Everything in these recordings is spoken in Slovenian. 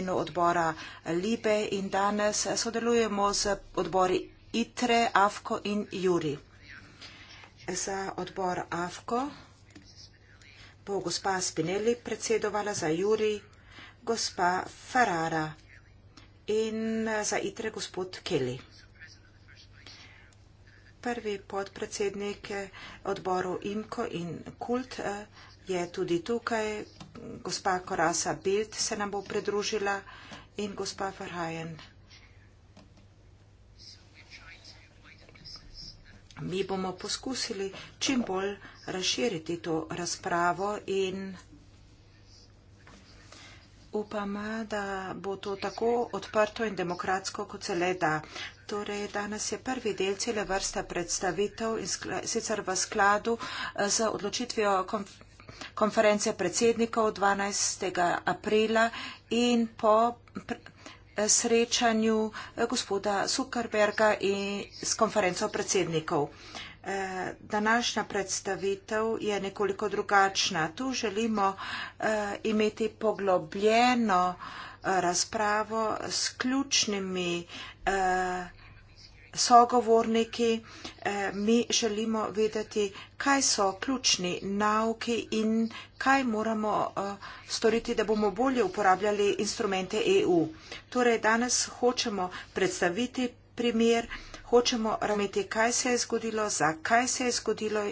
imenu odbora Libe in danes sodelujemo z odbori ITRE, AFKO in JURI. Za odbor AFKO bo gospa Spinelli predsedovala za JURI, gospa Ferrara in za ITRE gospod Kelly. Prvi podpredsednik odborov IMKO in KULT, eh, je tudi tukaj. Gospa Korasa Bild se nam bo pridružila in gospa Verhajen. Mi bomo poskusili čim bolj razširiti to razpravo in upam, da bo to tako odprto in demokratsko, kot se le da. Torej, danes je prvi del cele vrste predstavitev in sicer v skladu eh, z odločitvijo konferencije konference predsednikov 12. aprila in po srečanju eh, gospoda Zuckerberga in s konferenco predsednikov. Eh, današnja predstavitev je nekoliko drugačna. Tu želimo eh, imeti poglobljeno razpravo s ključnimi sogovorniki, eh, mi želimo vedeti, kaj so ključni nauki in kaj moramo eh, storiti, da bomo bolje uporabljali instrumente EU. Torej, danes hočemo predstaviti primer, hočemo razumeti, kaj se je zgodilo, zakaj se je zgodilo.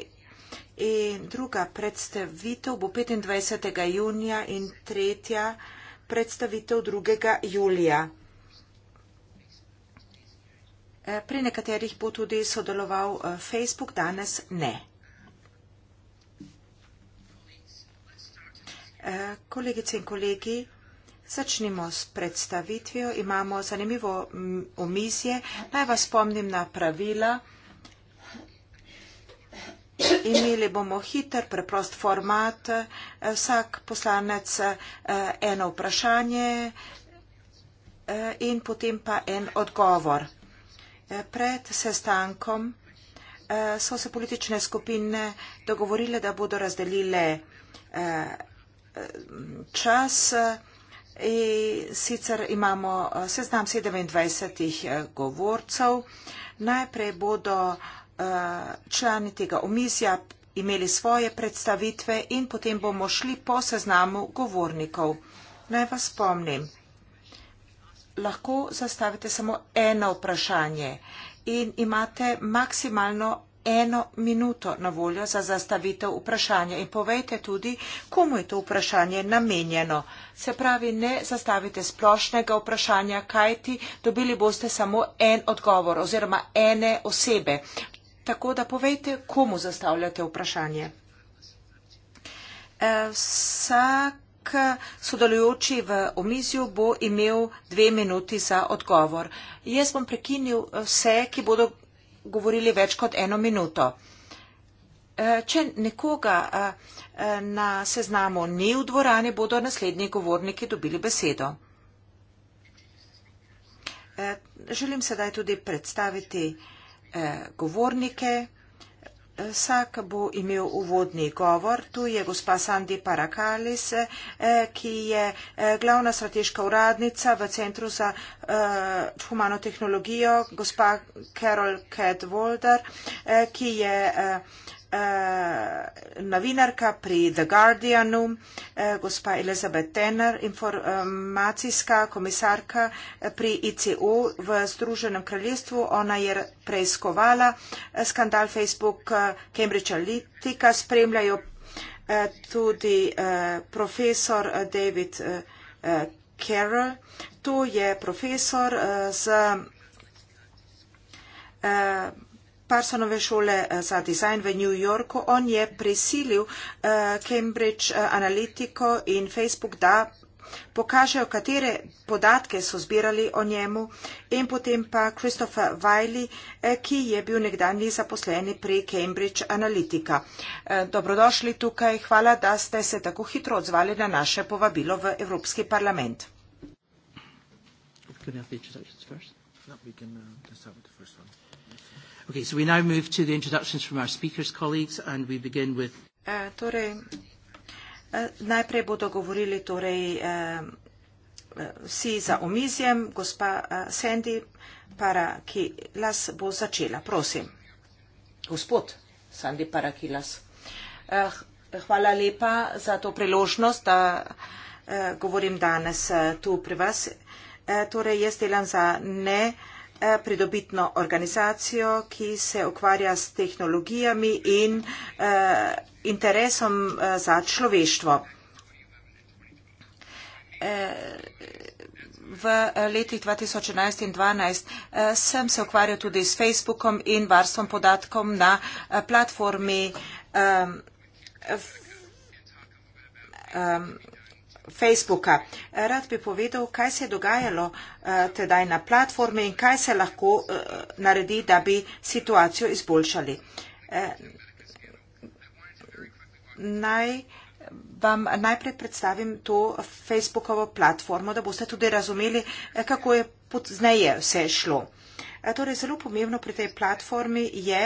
In druga predstavitev bo 25. junija in tretja predstavitev 2. julija pri nekaterih bo tudi sodeloval eh, Facebook, danes ne. Eh, kolegice in kolegi, začnimo s predstavitvijo. Imamo zanimivo mm, omizje. Naj vas spomnim na pravila. Imeli bomo hiter, preprost format. Eh, vsak poslanec eno vprašanje in potem pa en odgovor. Pred sestankom eh, so se politične skupine dogovorile, da bodo razdelile eh, čas. Eh, sicer imamo seznam 27 govorcev. Najprej bodo člani tega omizja imeli svoje predstavitve in potem bomo šli po seznamu govornikov. Naj vas spomnim, lahko zastavite samo eno vprašanje in imate maksimalno eno minuto na voljo za zastavitev vprašanja in povejte tudi, komu je to vprašanje namenjeno. Se pravi, ne zastavite splošnega vprašanja, kajti dobili boste samo en odgovor oziroma ene osebe. Tako da povejte, komu zastavljate vprašanje. Eh, vsak vsak eh, sodelujoči v omizju bo imel dve minuti za odgovor. Jaz bom prekinil eh, vse, ki bodo govorili več kot eno minuto. Eh, če nekoga na seznamu ni v dvorani, bodo naslednji govorniki dobili besedo. Želim sedaj tudi predstaviti govornike. Vsak bo imel uvodni govor. Tu je gospa Sandi Parakalis, eh, ki je eh, glavna strateška uradnica v Centru za eh, humano tehnologijo, gospa Carol Cadwalder, ki je Eh, novinarka pri The Guardianu, eh, gospa Elizabeth Tenner, informacijska komisarka eh, pri ICO v Združenem kraljestvu. Ona je preiskovala skandal Facebook Cambridge Analytica. Spremljajo tudi profesor David Carroll. To je profesor z Parsonove šole eh, za dizajn v New Yorku, on je prisilil eh, Cambridge eh, Analytico in Facebook, da pokažejo, katere podatke so zbirali o njemu in potem pa Christopher Wiley, ki je bil nekdanji zaposleni pri Cambridge Analytica. Dobrodošli tukaj, hvala, da ste se tako hitro odzvali na naše povabilo v Evropski parlament. Can I Okay, so we now move to the introductions from our speakers, colleagues, and we begin with. Eh, torej, eh, najprej bodo govorili torej, eh, vsi za omizjem, gospa Sandy Parakilas bo začela, prosim. Gospod Sandy Parakilas. Hvala lepa za to priložnost, da govorim danes tu pri vas. Torej, jaz delam za ne. Eh, pridobitno organizacijo, ki se ukvarja s tehnologijami in eh, interesom eh, za človeštvo. V letih 2011 in 2012 sem se ukvarjal tudi s Facebookom in varstvom podatkom na platformi um, um, Facebooka. Rad bi povedal, kaj se je dogajalo eh, tedaj na platformi in kaj se lahko eh, naredi, da bi situacijo izboljšali. Eh, naj vam najprej predstavim to Facebookovo platformo, da boste tudi razumeli, kako je pozneje vse šlo. Torej, zelo pomembno pri tej platformi je,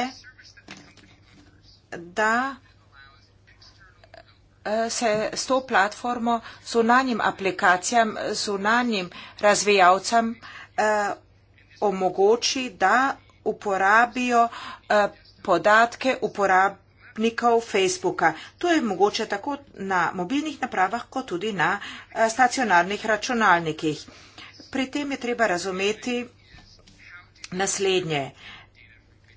da se s to platformo zunanjim aplikacijam, zunanjim razvijalcem eh, omogoči, da uporabijo eh, podatke uporabnikov Facebooka. To je mogoče tako na mobilnih napravah, kot tudi na eh, stacionarnih računalnikih. Pri tem je treba razumeti naslednje.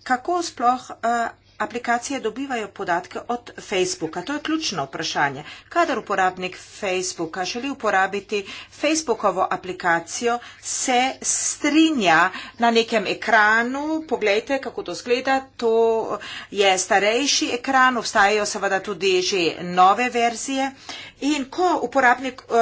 Kako sploh eh, aplikacije dobivajo podatke od Facebooka. To je ključno vprašanje. Kadar uporabnik Facebooka želi uporabiti Facebookovo aplikacijo, se strinja na nekem ekranu, pogledajte, kako to zgleda, to je starejši ekran, obstajajo seveda tudi že nove verzije. In ko uporabnik uh,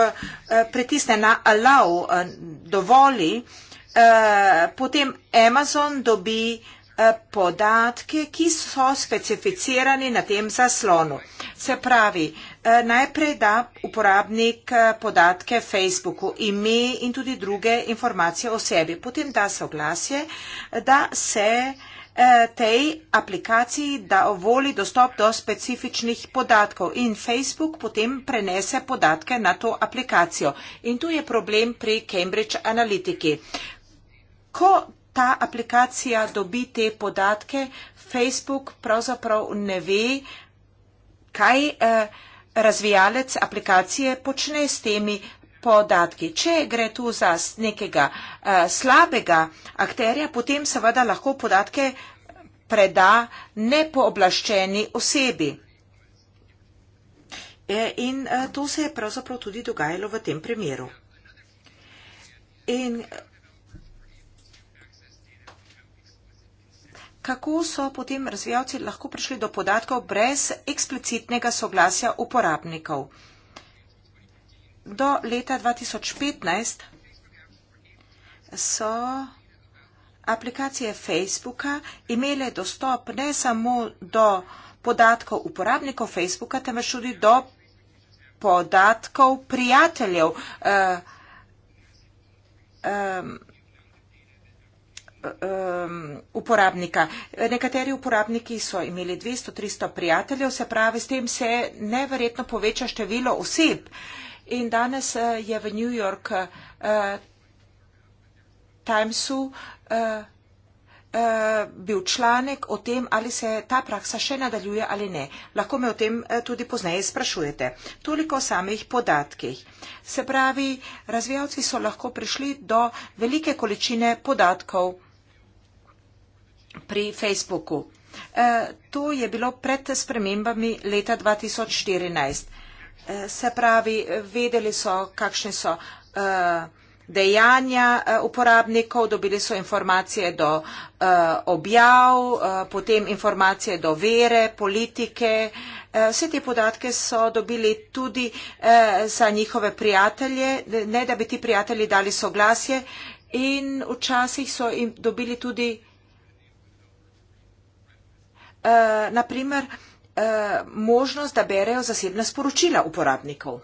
pritisne na allow, uh, dovoli, uh, potem Amazon dobi Eh, podatki, ki so specificirani na tem zaslonu. Se pravi, eh, najprej da uporabnik eh, podatke Facebooku, ime in tudi druge informacije o sebi. Potem da soglasje, da se tej aplikaciji da ovoli dostop do specifičnih podatkov in Facebook potem prenese podatke na to aplikacijo. In tu je problem pri Cambridge Analytiki. Ko ta aplikacija dobi te podatke, Facebook pravzaprav ne ve, kaj eh, razvijalec aplikacije počne s temi podatki. Če gre tu za nekega eh, slabega akterja, potem seveda lahko podatke eh, preda nepooblaščeni osebi. E, in eh, to se je pravzaprav tudi dogajalo v tem primeru. In kako so potem razvijalci lahko prišli do podatkov brez eksplicitnega soglasja uporabnikov. Do leta 2015 so aplikacije Facebooka imele dostop ne samo do podatkov uporabnikov Facebooka, temveč tudi do podatkov prijateljev. Uh, um, um, uporabnika. Nekateri uporabniki so imeli 200-300 prijateljev, se pravi, s tem se neverjetno poveča število oseb. In danes uh, je v New York uh, Timesu uh, uh, bil članek o tem, ali se ta praksa še nadaljuje ali ne. Lahko me o tem uh, tudi pozneje sprašujete. Toliko o samih podatkih. Se pravi, razvijalci so lahko prišli do velike količine podatkov pri Facebooku. E, to je bilo pred spremembami leta 2014. E, se pravi, vedeli so, kakšne so e, dejanja uporabnikov, dobili so informacije do objav, potem informacije do vere, politike. Vse te podatke so dobili tudi za njihove prijatelje, ne da bi ti prijatelji dali soglasje in včasih so jim dobili tudi uh, eh, naprimer, uh, eh, možnost, da berejo zasebna sporočila uporabnikov.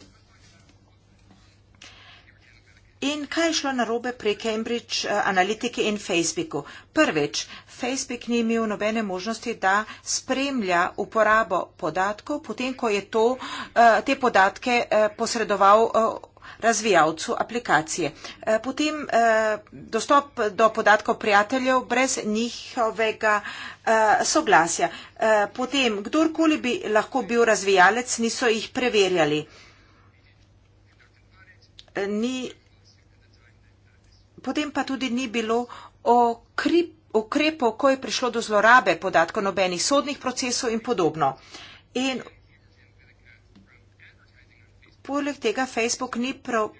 In kaj je šlo narobe pri Cambridge uh, eh, Analytiki in Facebooku? Prvič, Facebook ni imel nobene možnosti, da spremlja uporabo podatkov, potem ko je to, uh, te podatke uh, posredoval. Uh, razvijalcu aplikacije. E, potem e, dostop do podatkov prijateljev brez njihovega e, soglasja. Potem, kdorkoli bi lahko bil razvijalec, niso jih preverjali. Potem pa tudi ni bilo ukrepov, ko je prišlo do zlorabe podatkov nobenih sodnih procesov in podobno. In Poleg tega Facebook ni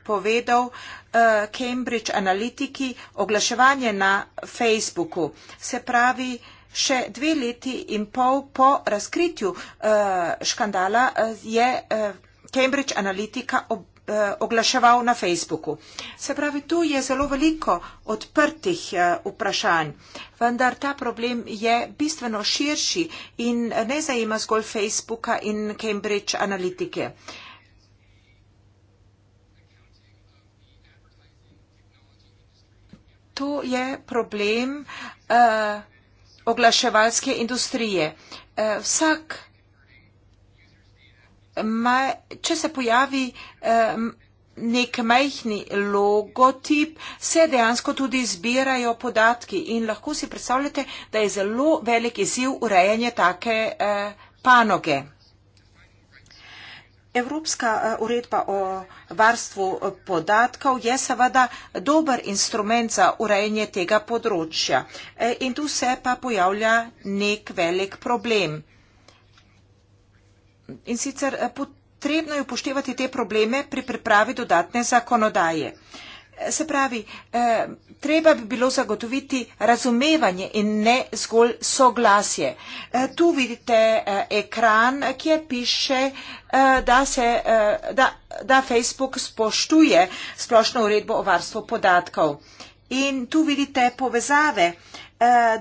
povedal eh, Cambridge Analytica oglaševanje na Facebooku. Se pravi, še dve leti in pol po razkritju eh, škandala eh, je Cambridge Analytica oglaševal na Facebooku. Se pravi, tu je zelo veliko odprtih vprašanj, vendar ta problem je bistveno širši in ne zajema zgolj Facebooka in Cambridge Analytica. tu je problem uh, oglaševalske industrije. Uh, vsak, ma, če se pojavi uh, nek majhni logotip, se dejansko tudi zbirajo podatki in lahko si predstavljate, da je zelo velik izziv urejanje take uh, panoge. Evropska eh, uredba o varstvu eh, podatkov je seveda dober instrument za urejanje tega področja. Eh, in tu se pa pojavlja nek velik problem. In sicer potrebno je upoštevati te probleme pri pripravi dodatne zakonodaje. Se pravi, eh, treba bi bilo zagotoviti razumevanje in ne zgolj soglasje. Eh, tu vidite eh, ekran, kjer piše, da, se, da, da Facebook spoštuje splošno uredbo o varstvu podatkov. In tu vidite povezave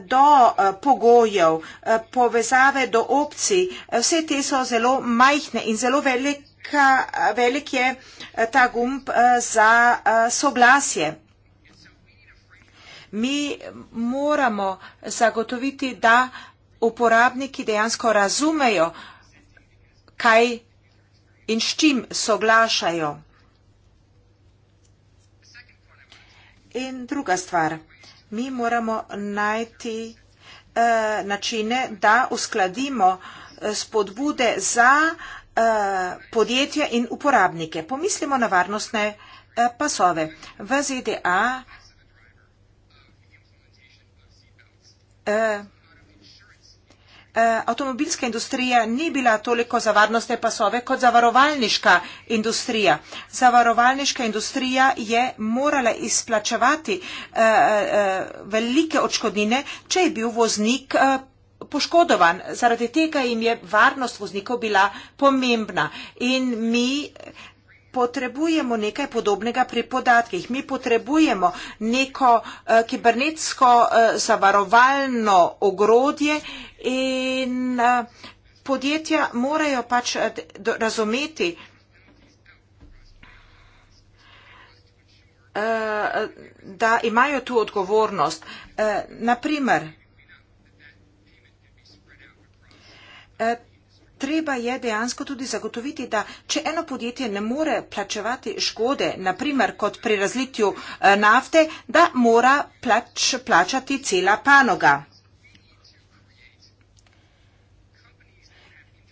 do pogojev, povezave do opcij. Vse te so zelo majhne in zelo velik velika, velik je eh, ta gumb eh, za eh, soglasje. Mi moramo zagotoviti, da uporabniki dejansko razumejo, kaj in s čim soglašajo. In druga stvar, mi moramo najti eh, načine, da uskladimo spodbude za Eh, podjetja in uporabnike. Pomislimo na varnostne eh, pasove. V ZDA eh, avtomobilska industrija ni bila toliko za varnostne pasove kot zavarovalniška industrija. Zavarovalniška industrija je morala izplačevati velike očkodnine, če je bil voznik pasov poškodovan, zaradi tega jim je varnost voznikov bila pomembna. In mi potrebujemo nekaj podobnega pri podatkih. Mi potrebujemo neko uh, kibernetsko uh, zavarovalno ogrodje in uh, podjetja morajo pač do, razumeti, da imajo tu odgovornost. Naprimer, Eh, treba je dejansko tudi zagotoviti, da če eno podjetje ne more plačevati škode, naprimer kot pri razlitju eh, nafte, da mora plač, plačati cela panoga.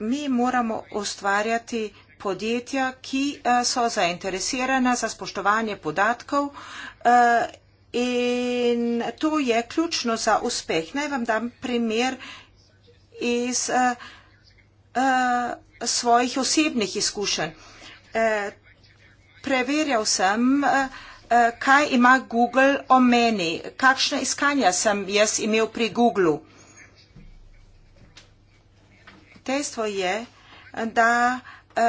Mi moramo ustvarjati podjetja, ki eh, so zainteresirana za spoštovanje podatkov in to je ključno za uspeh. Naj vam dam primer iz uh, svojih osebnih izkušenj. Uh, preverjal sem, uh, kaj ima Google o meni, kakšne iskanja sem jaz imel pri Googlu. Dejstvo je, da uh,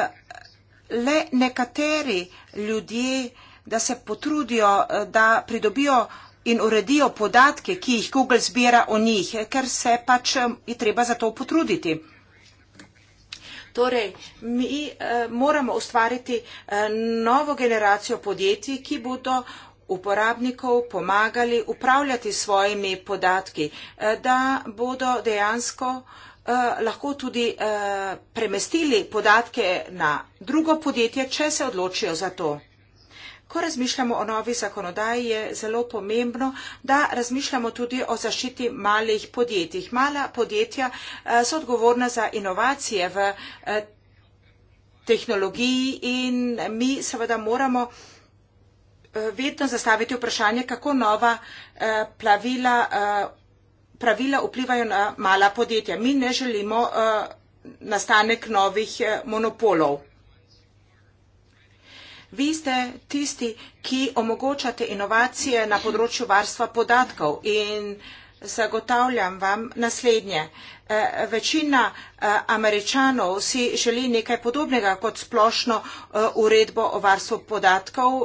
le nekateri ljudje, da se potrudijo, uh, da pridobijo in uredijo podatke, ki jih Google zbira o njih, ker se pač je treba za to potruditi. Torej, mi eh, moramo ustvariti eh, novo generacijo podjetij, ki bodo uporabnikov pomagali upravljati svojimi podatki, eh, da bodo dejansko eh, lahko tudi eh, premestili podatke na drugo podjetje, če se odločijo za to. Ko razmišljamo o novi zakonodaji, je zelo pomembno, da razmišljamo tudi o zaščiti malih podjetij. Mala podjetja eh, so odgovorna za inovacije v eh, tehnologiji in mi seveda moramo eh, vedno zastaviti vprašanje, kako nova plavila, pravila vplivajo na mala podjetja. Mi ne želimo nastanek novih monopolov. Vi ste tisti, ki omogočate inovacije na področju varstva podatkov in zagotavljam vam naslednje. Eh, večina eh, američanov si želi nekaj podobnega kot splošno eh, uredbo o varstvu podatkov.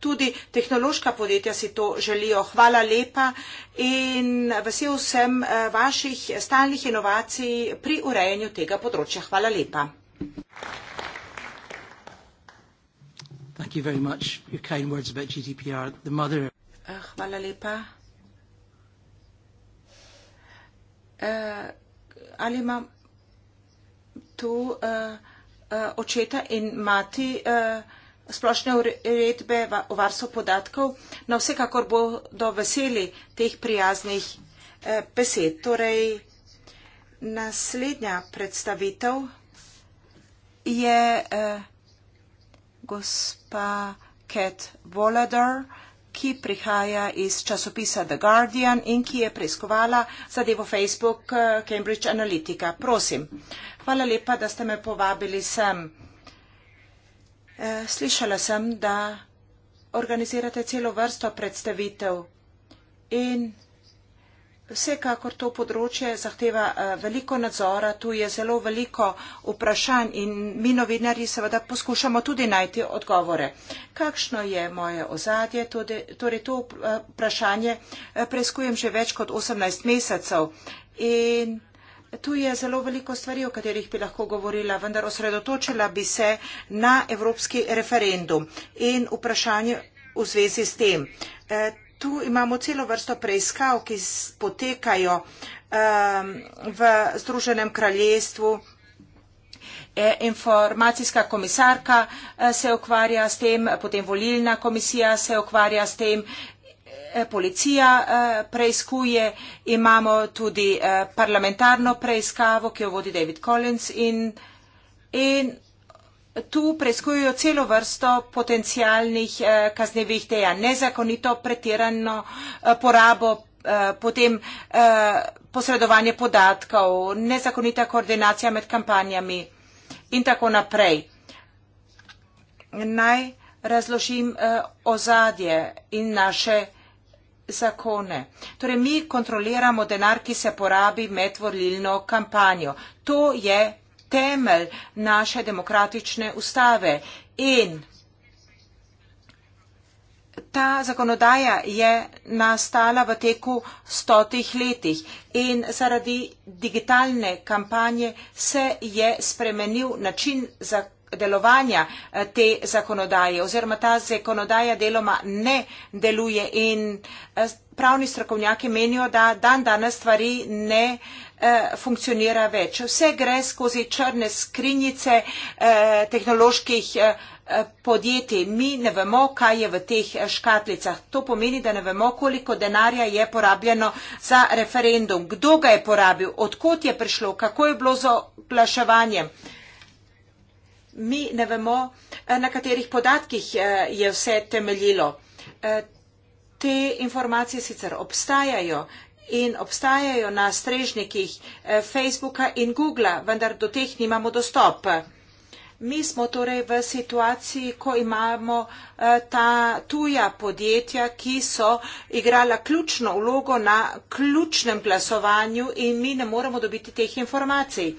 Tudi tehnološka podjetja si to želijo. Hvala lepa in vesel sem vaših stalnih inovacij pri urejanju tega področja. Hvala lepa. Thank you very much. Your kind words about GDPR. The mother. Uh, hvala lepa. Uh, ali imam tu uh, uh, očeta in mati uh, splošne uredbe va, o varstvu podatkov, na no, vsekakor bodo veseli teh prijaznih uh, besed. Torej, naslednja predstavitev je. Uh, gospa Kat Volader, ki prihaja iz časopisa The Guardian in ki je preiskovala zadevo Facebook eh, Cambridge Analytica. Prosim. Hvala lepa, da ste me povabili sem. Eh, slišala sem, da organizirate celo vrsto predstavitev in Vsekakor to področje zahteva eh, veliko nadzora, tu je zelo veliko vprašanj in mi novinari seveda poskušamo tudi najti odgovore. Kakšno je moje ozadje? Tudi, torej to eh, vprašanje eh, preskujem že več kot 18 mesecev in tu je zelo veliko stvari, o katerih bi lahko govorila, vendar osredotočila bi se na evropski referendum in vprašanje v zvezi s tem tu imamo celo vrsto preiskav, ki potekajo um, v Združenem kraljestvu. E, informacijska komisarka e, se ukvarja s tem, potem volilna komisija se ukvarja s tem, e, policija preiskuje, imamo tudi parlamentarno preiskavo, ki jo vodi David Collins in, in tu preizkujejo celo vrsto potencijalnih eh, kaznevih dejanj, nezakonito pretirano eh, porabo, eh, potem posredovanje podatkov, nezakonita koordinacija med kampanjami in tako naprej. Naj razložim ozadje in naše zakone. Torej, mi kontroliramo denar, ki se porabi med volilno kampanjo. To je temelj naše demokratične ustave in ta zakonodaja je nastala v teku stotih letih in zaradi digitalne kampanje se je spremenil način delovanja eh, te zakonodaje oziroma ta zakonodaja deloma ne deluje in eh, pravni strokovnjaki menijo, da dan danes stvari ne delujejo Eh, funkcionira več. Vse gre skozi črne skrinjice eh, tehnoloških eh, podjetij. Mi ne vemo, kaj je v teh eh, škatlicah. To pomeni, da ne vemo, koliko denarja je porabljeno za referendum, kdo ga je porabil, odkot je prišlo, kako je bilo z oglaševanjem. Mi ne vemo, eh, na katerih podatkih je vse temeljilo. Te informacije sicer obstajajo, in obstajajo na strežnikih eh, Facebooka in Googlea, vendar do teh nimamo dostop. Mi smo torej v situaciji, ko imamo eh, ta tuja podjetja, ki so igrala ključno vlogo na ključnem glasovanju in mi ne moremo dobiti teh informacij.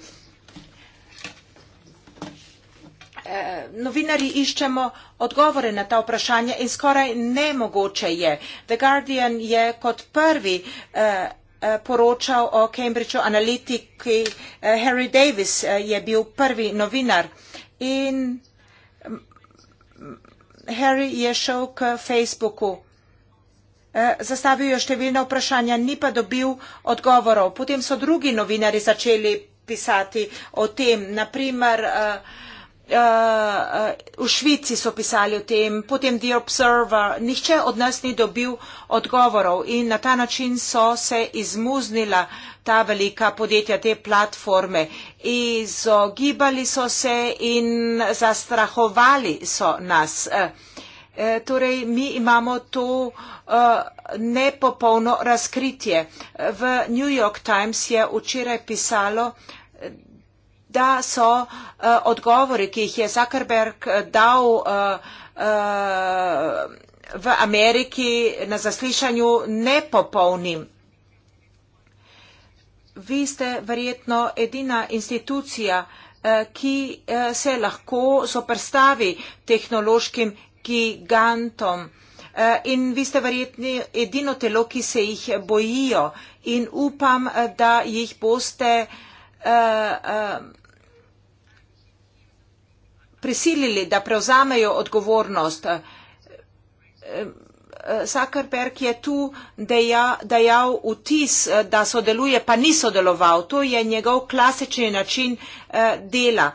Eh, novinari iščemo odgovore na ta vprašanja in skoraj nemogoče je. The Guardian je kot prvi eh, eh, poročal o Cambridgeu analitiki, Harry Davis je bil prvi novinar in mm, Harry je šel k Facebooku. Zastavil je številna vprašanja, ni pa dobil odgovorov. Potem so drugi novinari začeli pisati o tem, naprimer uh, uh, v Švici so pisali o tem, potem The Observer, nihče od nas ni dobil odgovorov in na ta način so se izmuznila ta velika podjetja, te platforme. Izogibali so se in zastrahovali so nas. Uh, torej, mi imamo to uh, nepopolno razkritje. V New York Times je včeraj pisalo, uh, da so uh, odgovori, ki jih je Zuckerberg eh, dal uh, uh, v Ameriki na zaslišanju, nepopolni. Vi ste verjetno edina institucija, ki se lahko soprstavi tehnološkim gigantom. In vi ste verjetno edino telo, ki se jih bojijo. In upam, da jih boste prisilili, da prevzamejo odgovornost. Zuckerberg eh, eh, je tu deja, dejal vtis, eh, da sodeluje, pa ni sodeloval. To je njegov klasični način dela.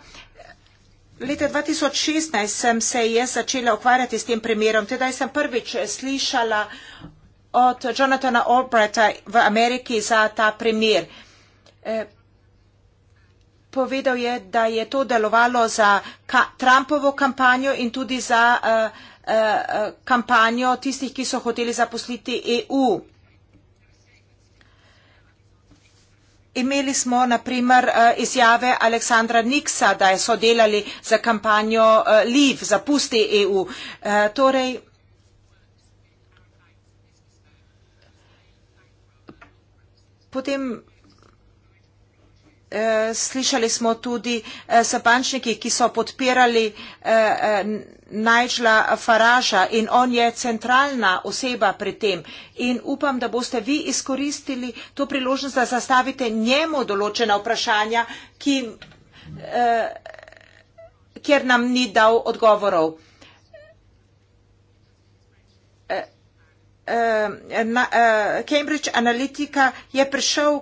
Leta 2016 sem se jaz začela ukvarjati s tem primerom. Teda sem prvič slišala od Jonathana Albrighta v Ameriki za ta primer povedal je, da je to delovalo za ka Trumpovo kampanjo in tudi za uh, uh, kampanjo tistih, ki so hoteli zaposliti EU. Imeli smo naprimer eh, izjave Aleksandra Niksa, da je sodelali za kampanjo Liv, za pusti EU. Torej, potem Eh, slišali smo tudi eh, sapančniki, ki so podpirali eh, Najžla Faraža in on je centralna oseba pri tem. In upam, da boste vi izkoristili to priložnost, da zastavite njemu določena vprašanja, ki, kjer nam ni dal odgovorov. Cambridge Analytica je prišel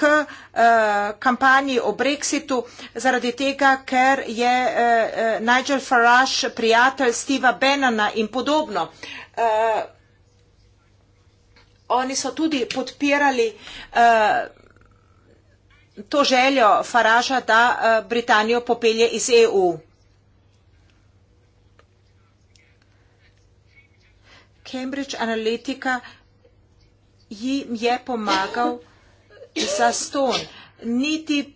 k eh, kampanji o Brexitu, zaradi tega, ker je eh, eh, Nigel Farage prijatelj Steva Bannona in podobno. Oni so tudi podpirali to željo Faraža, da Britanijo popelje iz EU. Cambridge Analytica jim je pomagal za ston, niti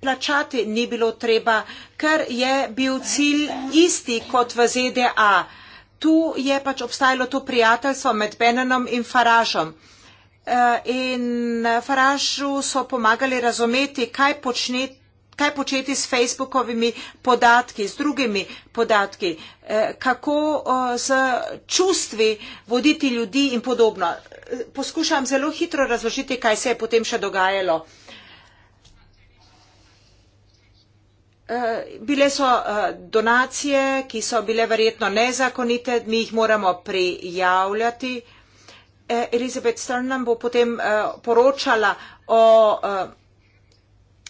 plačati ni bilo treba, ker je bil cilj isti kot v ZDA. Tu je pač obstajalo to prijateljstvo med Benenom in Faražom. Eh, in Faražu so pomagali razumeti, kaj počne kaj početi s Facebookovimi podatki, s drugimi podatki, eh, kako eh, z čustvi voditi ljudi in podobno. Eh, poskušam zelo hitro razložiti, kaj se je potem še dogajalo. Bile so donacije, ki so bile verjetno nezakonite, mi jih moramo prijavljati. Elizabeth Stern nam bo potem poročala o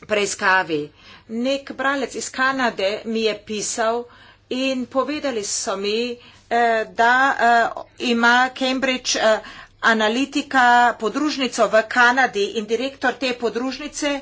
preiskavi nek bralec iz Kanade mi je pisal in povedali so mi, eh, da eh, ima Cambridge eh, analitika podružnico v Kanadi in direktor te podružnice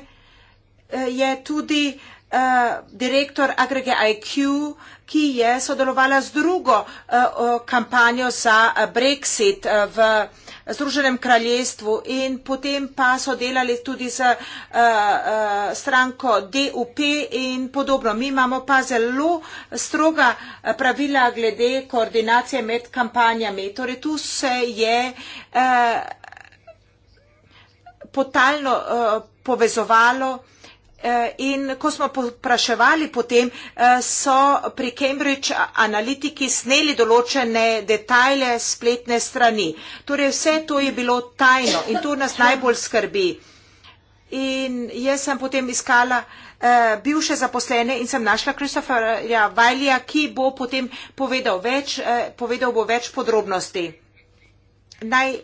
je tudi uh, direktor Agrege IQ, ki je sodelovala z drugo uh, kampanjo za eh, Brexit v Združenem kraljestvu in potem pa so delali tudi z uh, uh, stranko DUP in podobno. Mi imamo pa zelo stroga pravila glede koordinacije med kampanjami. Torej, tu se je uh, potalno uh, povezovalo. Eh, in ko smo popraševali potem, eh, so pri Cambridge analitiki sneli določene detajle spletne strani. Torej vse to je bilo tajno in to nas najbolj skrbi. In jaz sem potem iskala uh, bivše zaposlene in sem našla Kristofera Vajlija, ki bo potem povedal več, uh, povedal bo več podrobnosti. Naj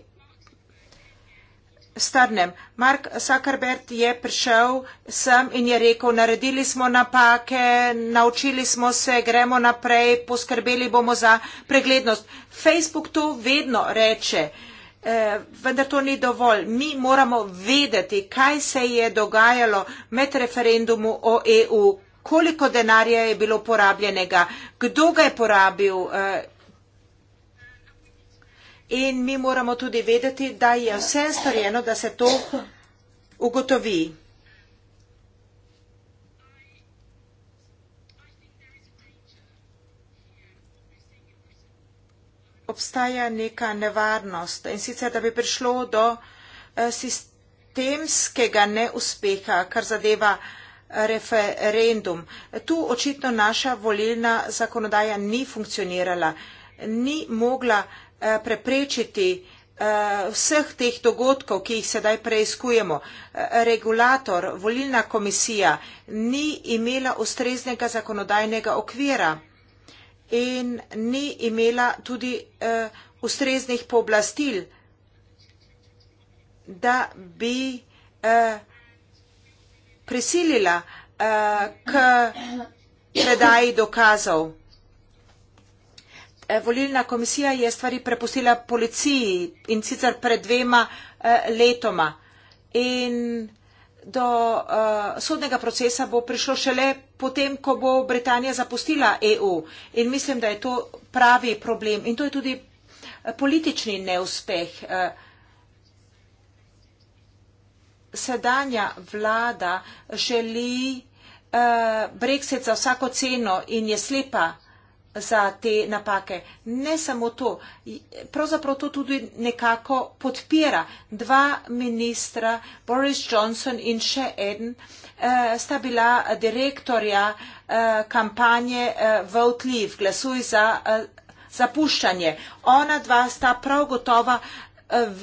strnem. Mark Zuckerberg je prišel sem in je rekel, naredili smo napake, naučili smo se, gremo naprej, poskrbeli bomo za preglednost. Facebook to vedno reče, eh, vendar to ni dovolj. Mi moramo vedeti, kaj se je dogajalo med referendumu o EU, koliko denarja je bilo porabljenega, kdo ga je porabil. Eh, In mi moramo tudi vedeti, da je vse storjeno, da se to ugotovi. Obstaja neka nevarnost in sicer, da bi prišlo do eh, sistemskega neuspeha, kar zadeva eh, referendum. Tu očitno naša volilna zakonodaja ni funkcionirala, ni mogla Eh, preprečiti eh, vseh teh dogodkov, ki jih sedaj preizkujemo. Eh, regulator, volilna komisija ni imela ustreznega zakonodajnega okvira in ni imela tudi ustreznih pooblastil, da bi prisilila k predaji dokazov. Eh, volilna komisija je stvari prepustila policiji in sicer pred dvema eh, letoma. In do uh, sodnega procesa bo prišlo šele potem, ko bo Britanija zapustila EU. In mislim, da je to pravi problem. In to je tudi politični neuspeh. Uh, sedanja vlada želi uh, Brexit za vsako ceno in je slepa za te napake. Ne samo to, pravzaprav to tudi nekako podpira. Dva ministra, Boris Johnson in še en, eh, sta bila direktorja eh, kampanje eh, Vote Leave, glasuj za zapuščanje. Ona dva sta prav gotova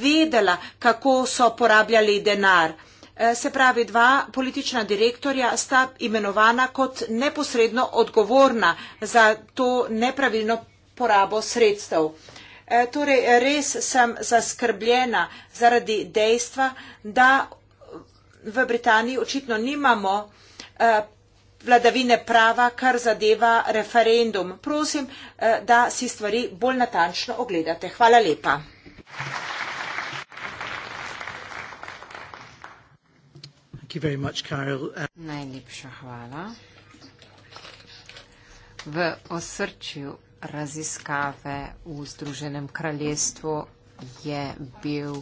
vedela, kako so porabljali denar. Eh, se pravi dva politična direktorja, sta imenovana kot neposredno odgovorna za to nepravilno porabo sredstev. Eh, torej, res sem zaskrbljena zaradi dejstva, da v Britaniji očitno nimamo eh, vladavine prava, kar zadeva referendum. Prosim, da si stvari bolj natančno ogledate. Hvala lepa. Thank you. Thank you very much, Carol. Uh, Najlepša hvala. V osrčju raziskave v Združenem kraljestvu je, bil,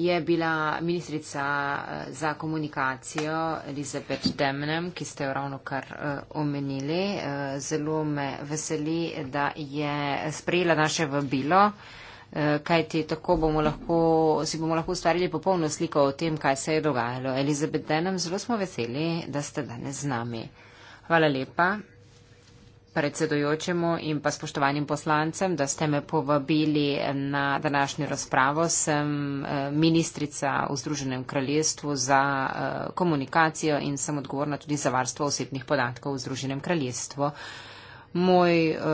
je bila ministrica uh, za komunikacijo Elizabeth Demnem, ki ste jo ravno kar uh, omenili. Zelo me veseli, da je sprejela naše vabilo. Eh, kajti tako bomo lahko, si bomo lahko ustvarili popolno sliko o tem, kaj se je dogajalo. Elizabet Denham, zelo smo veseli, da ste danes z nami. Hvala lepa predsedojočemu in pa spoštovanim poslancem, da ste me povabili eh, na današnjo razpravo. Sem eh, ministrica v Združenem kraljestvu za komunikacijo in sem odgovorna tudi za varstvo osebnih podatkov v Združenem kraljestvu. Moj uh,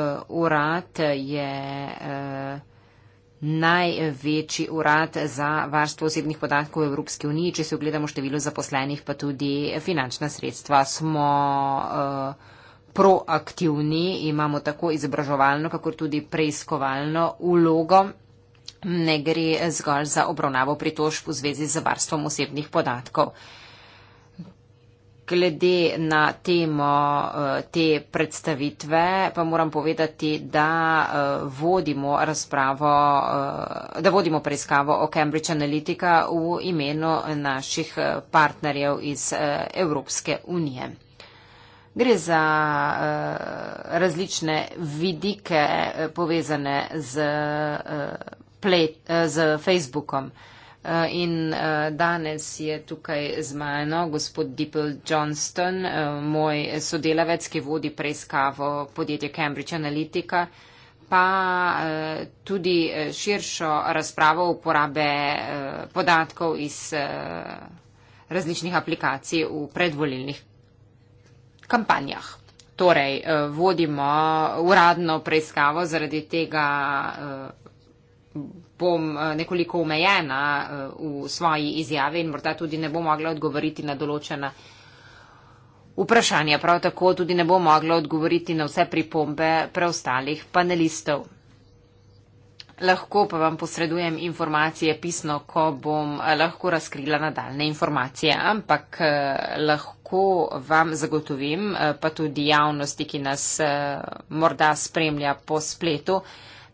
urad je. Uh, največji urad za varstvo osebnih podatkov v Evropski uniji. Če se ogledamo število zaposlenih, pa tudi finančna sredstva, smo uh, proaktivni, imamo tako izobraževalno, kako tudi preiskovalno ulogo. Ne gre zgolj za obravnavo pritožb v zvezi z varstvom osebnih podatkov. Uh, Glede na temo eh, te predstavitve pa moram povedati, da eh, vodimo razpravo, eh, da vodimo preiskavo o Cambridge Analytica v imenu naših partnerjev iz Evropske unije. Gre za različne vidike povezane z, play, z Facebookom. Eh, in eh, danes je tukaj z mano gospod Dipple Johnston, eh, moj sodelavec, ki vodi preiskavo podjetja Cambridge Analytica, pa tudi širšo razpravo uporabe podatkov iz različnih aplikacij v predvolilnih kampanjah. Torej, vodimo uradno preiskavo zaradi tega bom eh, nekoliko omejena eh, v svoji izjavi in morda tudi ne bom mogla odgovoriti na določena vprašanja. Prav tako tudi ne bom mogla odgovoriti na vse pripombe preostalih panelistov. Lahko pa vam posredujem informacije pisno, ko bom eh, lahko razkrila nadaljne informacije, ampak lahko vam zagotovim, pa tudi javnosti, ki nas morda spremlja po spletu,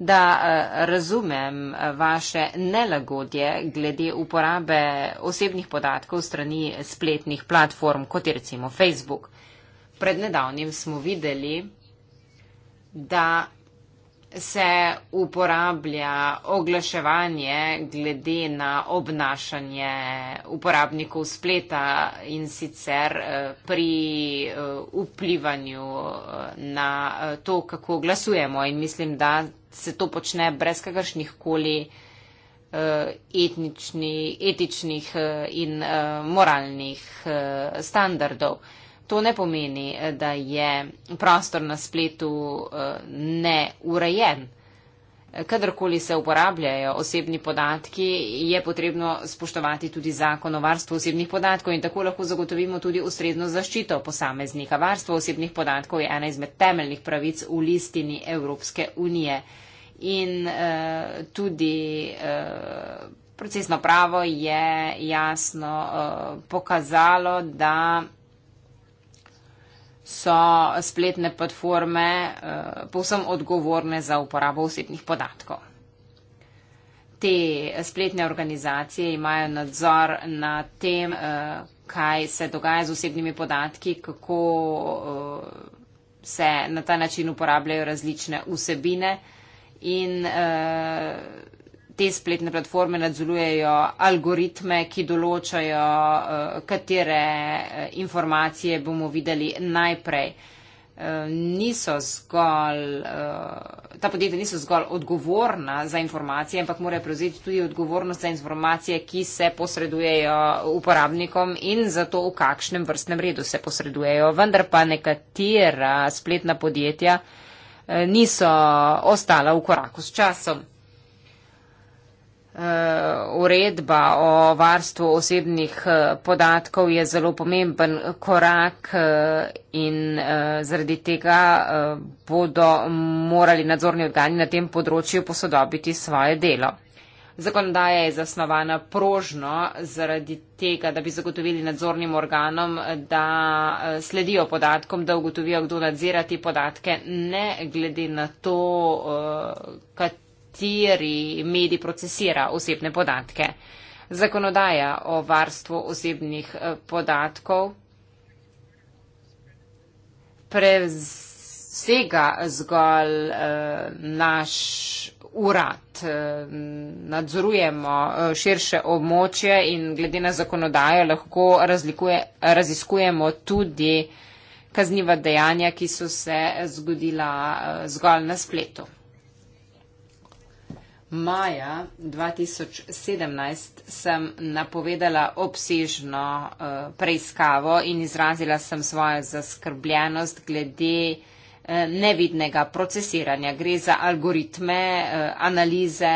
da eh, razumem eh, vaše nelagodje glede uporabe osebnih podatkov strani spletnih platform, kot je recimo Facebook. Pred nedavnim smo videli, da se uporablja oglaševanje glede na obnašanje uporabnikov spleta in sicer eh, pri eh, vplivanju eh, na to, kako glasujemo. In mislim, da se to počne brez kakršnih koli etični, etičnih in moralnih standardov. To ne pomeni, eh, da je prostor na spletu eh, neurejen. Eh, kadarkoli se uporabljajo osebni podatki, je potrebno spoštovati tudi zakon o varstvu osebnih podatkov in tako lahko zagotovimo tudi ustrezno zaščito posameznika. Varstvo osebnih podatkov je ena izmed temeljnih pravic v listini Evropske unije. In uh, tudi uh, procesno pravo je jasno uh, pokazalo, da so spletne platforme eh, povsem odgovorne za uporabo osebnih podatkov. Te spletne organizacije imajo nadzor nad tem, eh, kaj se dogaja z osebnimi podatki, kako eh, se na ta način uporabljajo različne vsebine in te spletne platforme nadzorujejo algoritme, ki določajo, eh, katere eh, informacije bomo videli najprej. Eh, niso zgolj, ta podjetja niso zgolj odgovorna za informacije, ampak morajo prevzeti tudi odgovornost za informacije, ki se posredujejo uporabnikom in za to, v kakšnem vrstnem redu se posredujejo. Vendar pa nekatera spletna podjetja niso ostala v koraku s časom. Eh, uredba o varstvu osebnih eh, podatkov je zelo pomemben korak eh, in zaradi tega bodo morali nadzorni organi na tem področju posodobiti svoje delo. Zakonodaja je zasnovana prožno zaradi tega, da bi zagotovili nadzornim organom, da sledijo podatkom, da ugotovijo, kdo nadzira te podatke, ne glede na to, kat, kateri medij procesira osebne podatke. Zakonodaja o varstvu osebnih eh, podatkov prevsega zgolj eh, naš urad. Eh, nadzorujemo širše območje in glede na zakonodajo lahko razlikuje, raziskujemo tudi kazniva dejanja, ki so se zgodila zgolj na spletu. Maja 2017 sem napovedala obsežno uh, preiskavo in izrazila sem svojo zaskrbljenost glede eh, nevidnega procesiranja. Gre za algoritme, eh, analize,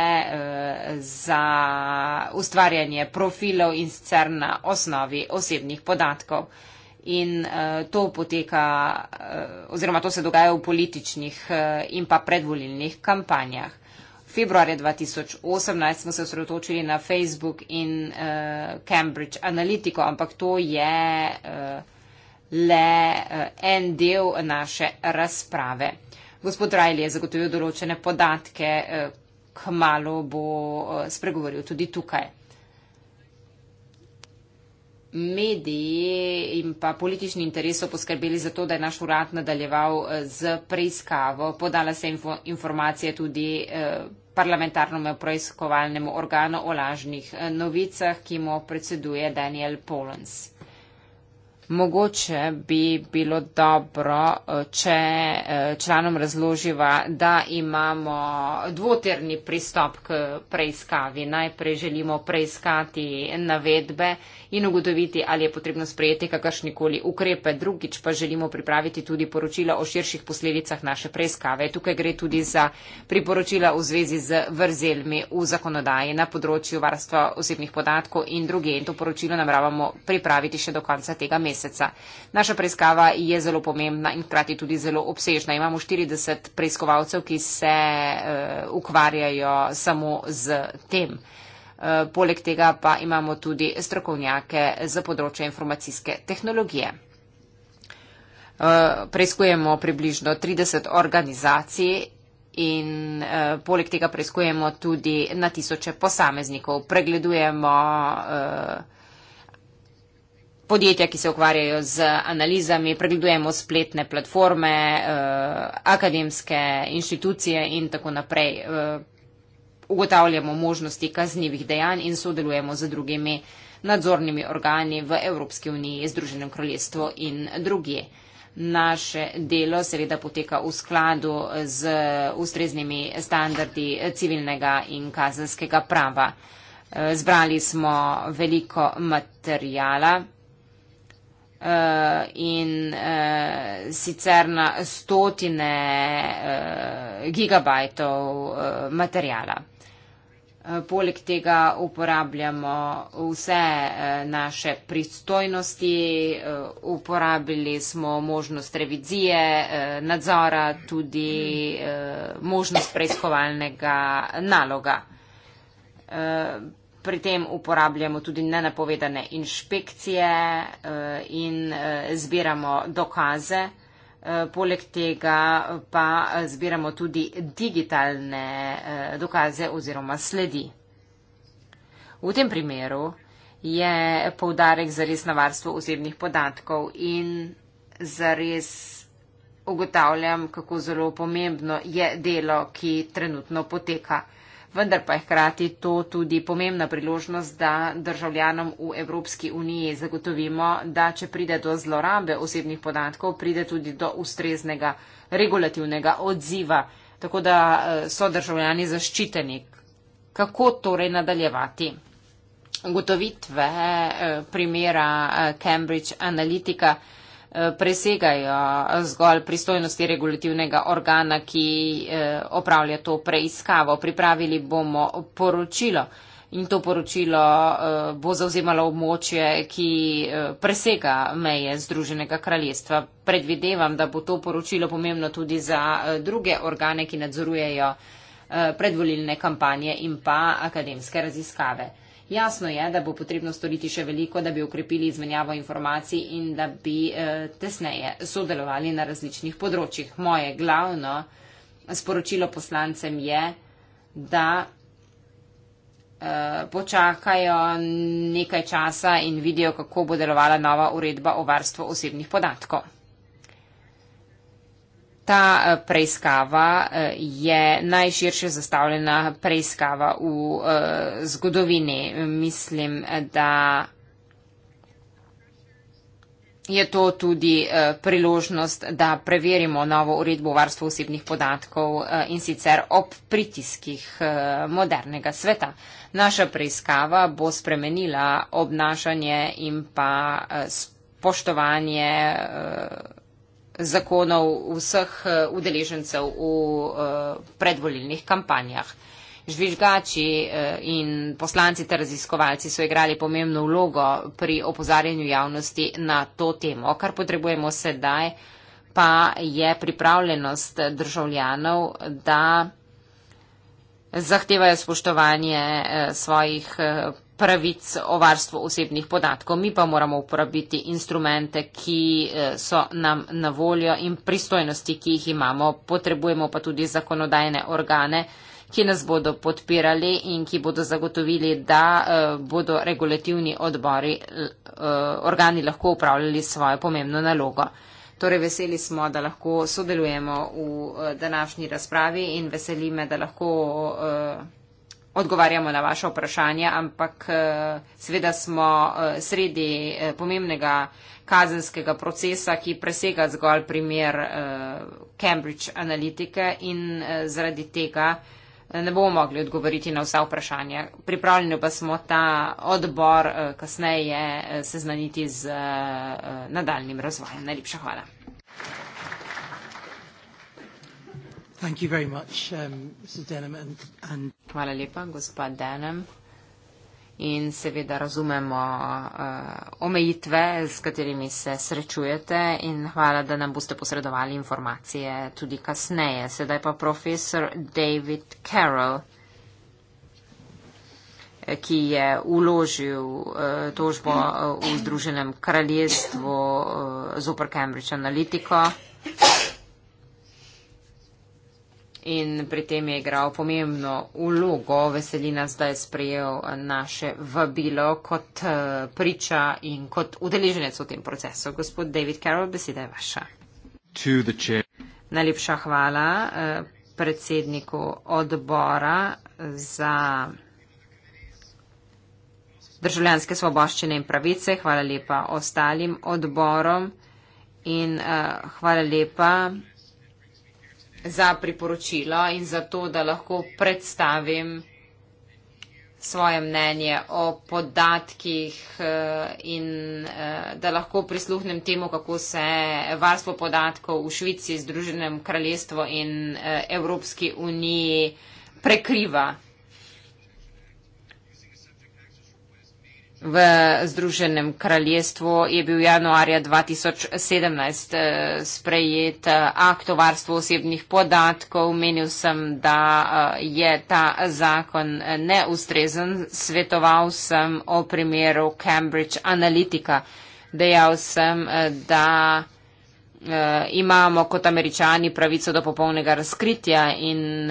za ustvarjanje profilov in sicer na osnovi osebnih podatkov. In to poteka, oziroma to se dogaja v političnih in pa predvolilnih kampanjah februarja 2018 smo se osredotočili na Facebook in uh, Cambridge Analytico, ampak to je uh, le uh, en del naše razprave. Gospod Rajli je zagotovil določene podatke, uh, kmalo bo uh, spregovoril tudi tukaj. Mediji in pa politični interes so poskrbeli za to, da je naš urad nadaljeval z preiskavo. Podala se info, informacije tudi eh, parlamentarnemu preiskovalnemu organu o lažnih novicah, ki mu predseduje Daniel Polens. Mogoče bi bilo dobro, če eh, članom razloživa, da imamo dvotirni pristop k preiskavi. Najprej želimo preiskati navedbe in ugotoviti, ali je potrebno sprejeti kakršnikoli ukrepe. Drugič pa želimo pripraviti tudi poročila o širših posledicah naše preiskave. Tukaj gre tudi za priporočila v zvezi z vrzelmi v zakonodaji na področju varstva osebnih podatkov in druge. In to poročilo namravamo pripraviti še do konca tega meseca meseca. Naša preiskava je zelo pomembna in hkrati tudi zelo obsežna. Imamo 40 preiskovalcev, ki se uh, ukvarjajo samo z tem. Eh, poleg tega pa imamo tudi strokovnjake za področje informacijske tehnologije. Eh, preiskujemo približno 30 organizacij in poleg tega preiskujemo tudi na tisoče posameznikov. Pregledujemo uh, podjetja, ki se ukvarjajo z analizami, pregledujemo spletne platforme, eh, akademske inštitucije in tako naprej. Eh, ugotavljamo možnosti kaznjivih dejanj in sodelujemo z drugimi nadzornimi organi v Evropski uniji, Združenem kraljestvu in drugi. Naše delo seveda poteka v skladu z ustreznimi standardi civilnega in kazenskega prava. Eh, zbrali smo veliko materijala uh, in uh, sicer na stotine uh, gigabajtov uh, materijala. Poleg tega uporabljamo vse naše pristojnosti, uporabili smo možnost revizije, nadzora, tudi možnost preiskovalnega naloga pri tem uporabljamo tudi nenapovedane inšpekcije eh, in eh, zbiramo dokaze. Eh, poleg tega pa zbiramo tudi digitalne dokaze oziroma sledi. V tem primeru je poudarek zares na varstvo osebnih podatkov in zares ugotavljam, kako zelo pomembno je delo, ki trenutno poteka vendar pa je hkrati to tudi pomembna priložnost, da državljanom v Evropski uniji zagotovimo, da če pride do zlorabe osebnih podatkov, pride tudi do ustreznega regulativnega odziva, tako da eh, so državljani zaščiteni. Kako torej nadaljevati? Ugotovitve eh, primera eh, Cambridge Analytica presegajo zgolj pristojnosti regulativnega organa, ki eh, opravlja to preiskavo. Pripravili bomo poročilo in to poročilo eh, bo zauzemalo območje, ki eh, presega meje Združenega kraljestva. Predvidevam, da bo to poročilo pomembno tudi za druge organe, ki nadzorujejo predvolilne kampanje in pa akademske raziskave. Jasno je, da bo potrebno storiti še veliko, da bi ukrepili izmenjavo informacij in da bi eh, tesneje sodelovali na različnih področjih. Moje glavno sporočilo poslancem je, da eh, počakajo nekaj časa in vidijo, kako bo delovala nova uredba o varstvu osebnih podatkov. Ta eh, preiskava eh, je najširše zastavljena preiskava v eh, zgodovini. Mislim, da je to tudi priložnost, da preverimo novo uredbo varstva osebnih podatkov in sicer ob pritiskih modernega sveta. Naša preiskava bo spremenila obnašanje in pa spoštovanje zakonov vseh eh, udeležencev v eh, predvolilnih kampanjah. Žvižgači eh, in poslanci ter raziskovalci so igrali pomembno vlogo pri opozarjanju javnosti na to temo. Kar potrebujemo sedaj pa je pripravljenost državljanov, da zahtevajo spoštovanje svojih pravic o varstvu osebnih podatkov. Mi pa moramo uporabiti instrumente, ki eh, so nam na voljo in pristojnosti, ki jih imamo. Potrebujemo pa tudi zakonodajne organe, ki nas bodo podpirali in ki bodo zagotovili, da eh, bodo regulativni odbori, eh, organi lahko upravljali svojo pomembno nalogo. Torej veseli smo, da lahko sodelujemo v današnji razpravi in veseli me, da lahko odgovarjamo na vaše vprašanje, ampak eh, seveda smo eh, sredi eh, pomembnega kazenskega procesa, ki presega zgolj primer Cambridge analitike in zaradi tega ne bomo mogli odgovoriti na vsa vprašanja. Pripravljeni pa smo ta odbor kasneje seznaniti z nadaljnim razvojem. Najlepša hvala. Thank you very much, um, Mr. Denham, and Hvala lepa, gospa Denham. In seveda razumemo uh, omejitve, s katerimi se srečujete in hvala, da nam boste posredovali informacije tudi kasneje. Sedaj pa profesor David Carroll, eh, ki je uložil uh, eh, tožbo uh, v Združenem kraljestvu uh, z Upper Cambridge Analytico in pri tem je igral pomembno ulogo. Veseli nas, da je sprejel naše vabilo kot eh, priča in kot udeleženec v tem procesu. Gospod David Carroll, beseda je vaša. Najlepša hvala eh, predsedniku odbora za državljanske svoboščine in pravice. Hvala lepa ostalim odborom in uh, hvala lepa za priporočilo in za to, da lahko predstavim svoje mnenje o podatkih eh, in eh, da lahko prisluhnem temu, kako se varstvo podatkov v Švici, Združenem kraljestvu in eh, Evropski uniji prekriva. v Združenem kraljestvu je bil januarja 2017 eh, sprejet eh, akt o varstvu osebnih podatkov. Menil sem, da eh, je ta zakon neustrezen. Svetoval sem o primeru Cambridge Analytica. Dejal sem, da imamo kot američani pravico do popolnega razkritja in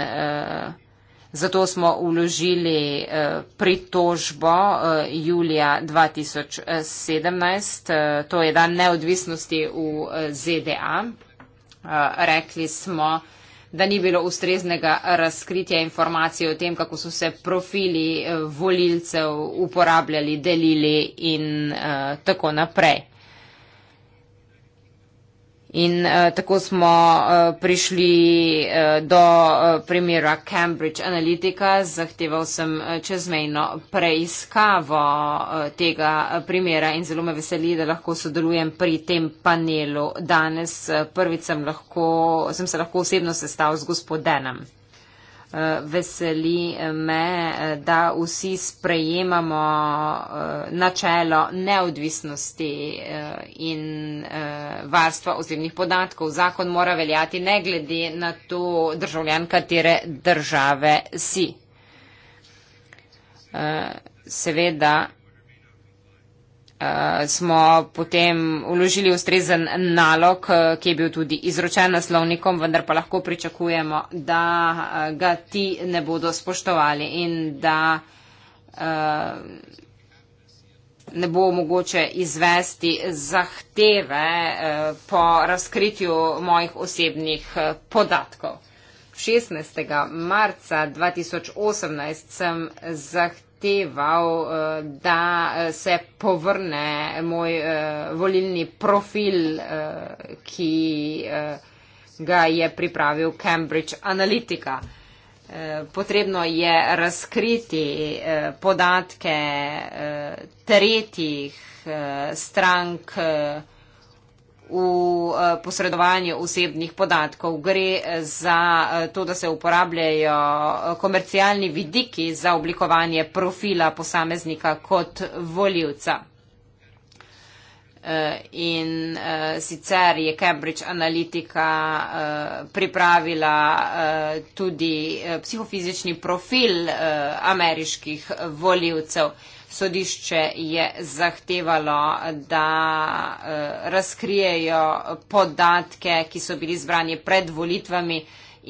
Zato smo uložili eh, pritožbo eh, julija 2017, eh, to je dan neodvisnosti v ZDA. Rekli smo, da ni bilo ustreznega razkritja informacije o tem, kako so se profili volilcev uporabljali, delili in tako naprej. In uh, tako smo uh, prišli uh, do uh, primera Cambridge Analytica. Zahteval sem uh, čezmejno preiskavo uh, tega primera in zelo me veseli, da lahko sodelujem pri tem panelu danes. Uh, prvič sem, lahko, sem se lahko osebno sestavil z gospodenem veseli me, da vsi sprejemamo eh, načelo neodvisnosti eh, in eh, varstva osebnih podatkov. Zakon mora veljati ne glede na to državljan, katere države si. Seveda Eh, smo potem uložili ustrezen nalog, eh, ki je bil tudi izročen naslovnikom, vendar pa lahko pričakujemo, da eh, ga ti ne bodo spoštovali in da ne bo mogoče izvesti zahteve po razkritju mojih osebnih podatkov. 16. marca 2018 sem zahteval, zahteval, eh, da eh, se povrne moj eh, volilni profil, ki ga je pripravil Cambridge Analytica. Potrebno je razkriti podatke tretjih strank v eh, posredovanju osebnih podatkov. Gre eh, za eh, to, da se uporabljajo komercialni vidiki za oblikovanje profila posameznika kot voljivca. In sicer je Cambridge Analytica pripravila tudi psihofizični profil ameriških voljivcev sodišče je zahtevalo, da eh, razkrijejo podatke, ki so bili zbrani pred volitvami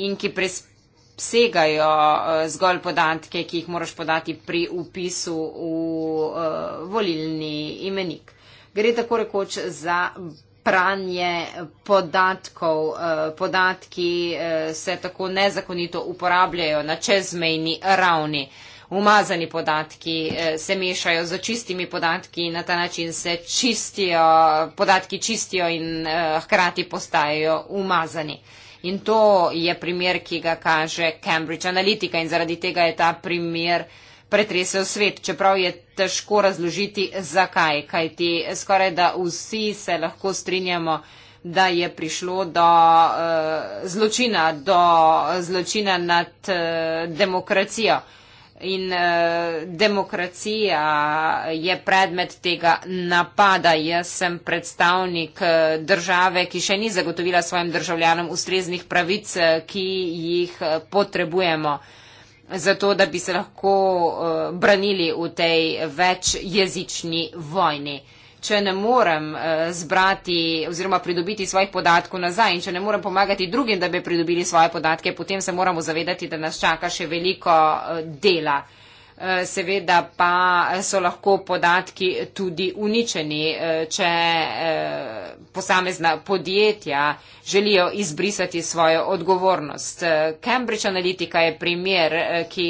in ki presegajo eh, zgolj podatke, ki jih moraš podati pri upisu v eh, volilni imenik. Gre tako rekoč za pranje podatkov. Podatki se tako nezakonito uporabljajo na čezmejni ravni umazani podatki, eh, se mešajo z čistimi podatki in na ta način se čistijo, podatki čistijo in eh, hkrati postajajo umazani. In to je primer, ki ga kaže Cambridge Analytica in zaradi tega je ta primer pretresel svet, čeprav je težko razložiti, zakaj, kajti skoraj da vsi se lahko strinjamo, da je prišlo do uh, zločina, do zločina nad uh, demokracijo. Uh, in uh, demokracija je predmet tega napada. Jaz sem predstavnik eh, države, ki še ni zagotovila svojim državljanom ustreznih pravic, eh, ki jih potrebujemo zato, da bi se lahko uh, branili v tej večjezični vojni če ne morem eh, zbrati oziroma pridobiti svojih podatkov nazaj in če ne morem pomagati drugim, da bi pridobili svoje podatke, potem se moramo zavedati, da nas čaka še veliko eh, dela. Eh, seveda pa so lahko podatki tudi uničeni, če posamezna podjetja želijo izbrisati svojo odgovornost. Cambridge Analytica je primer, ki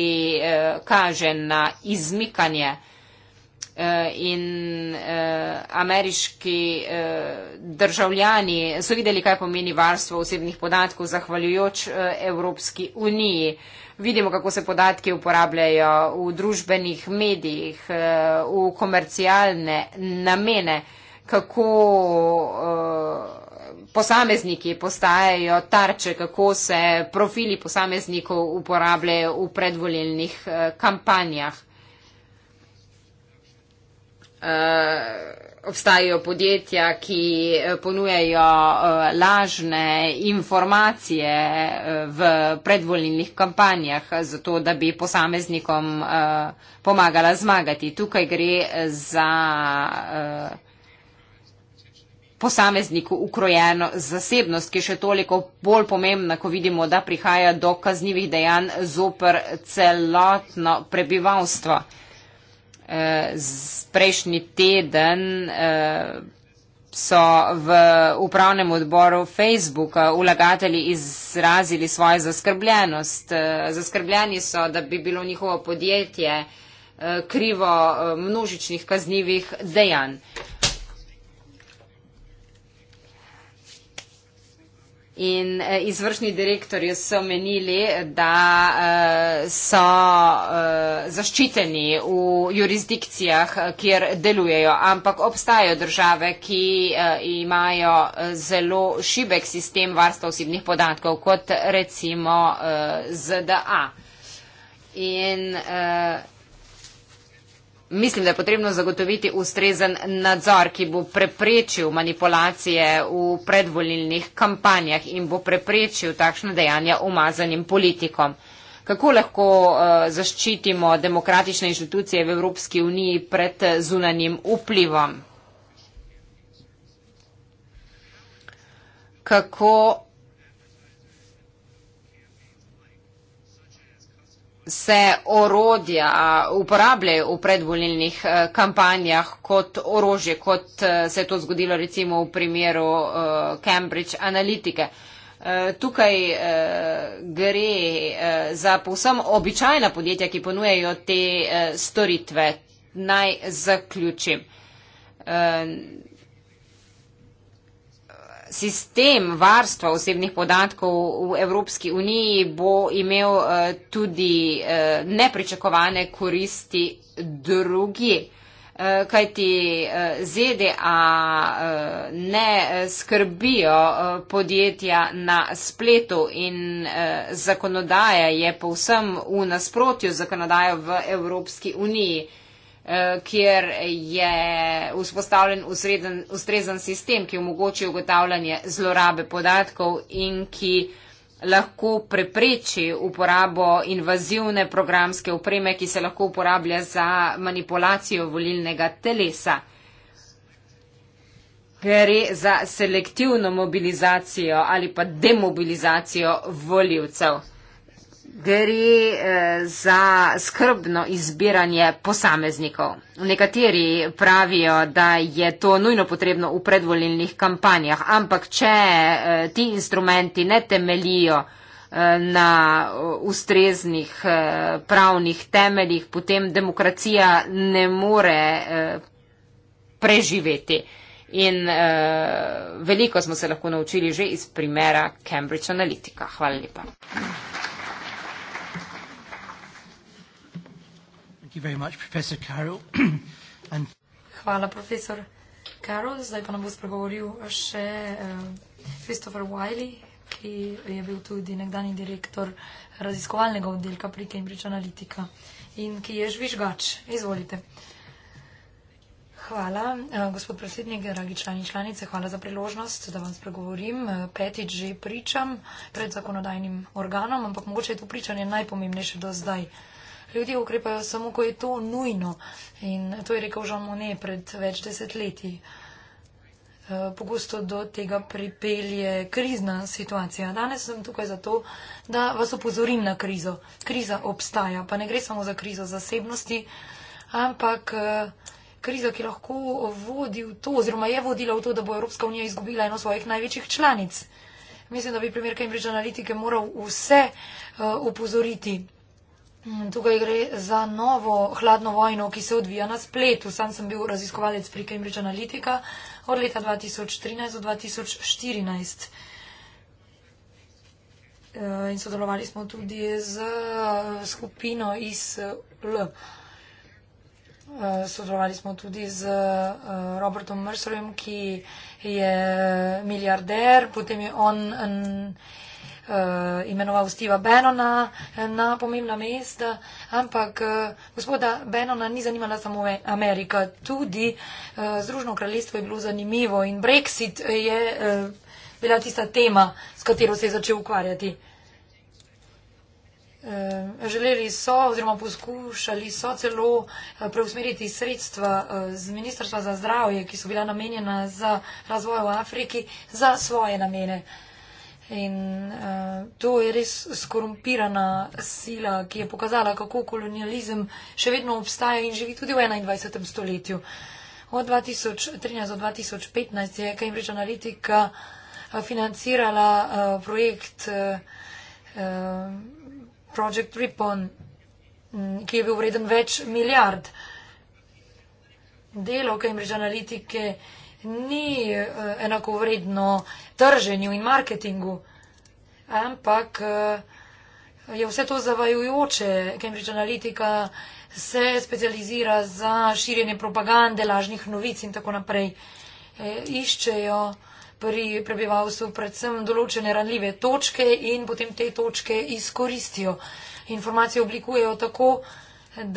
kaže na izmikanje Eh, in uh, ameriški uh, državljani so videli, kaj pomeni varstvo osebnih podatkov, zahvaljujoč uh, Evropski uniji. Vidimo, kako se podatki uporabljajo v družbenih medijih, uh, v komercialne namene, kako uh, posamezniki postajajo tarče, kako se profili posameznikov uporabljajo v predvoljenih uh, kampanjah. Eh, obstajajo podjetja, ki eh, ponujajo uh, lažne informacije uh, v predvolilnih kampanjah, zato da bi posameznikom uh, pomagala zmagati. Tukaj gre za uh, posamezniku ukrojeno zasebnost, ki je še toliko bolj pomembna, ko vidimo, da prihaja do kaznjivih dejanj zoper celotno prebivalstvo. Uh, prejšnji teden eh, so v upravnem odboru Facebooka ulagatelji izrazili svojo zaskrbljenost. Eh, zaskrbljeni so, da bi bilo njihovo podjetje eh, krivo množičnih kaznjivih dejanj. In eh, izvršni direktorji so menili, da eh, so eh, zaščiteni v jurisdikcijah, kjer delujejo, ampak obstajajo države, ki imajo zelo šibek sistem varstva osebnih podatkov, kot recimo ZDA. In Mislim, da je potrebno zagotoviti ustrezen nadzor, ki bo preprečil manipulacije v predvolilnih kampanjah in bo preprečil takšne dejanja umazanim politikom. Kako lahko uh, zaščitimo demokratične inštitucije v Evropski uniji pred eh, zunanjim vplivom? Kako se orodja uporabljajo v predvolilnih eh, kampanjah kot orožje, kot eh, se je to zgodilo recimo v primeru eh, Cambridge Analytica. Tukaj gre za povsem običajna podjetja, ki ponujejo te storitve. Naj zaključim sistem varstva osebnih podatkov v Evropski uniji bo imel eh, tudi eh, nepričakovane koristi drugi, eh, kajti ZDA ne skrbijo podjetja na spletu in zakonodaja je povsem v nasprotju z zakonodajo v Evropski uniji. Eh, kjer je vzpostavljen usreden, ustrezen sistem, ki omogoči ugotavljanje zlorabe podatkov in ki lahko prepreči uporabo invazivne programske opreme, ki se lahko uporablja za manipulacijo volilnega telesa. Gre za selektivno mobilizacijo ali pa demobilizacijo voljivcev gre eh, za skrbno izbiranje posameznikov. Nekateri pravijo, da je to nujno potrebno v predvolilnih kampanjah, ampak če eh, ti instrumenti ne temelijo eh, na ustreznih pravnih temeljih, potem demokracija ne more preživeti. In uh, veliko smo se lahko naučili že iz primera Cambridge Analytica. Hvala lepa. Thank you very much, Professor Carroll. And... Hvala, profesor Carroll. Zdaj pa nam bo spregovoril še uh, Christopher Wiley, ki je bil tudi nekdani direktor raziskovalnega oddelka pri Cambridge Analytica in ki je žvižgač. Izvolite. Hvala, eh, gospod predsednik, dragi člani in članice, hvala za priložnost, da vam spregovorim. Eh, petič že pričam pred zakonodajnim organom, ampak mogoče je to pričanje najpomembnejše do zdaj ljudje ukrepajo samo, ko je to nujno. In to je rekel Žan Monet pred več desetletij. E, pogosto do tega pripelje krizna situacija. Danes sem tukaj zato, da vas opozorim na krizo. Kriza obstaja, pa ne gre samo za krizo zasebnosti, ampak e, kriza, ki lahko vodi v to, oziroma je vodila v to, da bo Evropska unija izgubila eno svojih največjih članic. Mislim, da bi primer Cambridge Analytica moral vse upozoriti. E, uh, Tukaj gre za novo hladno vojno, ki se odvija na spletu. Sam sem bil raziskovalec pri Cambridge Analytica od leta 2013 do 2014. Eh, in sodelovali smo tudi z eh, skupino ISL. Eh, sodelovali smo tudi z Robertom Mercerjem, ki je milijarder, potem je on. En, Eh, imenoval Steva Benona eh, na pomembna mesta, ampak eh, gospoda Benona ni zanimala samo Amerika, tudi Združeno kraljestvo je bilo zanimivo in Brexit je bila tista tema, s katero se je začel ukvarjati. Želeli so oziroma poskušali so celo preusmeriti sredstva z Ministrstva za zdravje, ki so bila namenjena za razvoj v Afriki, za svoje namene. In uh, to je res skorumpirana sila, ki je pokazala, kako kolonializem še vedno obstaja in živi tudi v 21. stoletju. Od 2013 do 2015 je Cambridge Analytica eh, financirala uh, projekt uh, Project Ripon, mm, ki je bil vreden več milijard. Delo Cambridge Analytica ni eh, enakovredno trženju in marketingu, ampak eh, je vse to zavajujoče. Cambridge Analytica se specializira za širjenje propagande, lažnih novic in tako naprej. E, iščejo pri prebivalstvu predvsem določene ranljive točke in potem te točke izkoristijo. Informacije oblikujejo tako,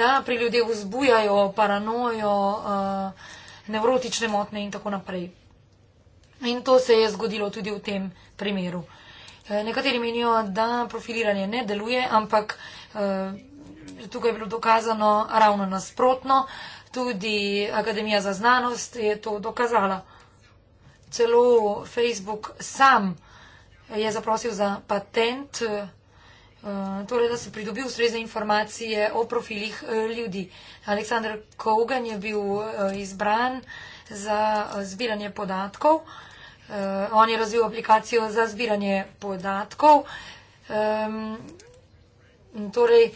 da pri ljudeh vzbujajo paranojo. Uh, nevrotične motnje in tako naprej. In to se je zgodilo tudi v tem primeru. Eh, nekateri menijo, da profiliranje ne deluje, ampak eh, tukaj je bilo dokazano ravno nasprotno. Tudi Akademija za znanost je to dokazala. Celo Facebook sam je zaprosil za patent. Eh, Eh, torej da se pridobi ustrezne informacije o profilih eh, ljudi. Aleksandar Kogan je bil eh, izbran za zbiranje podatkov. On je razvil aplikacijo za zbiranje podatkov. Torej,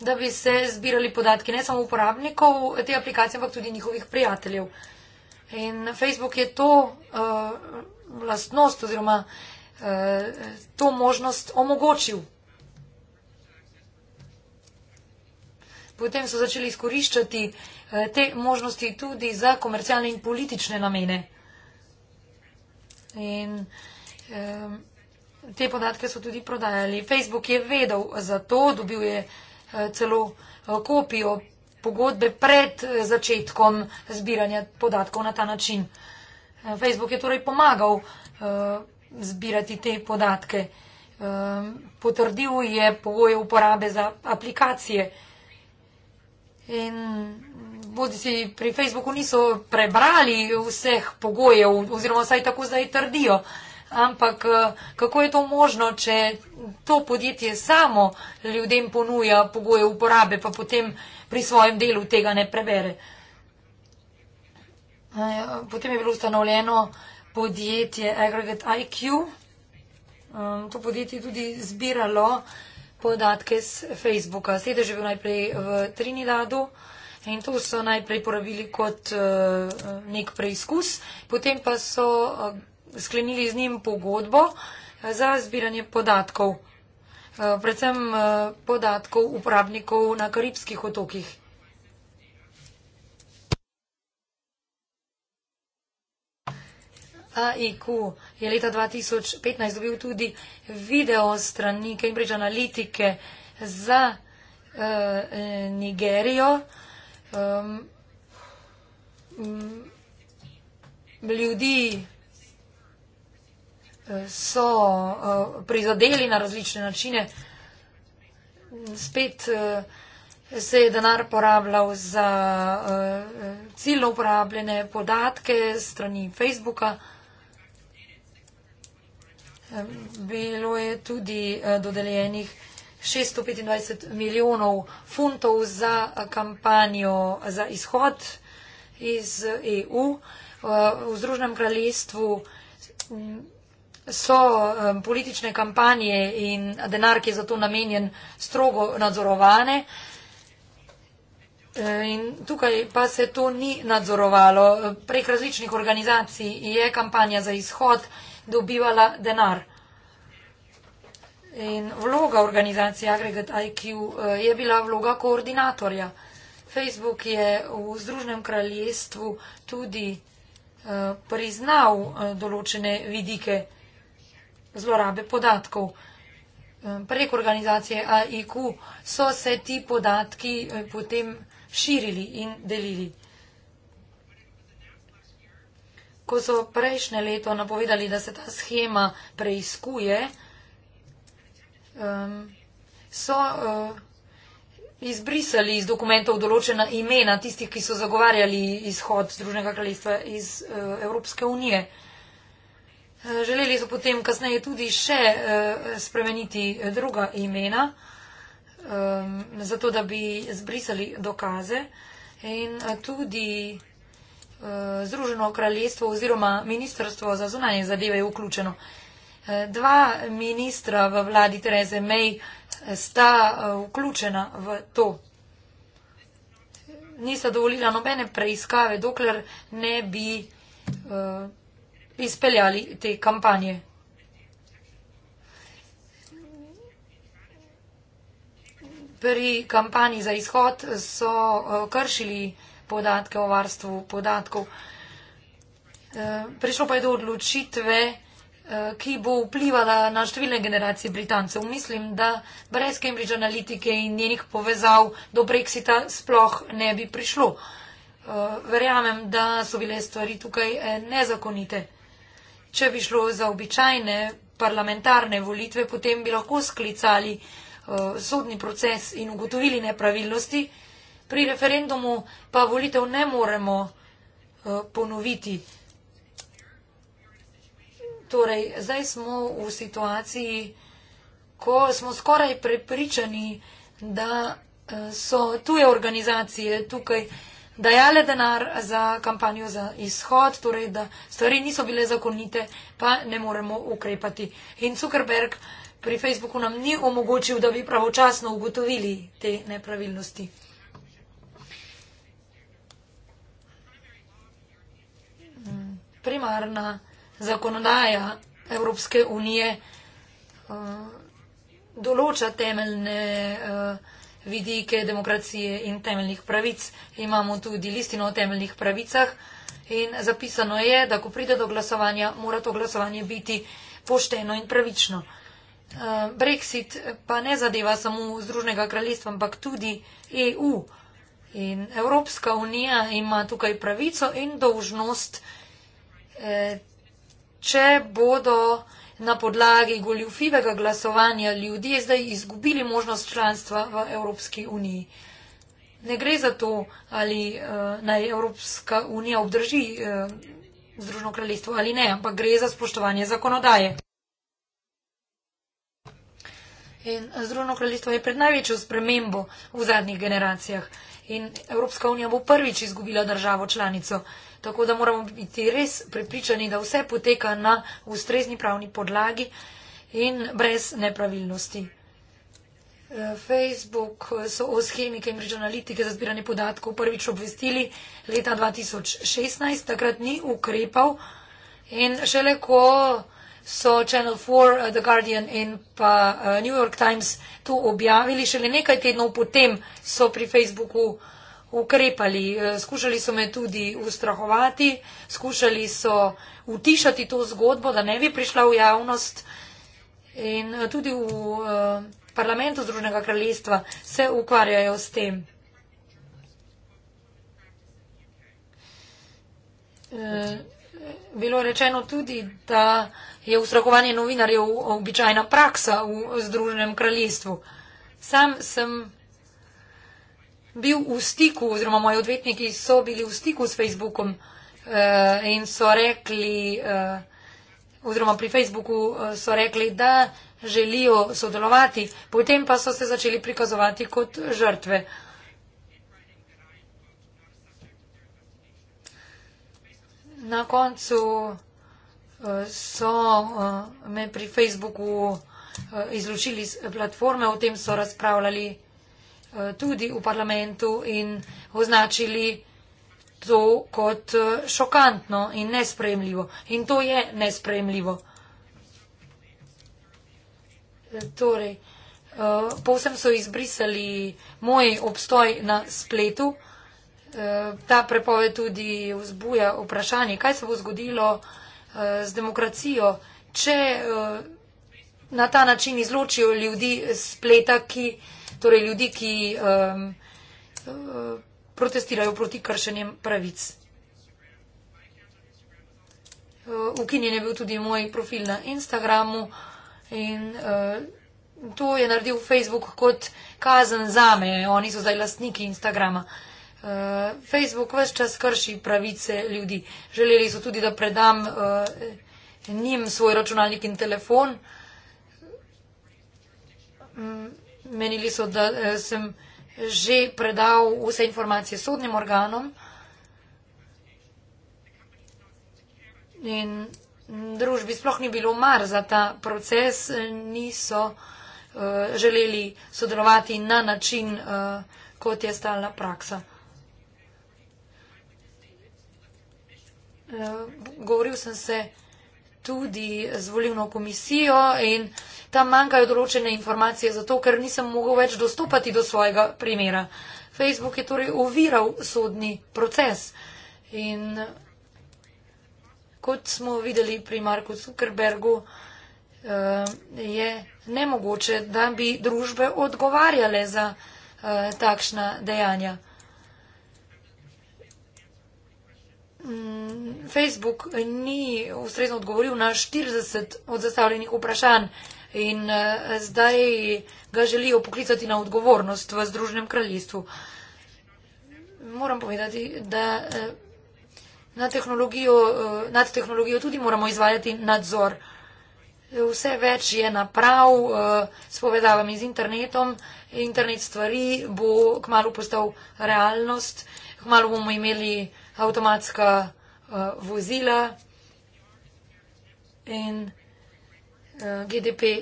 da bi se zbirali podatki ne samo uporabnikov te aplikacije, ampak tudi njihovih prijateljev. In Facebook je to vlastnost oziroma to možnost omogočil. potem so začeli izkoriščati eh, te možnosti tudi za komercialne in politične namene. In te podatke so tudi prodajali. Facebook je vedel za to, dobil je eh, celo eh, kopijo pogodbe pred začetkom zbiranja podatkov na ta način. Facebook je torej pomagal zbirati te podatke. Potrdil je pogoje uporabe za aplikacije. In bodi si pri Facebooku niso prebrali vseh pogojev, oziroma saj tako zdaj trdijo. Ampak eh, kako je to možno, če to podjetje samo ljudem ponuja pogoje uporabe, pa potem pri svojem delu tega ne prebere? Eh, potem je bilo ustanovljeno podjetje Aggregate IQ. Eh, to podjetje je tudi zbiralo podatke z Facebooka. Sedež je bil najprej v Trinidadu in to so najprej porabili kot uh, nek preizkus, potem pa so uh, sklenili z njim pogodbo eh, za zbiranje podatkov, uh, predvsem uh, podatkov uporabnikov na karibskih otokih. AIQ je leta 2015 dobil tudi video strani Cambridge Analytica za uh, Nigerijo. Um, m, ljudi eh, so uh, prizadeli na različne načine. Spet uh, se je denar porabljal za uh, ciljno uporabljene podatke strani Facebooka. Bilo je tudi eh, dodeljenih 625 milijonov funtov za eh, kampanjo za izhod iz EU. Eh, e v Združenem kraljestvu mm, so politične kampanje in denar, ki je za to namenjen, strogo nadzorovane. In tukaj pa se to ni nadzorovalo. Prek različnih organizacij je kampanja za izhod dobivala denar. In vloga organizacije Agregat IQ eh, je bila vloga koordinatorja. Facebook je v Združenem kraljestvu tudi eh, priznal eh, določene vidike zlorabe podatkov. Prek organizacije AIQ so se ti podatki potem širili in delili. Ko so prejšnje leto napovedali, da se ta schema preizkuje, um, so uh, izbrisali iz dokumentov določena imena tistih, ki so zagovarjali izhod Združenega kraljestva iz uh, Evropske unije. Eh, želeli so potem kasneje tudi še uh, spremeniti druga imena, um, zato da bi zbrisali dokaze in tudi Eh, Združeno kraljestvo oziroma ministrstvo za zunanje zadeve je vključeno. Eh, dva ministra v vladi Tereze May eh, sta vključena v to. Nista dovolila nobene preiskave, dokler ne bi izpeljali te kampanje. Pri kampanji za izhod so kršili podatke o varstvu podatkov. Eh, prišlo pa je do odločitve, eh, ki bo vplivala na številne generacije Britancev. Mislim, da brez Cambridge analitike in njenih povezav do Brexita sploh ne bi prišlo. Eh, verjamem, da so bile stvari tukaj nezakonite. Če bi šlo za običajne parlamentarne volitve, potem bi lahko sklicali sodni proces in ugotovili nepravilnosti pri referendumu pa volitev ne moremo eh, ponoviti. Torej, zdaj smo v situaciji, ko smo skoraj prepričani, da eh, so tuje organizacije tukaj dajale denar za kampanjo za izhod, torej, da stvari niso bile zakonite, pa ne moremo ukrepati. In Zuckerberg pri Facebooku nam ni omogočil, da bi pravočasno ugotovili te nepravilnosti. primarna zakonodaja Evropske unije uh, določa temeljne uh, vidike demokracije in temeljnih pravic. Imamo tudi listino o temeljnih pravicah in zapisano je, da ko pride do glasovanja, mora to glasovanje biti pošteno in pravično. Eh, Brexit pa ne zadeva samo Združnega kraljestva, ampak tudi EU. In Evropska unija ima tukaj pravico in dožnost če bodo na podlagi goljufivega glasovanja ljudje zdaj izgubili možnost članstva v Evropski uniji. Ne gre za to, ali uh, naj Evropska unija obdrži uh, Združeno kraljestvo ali ne, ampak gre za spoštovanje zakonodaje. In Združeno kraljestvo je pred največjo spremembo v zadnjih generacijah in Evropska unija bo prvič izgubila državo članico. Uh, Tako da moramo biti res prepričani, da vse poteka na ustrezni pravni podlagi in brez nepravilnosti. Eh, Facebook eh, so o schemi Cambridge Analytica za zbiranje podatkov prvič obvestili leta 2016, takrat ni ukrepal in šele ko so Channel 4, eh, The Guardian in pa New York Times to objavili, šele nekaj tednov potem so pri Facebooku objavili ukrepali. Eh, skušali so me tudi ustrahovati, skušali so utišati to zgodbo, da ne bi prišla v javnost. In eh, tudi v eh, parlamentu Združenega kraljestva se ukvarjajo s tem. Bilo je rečeno tudi, da je ustrahovanje novinarjev običajna praksa v Združenem kraljestvu. Sam sem bil v stiku, oziroma moji odvetniki so bili v stiku s Facebookom uh, in so rekli, uh, oziroma pri Facebooku uh, so rekli, da želijo sodelovati, potem pa so se začeli prikazovati kot žrtve. Na koncu so me pri Facebooku izločili iz platforme, o tem so razpravljali Eh, tudi v parlamentu in označili to kot eh, šokantno in nespremljivo. In to je nespremljivo. Eh, torej, povsem so izbrisali moj obstoj na spletu. Ta prepoved tudi vzbuja vprašanje, kaj se bo zgodilo z demokracijo, če na ta način izločijo ljudi spleta, ki vzbuja torej ljudi, ki um, uh, protestirajo proti kršenjem pravic. Uh, ukinjen je bil tudi moj profil na Instagramu in uh, to je naredil Facebook kot kazen za me. Oni so zdaj lastniki Instagrama. Uh, Facebook vse čas krši pravice ljudi. Želeli so tudi, da predam uh, njim svoj računalnik in telefon. Mm menili so, da eh, sem že predal vse informacije sodnim organom in družbi sploh ni bilo mar za ta proces, niso eh, želeli sodelovati na način, eh, kot je stalna praksa. Govoril sem se, da je to, tudi z volivno komisijo in tam manjkajo določene informacije, zato ker nisem mogel več dostopati do svojega primera. Facebook je torej oviral sodni proces in kot smo videli pri Marku Zuckerbergu, eh, je nemogoče, da bi družbe odgovarjale za eh, takšna dejanja. Mm, Facebook ni ustrezno odgovoril na 40 od zastavljenih vprašanj in eh, zdaj ga želijo poklicati na odgovornost v Združenem kraljestvu. Moram povedati, da eh, na tehnologijo, eh, nad tehnologijo tudi moramo izvajati nadzor. Vse več je naprav s povedavami z internetom. Internet stvari bo kmalo postal realnost. Kmalo bomo imeli avtomatska uh, vozila in uh, eh, GDPR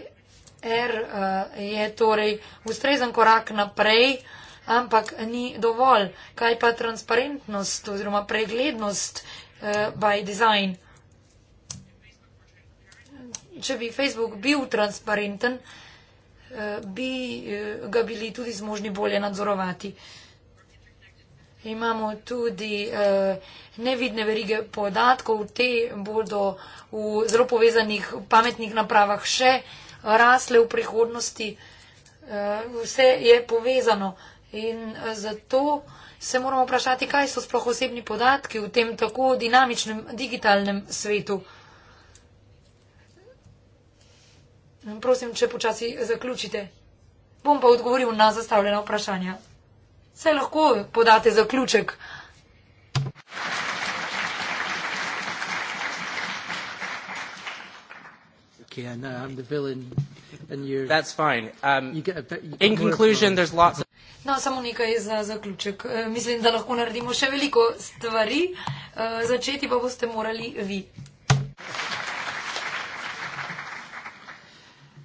uh, eh, je torej ustrezen korak naprej, ampak ni dovolj. Kaj pa transparentnost oziroma preglednost uh, by design? Če bi Facebook bil transparenten, uh, bi uh, ga bili tudi zmožni bolje nadzorovati. Uh, Imamo tudi eh, nevidne verige podatkov, te bodo v zelo povezanih pametnih napravah še rasle v prihodnosti. Eh, vse je povezano in eh, zato se moramo vprašati, kaj so sploh osebni podatki v tem tako dinamičnem digitalnem svetu. Prosim, če počasi zaključite. Bom pa odgovoril na zastavljena vprašanja se lahko podate zaključek. Uh, um, no, samo nekaj za zaključek. E, mislim, da lahko naredimo še veliko stvari, e, začeti pa boste morali vi.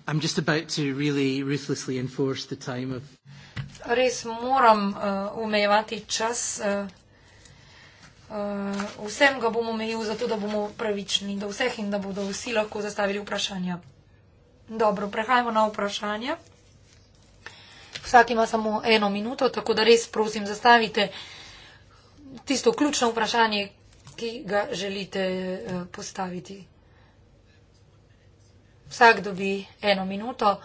I'm just about to really ruthlessly enforce the time of res moram uh, omejevati čas. Uh, uh, vsem ga bom omejil, zato da bomo pravični do vseh in da bodo vsi lahko zastavili vprašanja. Dobro, prehajamo na vprašanje. Vsak ima samo eno minuto, tako da res prosim, zastavite tisto ključno vprašanje, ki ga želite postaviti. Vsak dobi eno minuto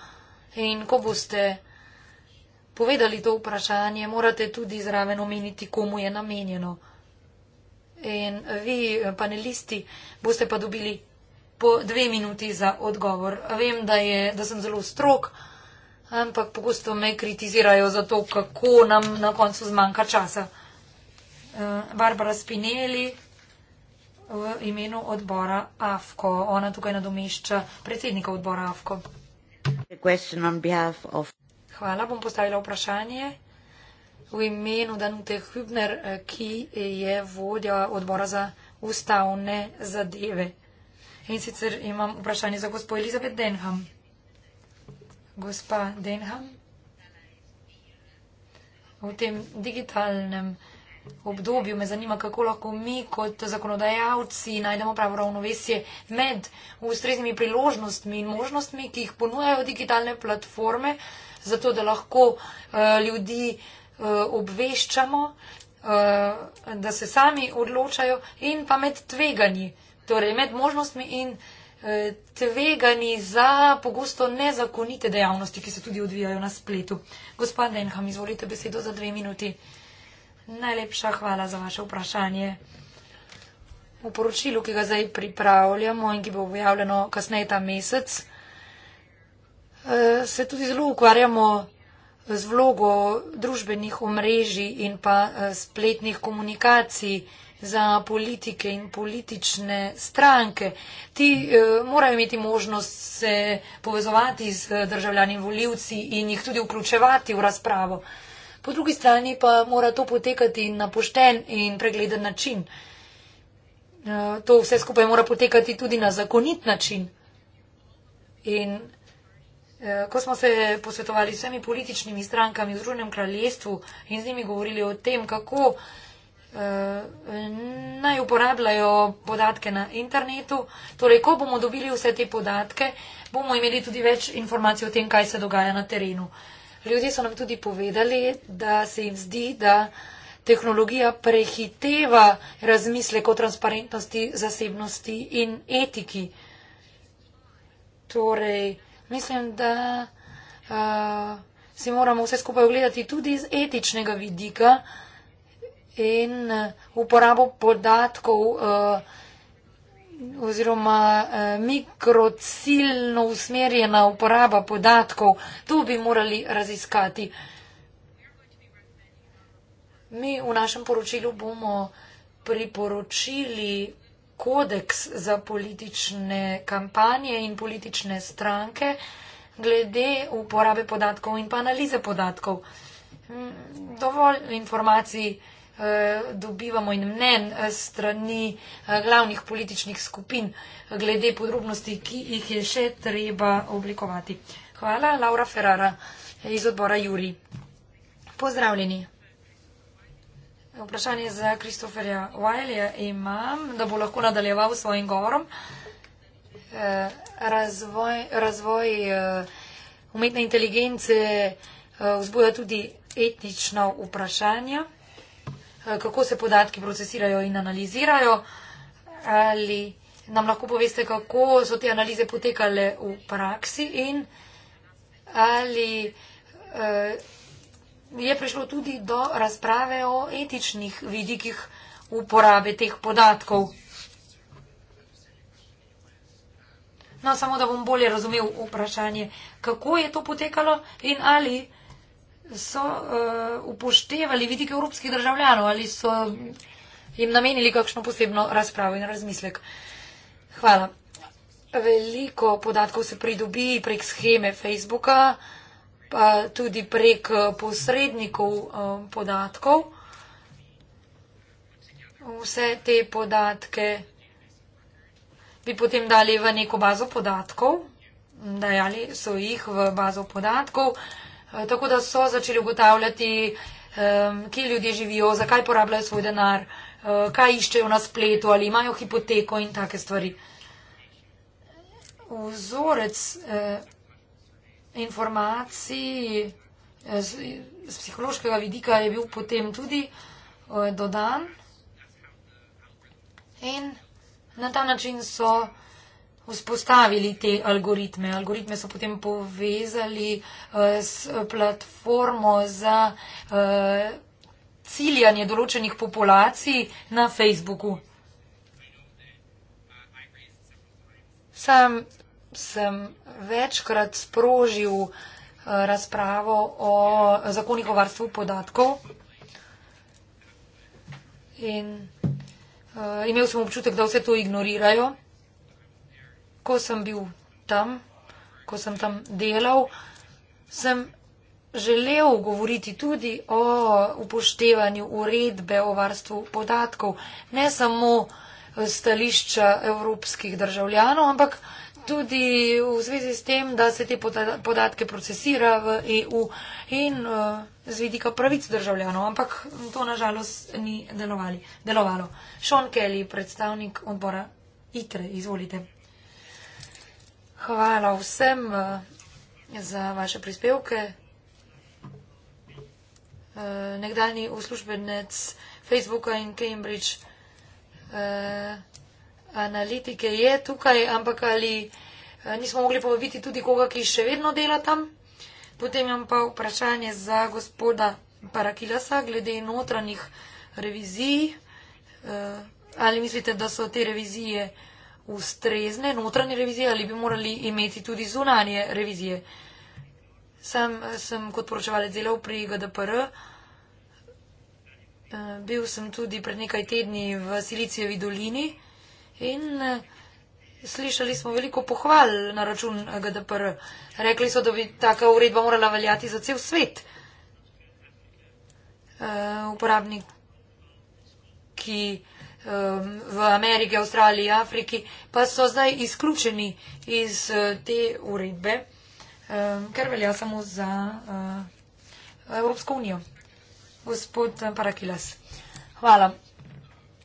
in ko boste povedali to vprašanje, morate tudi zraven omeniti, komu je namenjeno. In vi, panelisti, boste pa dobili po dve minuti za odgovor. Vem, da, je, da sem zelo strok, ampak pogosto me kritizirajo za to, kako nam na koncu zmanjka časa. Eh, Barbara Spinelli v imenu odbora AFKO. Ona tukaj nadomešča predsednika odbora AFKO. Hvala. Bom postavila vprašanje v imenu Danute Hübner, eh, ki je vodja odbora za ustavne zadeve. In sicer imam vprašanje za gospod Elizabet Denham. Gospa Denham, v tem digitalnem obdobju me zanima, kako lahko mi kot zakonodajalci najdemo pravo ravnovesje med ustreznimi priložnostmi in možnostmi, ki jih ponujajo digitalne platforme, zato da lahko uh, ljudi uh, obveščamo, uh, da se sami odločajo in pa med tveganji, torej med možnostmi in tvegani za pogosto nezakonite dejavnosti, ki se tudi odvijajo na spletu. Gospod Denham, izvolite besedo za dve minuti. Najlepša hvala za vaše vprašanje. V poročilu, ki ga zdaj pripravljamo in ki bo objavljeno kasneje ta mesec, Eh, se tudi zelo ukvarjamo z vlogo družbenih omrežij in pa eh, spletnih komunikacij za politike in politične stranke. Ti eh, morajo imeti možnost se povezovati z državljani voljivci in jih tudi vključevati v razpravo. Po drugi strani pa mora to potekati na pošten in pregleden način. Eh, to vse skupaj mora potekati tudi na zakonit način. In Eh, ko smo se posvetovali s vsemi političnimi strankami v Združenem kraljestvu in z njimi govorili o tem, kako eh, naj uporabljajo podatke na internetu, torej ko bomo dobili vse te podatke, bomo imeli tudi več informacij o tem, kaj se dogaja na terenu. Ljudje so nam tudi povedali, da se jim zdi, da tehnologija prehiteva razmisleko transparentnosti, zasebnosti in etiki. Torej, Mislim, da uh, si moramo vse skupaj ogledati tudi iz etičnega vidika in eh, uporabo podatkov uh, oziroma uh, mikrociljno usmerjena uporaba podatkov. To bi morali raziskati. Mi v našem poročilu bomo priporočili kodeks za politične kampanje in politične stranke glede uporabe podatkov in pa analize podatkov. Mm, dovolj informacij eh, dobivamo in mnen eh, strani eh, glavnih političnih skupin glede podrobnosti, ki jih je še treba oblikovati. Hvala, Laura Ferrara iz odbora Juri. Pozdravljeni. Vprašanje za Kristoferja Wileja imam, da bo lahko nadaljeval s svojim govorom. Eh, razvoj, razvoj eh, umetne inteligence eh, vzbuja tudi etnično vprašanje, kako se podatki procesirajo in analizirajo. Ali nam lahko poveste, kako so te analize potekale v praksi in ali je prišlo tudi do razprave o etičnih vidikih uporabe teh podatkov. No, samo da bom bolje razumel vprašanje, kako je to potekalo in ali so uh, upoštevali vidike evropskih državljanov ali so mm, jim namenili kakšno posebno razpravo in razmislek. Hvala. Veliko podatkov se pridobi prek scheme Facebooka. Uh, pa tudi prek eh, posrednikov eh, podatkov. Vse te podatke bi potem dali v neko bazo podatkov, dajali so jih v bazo podatkov, eh, tako da so začeli ugotavljati, kje ljudje živijo, zakaj porabljajo svoj denar, kaj iščejo na spletu ali imajo hipoteko in take stvari. Vzorec informacij eh, z, z psihološkega vidika je bil potem tudi eh, dodan. In na ta način so vzpostavili te algoritme. Algoritme so potem povezali eh, s platformo za ciljanje določenih populacij na Facebooku. Sam sem večkrat sprožil eh, razpravo o zakonih o varstvu podatkov. In uh, imel sem občutek, da vse to ignorirajo. Ko sem bil tam, ko sem tam delal, sem želel govoriti tudi o upoštevanju uredbe o varstvu podatkov, ne samo stališča evropskih državljanov, ampak uh, tudi v zvezi s tem, da se te podatke procesira v EU in eh, z vidika pravic državljanov, ampak to nažalost ni delovali, delovalo. Sean Kelly, predstavnik odbora ITRE, izvolite. Hvala vsem eh, za vaše prispevke. Eh, Nekdani uslužbenec Facebooka in Cambridge analitike je tukaj, ampak ali eh, nismo mogli povabiti tudi koga, ki še vedno dela tam. Potem imam pa vprašanje za gospoda Parakilasa glede notranjih revizij. Eh, ali mislite, da so te revizije ustrezne, notranje revizije, ali bi morali imeti tudi zunanje revizije? Sam eh, sem kot poročevalec delal pri GDPR. Bil sem tudi pred nekaj tedni v Silicijevi dolini. In eh, slišali smo veliko pohval na račun GDPR. Rekli so, da bi taka uredba morala veljati za cel svet. Eh, Uporabnik, ki v Ameriki, Avstraliji, Afriki, pa so zdaj izključeni iz eh, te uredbe, ker velja samo za Evropsko unijo. Gospod Parakilas. Hvala.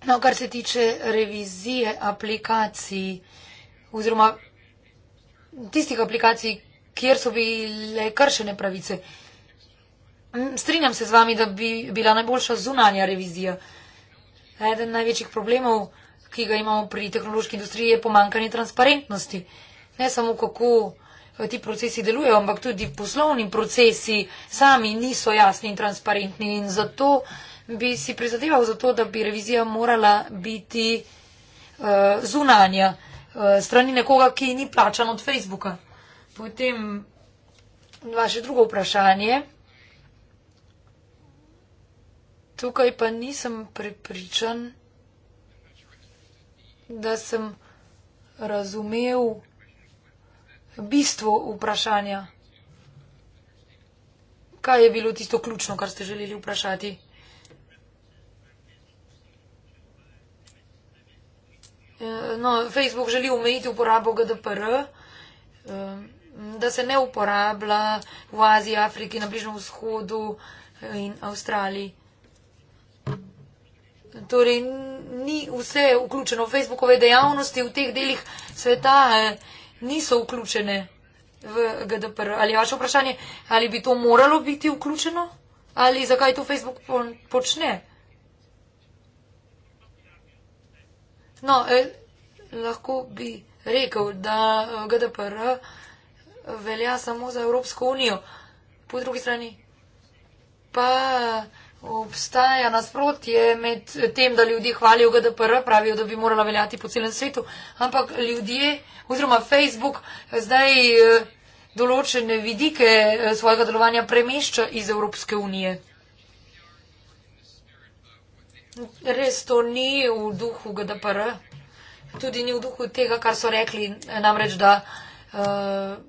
No, kar se tiče revizije aplikacij oziroma tistih aplikacij, kjer so bile kršene pravice. Strinjam se z vami, da bi bila najboljša zunanja revizija. Eden največjih problemov, ki ga imamo pri tehnološki industriji, je pomankanje transparentnosti. Ne samo kako eh, ti procesi delujejo, ampak tudi poslovni procesi sami niso jasni in transparentni in zato bi si prizadeval za to, da bi revizija morala biti uh, zunanja uh, strani nekoga, ki ni plačan od Facebooka. Potem vaše drugo vprašanje. Tukaj pa nisem prepričan, da sem razumel bistvo vprašanja. Kaj je bilo tisto ključno, kar ste želeli vprašati? Eh, no, Facebook želi omejiti uporabo GDPR, eh, da se ne uporablja v Aziji, Afriki, na Bližnjem vzhodu eh, in Avstraliji. Torej, ni vse vključeno. Facebookove dejavnosti v teh delih sveta niso vključene v GDPR. Ali je vaše vprašanje, ali bi to moralo biti vključeno? Ali zakaj to Facebook počne? No, el, lahko bi rekel, da e, GDPR velja samo za Evropsko unijo. Po drugi strani pa obstaja nasprotje med tem, da ljudje hvalijo GDPR, pravijo, da bi morala veljati po celem svetu, ampak ljudje oziroma Facebook zdaj e, določene vidike e, svojega delovanja premešča iz Evropske unije res to ni v duhu GDPR, tudi ni v duhu tega, kar so rekli, eh, namreč, da uh,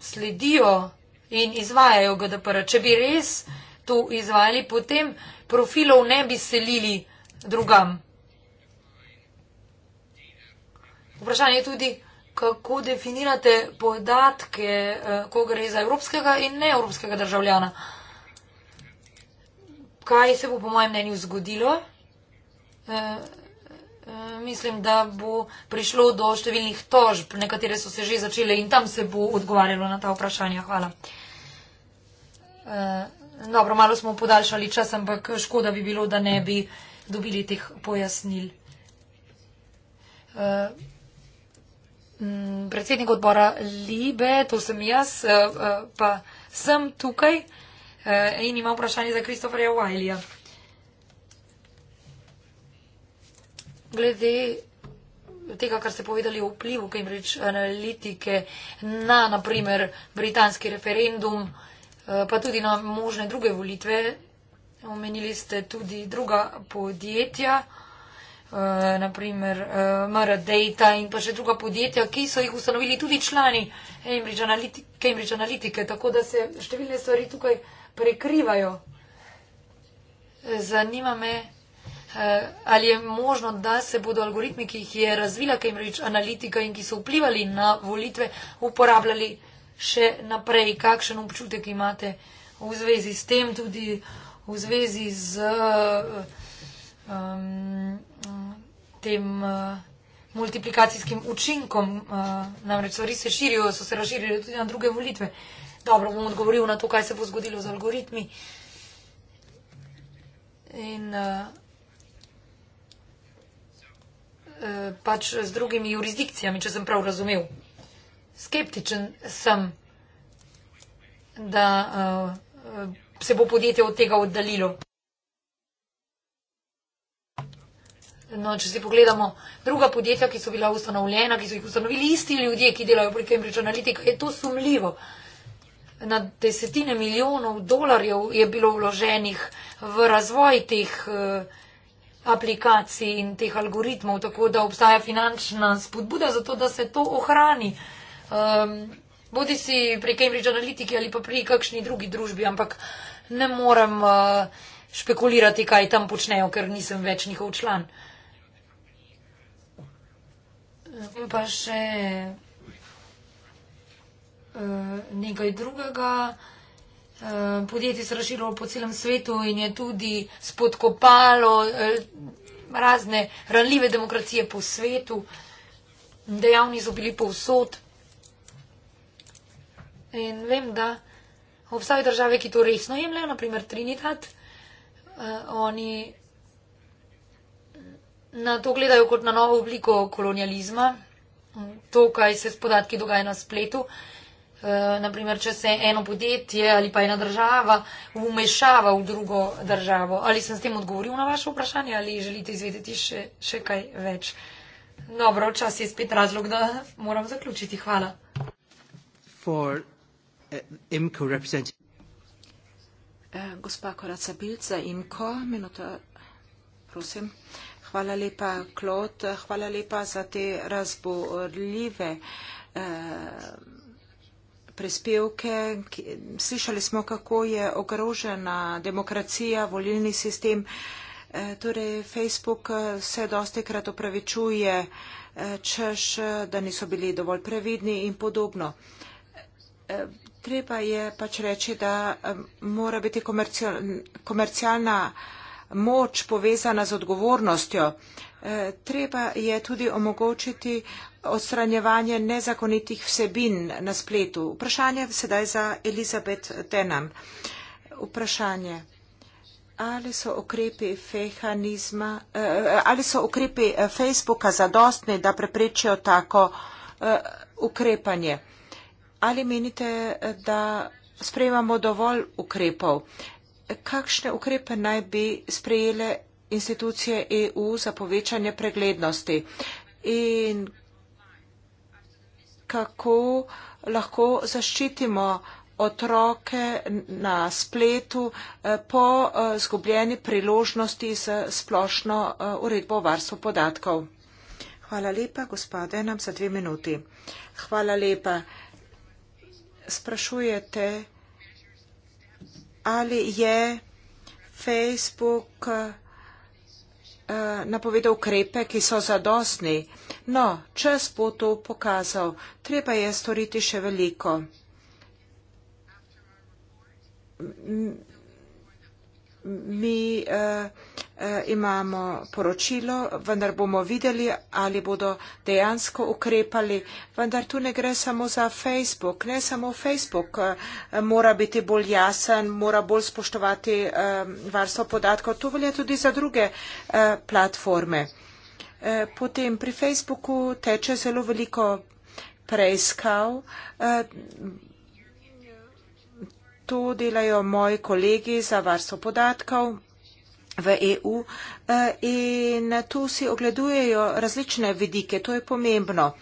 sledijo in izvajajo GDPR. Če bi res to izvajali, potem profilov ne bi selili drugam. Vprašanje je tudi, kako definirate podatke, eh, ko gre za evropskega in neevropskega državljana. Kaj se bo po mojem mnenju zgodilo? Eh, eh, mislim, da bo prišlo do številnih tožb, nekatere so se že začele in tam se bo odgovarjalo na ta vprašanja. Hvala. Eh, dobro, malo smo podaljšali čas, ampak škoda bi bilo, da ne bi dobili teh pojasnil. Mm, predsednik odbora Libe, to sem jaz, pa sem tukaj in imam vprašanje za Kristoforja Wileja. glede tega, kar ste povedali o vplivu Cambridge analitike na, naprimer, britanski referendum, eh, pa tudi na možne druge volitve. Omenili ste tudi druga podjetja, eh, naprimer eh, MR Data in pa še druga podjetja, ki so jih ustanovili tudi člani Cambridge, analitik, Cambridge analitike, tako da se številne stvari tukaj prekrivajo. Zanima me, Eh, ali je možno, da se bodo algoritmi, ki jih je razvila Cambridge Analytica in ki so vplivali na volitve, uporabljali še naprej. Kakšen občutek imate v zvezi s tem, tudi v zvezi z um, tem uh, multiplikacijskim učinkom, uh, namreč stvari se širijo, so se razširile tudi na druge volitve. Dobro, bom odgovoril na to, kaj se bo zgodilo z algoritmi. In, uh, Eh, pač z drugimi jurisdikcijami, če sem prav razumel. Skeptičen sem, da uh, se bo podjetje od tega oddaljilo. No, če si pogledamo druga podjetja, ki so bila ustanovljena, ki so jih ustanovili isti ljudje, ki delajo pri Cambridge Analytica, je to sumljivo. Na desetine milijonov dolarjev je bilo vloženih v razvoj teh uh, aplikacij in teh algoritmov, tako da obstaja finančna spodbuda za to, da se to ohrani. Um, ehm, bodi si pri Cambridge Analytica ali pa pri kakšni drugi družbi, ampak ne morem uh, špekulirati, kaj tam počnejo, ker nisem več njihov član. In pa še uh, nekaj drugega. Eh, podjetij se razširilo po celem svetu in je tudi spodkopalo eh, razne ranljive demokracije po svetu. Dejavni so bili povsod. In vem, da obstajajo države, ki to resno jemljajo, naprimer Trinidad. Eh, oni na to gledajo kot na novo obliko kolonializma. To, kaj se s podatki dogaja na spletu, uh, Eh, naprimer, če se eno podjetje ali pa ena država umešava v drugo državo. Ali sem s tem odgovoril na vaše vprašanje ali želite izvedeti še, še kaj več? Dobro, čas je spet razlog, da moram zaključiti. Hvala. Eh, eh, gospa Koraca Bilca, Imko, minuta, prosim. Hvala lepa, Klot, hvala lepa za te razborljive. Eh, prispevke. Slišali smo, kako je ogrožena demokracija, volilni sistem. E, torej, Facebook e, se dosti krat opravičuje, e, češ, da niso bili dovolj previdni in podobno. Treba je pač reči, da mora biti komercialna moč povezana z odgovornostjo. Treba je tudi omogočiti odstranjevanje nezakonitih vsebin na spletu. Vprašanje sedaj za Elizabeth Denham. Vprašanje. Ali so, ukrepi fehanizma, eh, ali so ukrepi eh, Facebooka zadostni, da preprečijo tako eh, ukrepanje? Ali menite, da sprejemamo dovolj ukrepov? Kakšne ukrepe naj bi sprejele institucije EU za povečanje preglednosti in kako lahko zaščitimo otroke na spletu eh, po eh, zgubljeni priložnosti z splošno eh, uredbo varstvo podatkov. Hvala lepa, gospode, nam za dve minuti. Hvala lepa. Sprašujete, ali je Facebook Eh, napovedal ukrepe, ki so zadostni. No, čas bo to pokazal. Treba je storiti še veliko mi eh, eh, imamo poročilo, vendar bomo videli, ali bodo dejansko ukrepali. Vendar tu ne gre samo za Facebook, ne samo Facebook eh, mora biti bolj jasen, mora bolj spoštovati varstvo podatkov, to velja tudi za druge platforme. Potem pri Facebooku teče zelo veliko preiskav to delajo moji kolegi za varstvo podatkov v EU eh, in tu si ogledujejo različne vidike, to je pomembno.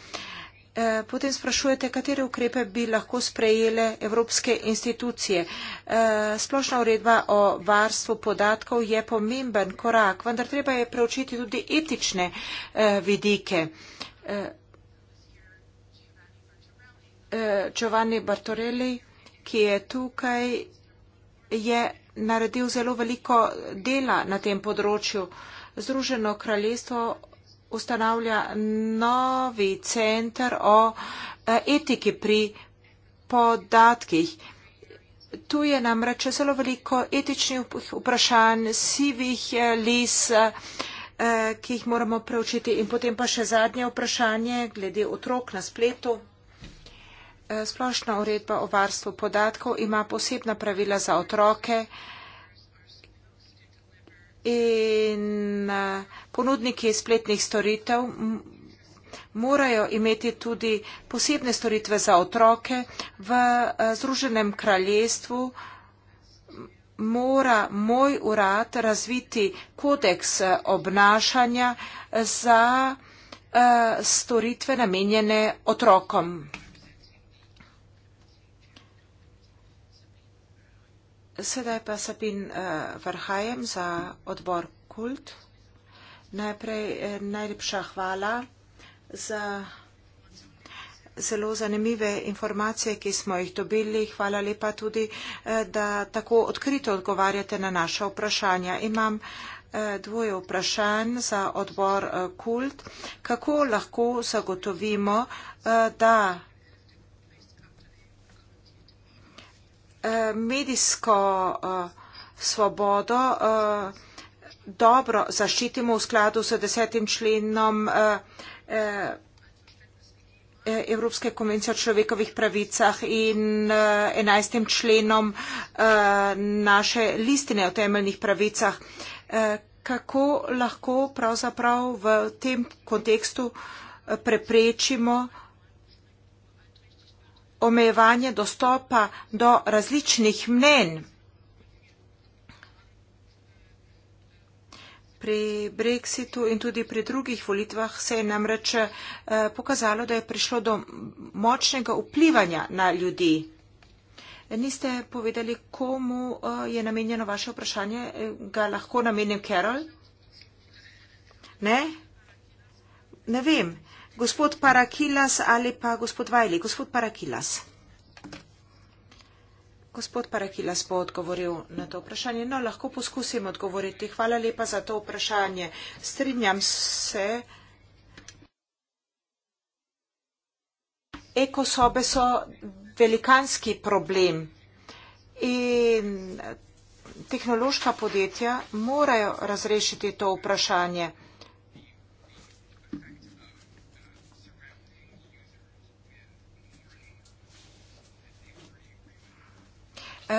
Eh, potem sprašujete, katere ukrepe bi lahko sprejele evropske institucije. Eh, splošna uredba o varstvu podatkov je pomemben korak, vendar treba je preučiti tudi etične vidike. Giovanni Bartorelli ki je tukaj, je naredil zelo veliko dela na tem področju. Združeno kraljestvo ustanavlja novi center o eh, etiki pri podatkih. Tu je namreč zelo veliko etičnih vprašanj, sivih eh, lis, eh, ki jih moramo preučiti. In potem pa še zadnje vprašanje glede otrok na spletu. Eh, splošna uredba o varstvu podatkov ima posebna pravila za otroke in eh, ponudniki spletnih storitev morajo imeti tudi posebne storitve za otroke. V eh, Združenem kraljestvu mora moj urad razviti kodeks obnašanja za storitve namenjene otrokom. Sedaj pa Sabin eh, Varhajem za odbor Kult. Najprej eh, najlepša hvala za zelo zanimive informacije, ki smo jih dobili. Hvala lepa tudi, eh, da tako odkrito odgovarjate na naše vprašanja. Imam dvoje vprašanj za odbor Kult. Kako lahko zagotovimo, da Eh, medijsko eh, svobodo eh, dobro zaščitimo v skladu s desetim členom Evropske konvencije o človekovih pravicah in enajstim členom naše listine o temeljnih pravicah. Kako lahko pravzaprav v tem kontekstu preprečimo, omejevanje dostopa do različnih mnen. Pri Brexitu in tudi pri drugih volitvah se je namreč eh, pokazalo, da je prišlo do močnega vplivanja na ljudi. Niste povedali, komu eh, je namenjeno vaše vprašanje? Eh, ga lahko namenim Carol? Ne? Ne vem gospod Parakilas ali pa gospod Vajli. Gospod Parakilas. Gospod Parakilas bo odgovoril na to vprašanje. No, lahko poskusim odgovoriti. Hvala lepa za to vprašanje. Strinjam se. Ekosobe so velikanski problem in tehnološka podjetja morajo razrešiti to vprašanje.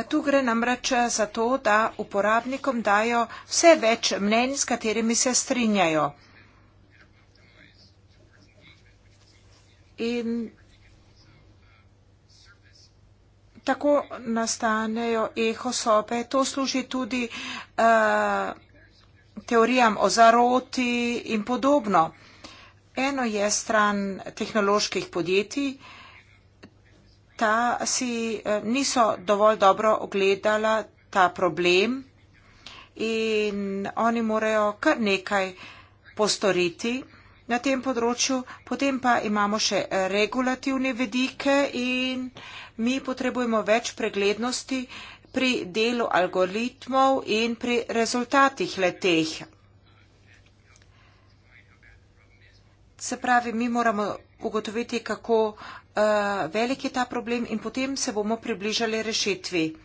Tu gre namreč za to, da uporabnikom dajo vse več mnenj, s katerimi se strinjajo. In tako nastanejo ehosobe. To služi tudi uh, teorijam o zaroti in podobno. Eno je stran tehnoloških podjetij, uh, ta si eh, niso dovolj dobro ogledala ta problem in oni morajo kar nekaj postoriti na tem področju. Potem pa imamo še regulativne vedike in mi potrebujemo več preglednosti pri delu algoritmov in pri rezultatih leteh. Se pravi, mi moramo ugotoviti, kako Eh, velik je ta problem in potem se bomo približali rešitvi.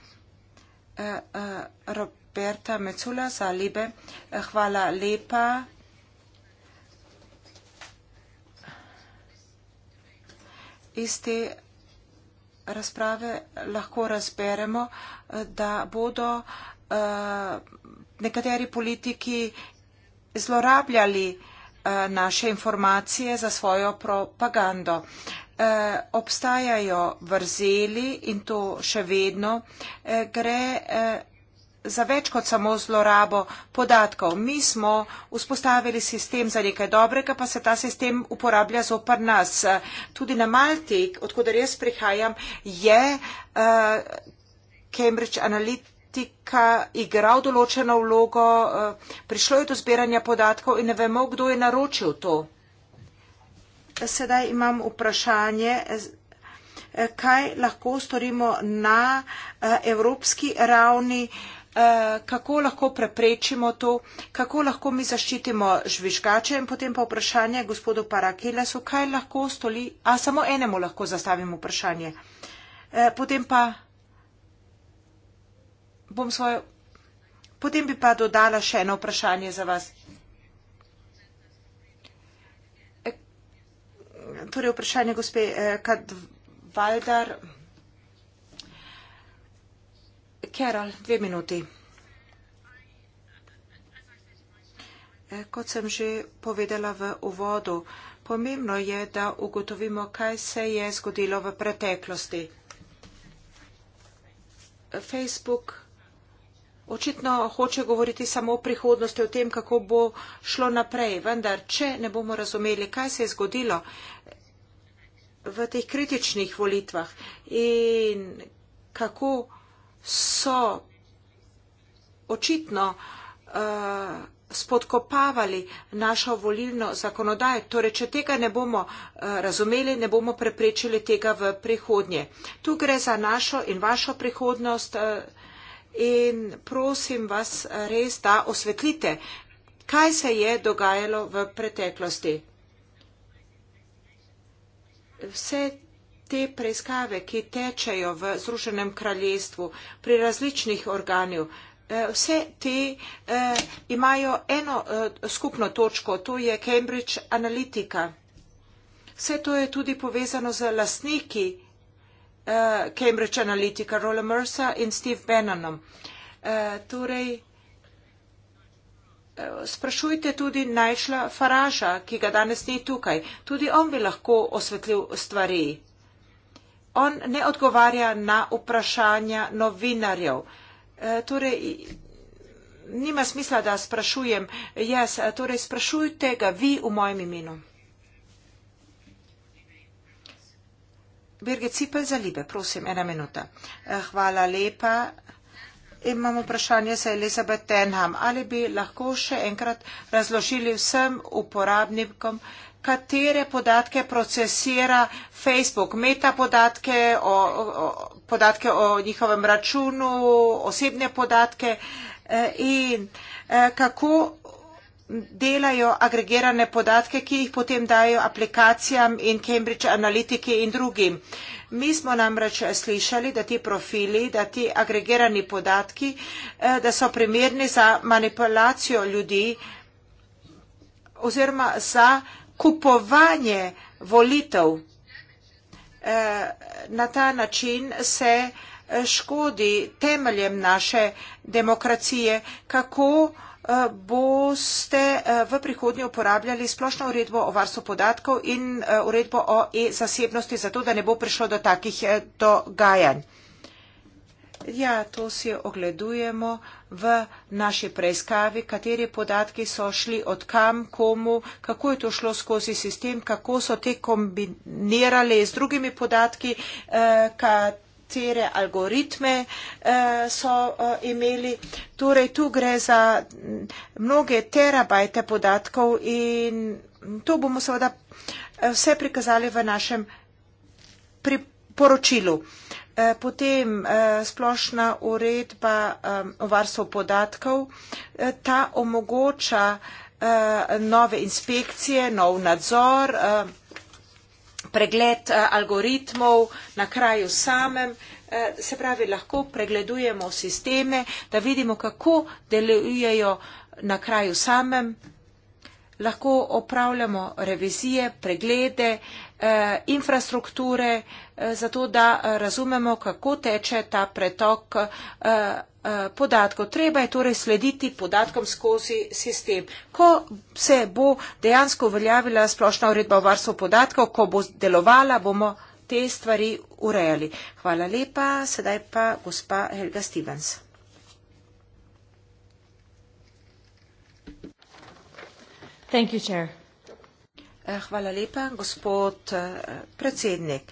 Eh, eh, Roberta Mecula za Libe. Hvala lepa. Iz te razprave lahko razberemo, da bodo nekateri politiki zlorabljali naše informacije za svojo propagando eh, obstajajo vrzeli in to še vedno eh, gre. Eh, za več kot samo zlorabo podatkov. Mi smo vzpostavili sistem za nekaj dobrega, pa se ta sistem uporablja zopr nas. Tudi na Malti, odkuder jaz prihajam, je uh, Cambridge Analytica igral določeno vlogo, uh, prišlo je do zbiranja podatkov in ne vemo, kdo je naročil to sedaj imam vprašanje, kaj lahko storimo na eh, evropski ravni, eh, kako lahko preprečimo to, kako lahko mi zaščitimo žvižgače in potem pa vprašanje gospodu Parakelesu, kaj lahko stoli, a samo enemu lahko zastavim vprašanje. Eh, potem pa bom svojo. Potem bi pa dodala še eno vprašanje za vas. torej vprašanje gospe eh, Kadvaldar. Keral, dve minuti. Eh, kot sem že povedala v uvodu, pomembno je, da ugotovimo, kaj se je zgodilo v preteklosti. Facebook očitno hoče govoriti samo o prihodnosti, o tem, kako bo šlo naprej. Vendar, če ne bomo razumeli, kaj se je zgodilo v teh kritičnih volitvah in kako so očitno uh, spodkopavali našo volilno zakonodajo. Torej, če tega ne bomo uh, razumeli, ne bomo preprečili tega v prihodnje. Tu gre za našo in vašo prihodnost. Uh, in prosim vas res, da osvetlite, kaj se je dogajalo v preteklosti. Vse te preiskave, ki tečejo v Združenem kraljestvu pri različnih organih, eh, vse te eh, imajo eno eh, skupno točko, to je Cambridge Analytica. Vse to je tudi povezano z lastniki uh, Cambridge Analytica, Rolla Mursa in Steve Bannonom. Uh, eh, torej, eh, sprašujte tudi najšla Faraža, ki ga danes ni tukaj. Tudi on bi lahko osvetlil stvari. On ne odgovarja na vprašanja novinarjev. Uh, torej, nima smisla, da sprašujem jaz. Yes, uh, torej, sprašujte ga vi v mojem imenu. Birgit Cipel za Libe, prosim, ena minuta. Eh, hvala lepa. Imam vprašanje za Elizabeth Tenham. Ali bi lahko še enkrat razložili vsem uporabnikom, katere podatke procesira Facebook, meta podatke o, o, podatke o njihovem računu, osebne podatke eh, in eh, kako delajo agregirane podatke, ki jih potem dajo aplikacijam in Cambridge analitiki in drugim. Mi smo namreč slišali, da ti profili, da ti agregirani podatki, eh, da so primerni za manipulacijo ljudi oziroma za kupovanje volitev. Eh, na ta način se vsega škodi temeljem naše demokracije. Kako eh, boste eh, v prihodnje uporabljali splošno uredbo o varstvu podatkov in eh, uredbo o e-zasebnosti, zato da ne bo prišlo do takih dogajanj? Ja, to si ogledujemo v naši preiskavi, kateri podatki so šli od kam, komu, kako je to šlo skozi sistem, kako so te kombinirali z drugimi podatki, eh, katere algoritme uh, so uh, imeli. Torej, tu gre za mm, mnoge terabajte podatkov in to bomo seveda eh, vse prikazali v našem priporočilu. Uh, potem uh, splošna uredba uh, o varstvu podatkov, uh, ta omogoča uh, nove inspekcije, nov nadzor. Uh, pregled eh, algoritmov na kraju samem. Eh, se pravi, lahko pregledujemo sisteme, da vidimo, kako delujejo na kraju samem. Lahko opravljamo revizije, preglede, eh, infrastrukture, zato da razumemo, kako teče ta pretok Eh, podatkov. Treba je torej slediti podatkom skozi sistem. Ko se bo dejansko uveljavila splošna uredba o varstvu podatkov, ko bo delovala, bomo te stvari urejali. Hvala lepa. Sedaj pa gospa Helga Stevens. Thank you, chair. Eh, hvala lepa, gospod eh, predsednik.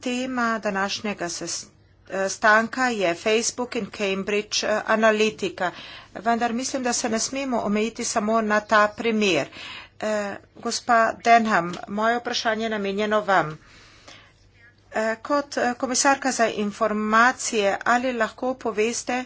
Tema današnjega sestanka Eh, stanka je Facebook in Cambridge eh, Analytica. Vendar mislim, da se ne smemo omejiti samo na ta primer. Eh, gospa Denham, moje vprašanje je namenjeno vam. Kot komisarka za informacije, ali lahko poveste,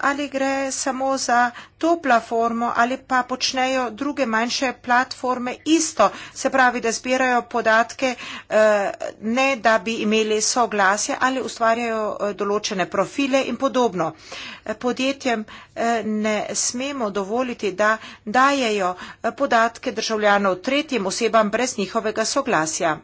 ali gre samo za to platformo ali pa počnejo druge manjše platforme isto, se pravi, da zbirajo podatke eh, ne, da bi imeli soglasje ali ustvarjajo eh, določene profile in podobno. Eh, podjetjem ne smemo dovoliti, da dajejo podatke državljanov tretjim osebam brez njihovega soglasja.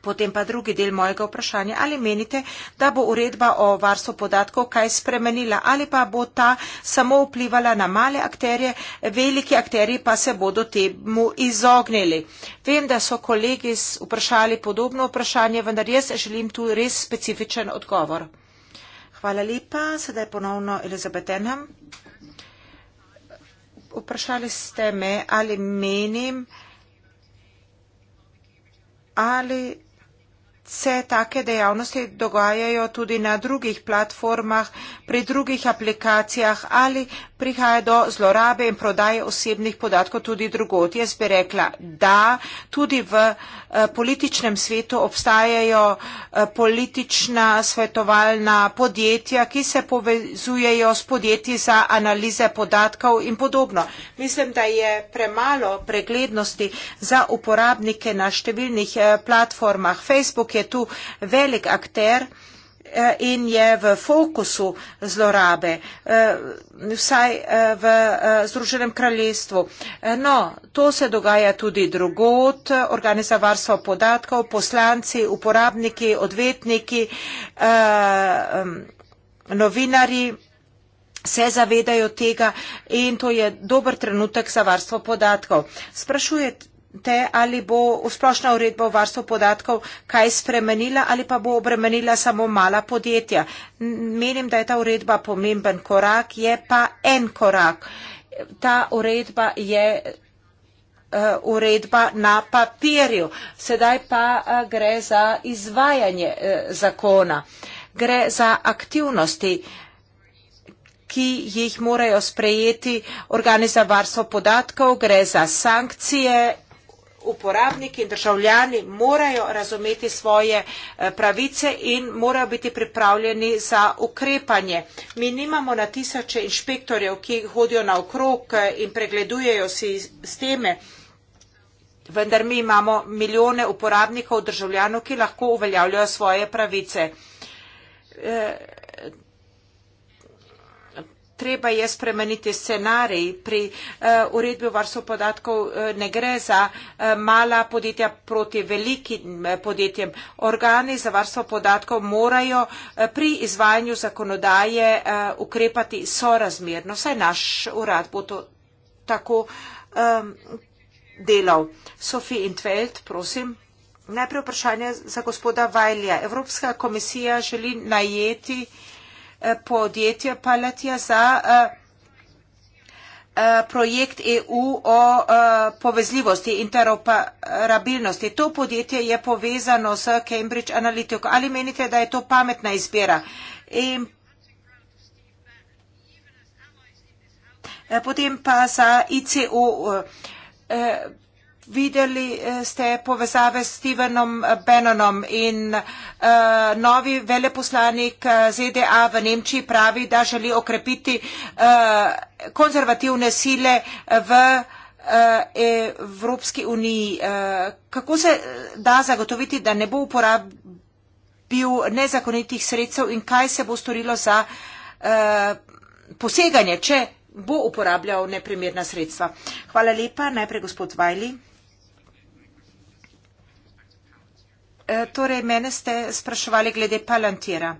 Potem pa drugi del mojega vprašanja. Ali menite, da bo uredba o varstvu podatkov kaj spremenila ali pa bo ta samo vplivala na male akterje, veliki akterji pa se bodo temu izognili? Vem, da so kolegi vprašali podobno vprašanje, vendar jaz želim tu res specifičen odgovor. Hvala lepa. Sedaj ponovno Elizabetenham. Vprašali ste me, ali menim, ali se take dejavnosti dogajajo tudi na drugih platformah, pri drugih aplikacijah ali prihaja do zlorabe in prodaje osebnih podatkov tudi drugot. Jaz bi rekla, da tudi v Eh, političnem svetu obstajajo eh, politična svetovalna podjetja, ki se povezujejo s podjetji za analize podatkov in podobno. Mislim, da je premalo preglednosti za uporabnike na številnih eh, platformah. Facebook je tu velik akter in je v fokusu zlorabe, eh, vsaj eh, v eh, Združenem kraljestvu. No, to se dogaja tudi drugot, organi za varstvo podatkov, poslanci, uporabniki, odvetniki, novinari se zavedajo tega in to je dober trenutek za varstvo podatkov. Sprašujete te ali bo splošna uredba o varstvu podatkov kaj spremenila ali pa bo obremenila samo mala podjetja. Menim, da je ta uredba pomemben korak, je pa en korak. Ta uredba je eh, uredba na papirju. Sedaj pa eh, gre za izvajanje eh, zakona. Gre za aktivnosti, ki jih morajo sprejeti organi za varstvo podatkov, gre za sankcije uporabniki in državljani morajo razumeti svoje eh, pravice in morajo biti pripravljeni za ukrepanje. Mi nimamo na tisoče inšpektorjev, ki hodijo na okrog eh, in pregledujejo sisteme, vendar mi imamo milijone uporabnikov državljanov, ki lahko uveljavljajo svoje pravice. Eh, treba je spremeniti scenarij pri uh, uredbi o varstvu podatkov. Uh, ne gre za uh, mala podjetja proti velikim uh, podjetjem. Organi za varstvo podatkov morajo uh, pri izvajanju zakonodaje uh, ukrepati sorazmerno. Vsaj naš urad bo to tako um, delal. Sofija Intveld, prosim. Najprej vprašanje za gospoda Vajlja. Evropska komisija želi najeti uh, Eh, podjetja Palatija za eh, eh, projekt EU o povezljivosti, interoperabilnosti. To podjetje je povezano s Cambridge Analytico. Ali menite, da je to pametna izbira? In potem pa za ICO. Videli eh, ste povezave s Stevenom eh, Bannonom in uh, novi veleposlanik ZDA v Nemčiji pravi, da želi okrepiti uh, konzervativne sile v uh, Evropski uniji. Uh, kako se da zagotoviti, da ne bo uporabil nezakonitih sredstev in kaj se bo storilo za uh, poseganje, če bo uporabljal neprimerna sredstva? Hvala lepa. Najprej gospod Vajli. E, torej, mene ste spraševali glede Palantira.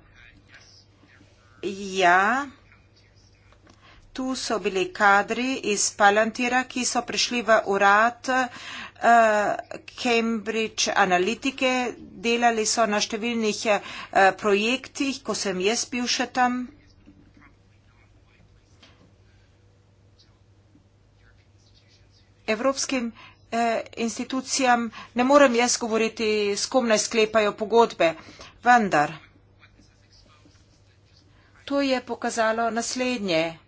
Ja, tu so bili kadri iz Palantira, ki so prišli v urad e, Cambridge Analytike, delali so na številnih e, projektih, ko sem jaz bil še tam. Evropskim projektom. Eh, institucijam ne morem jaz govoriti, s kom naj sklepajo pogodbe, vendar to je pokazalo naslednje.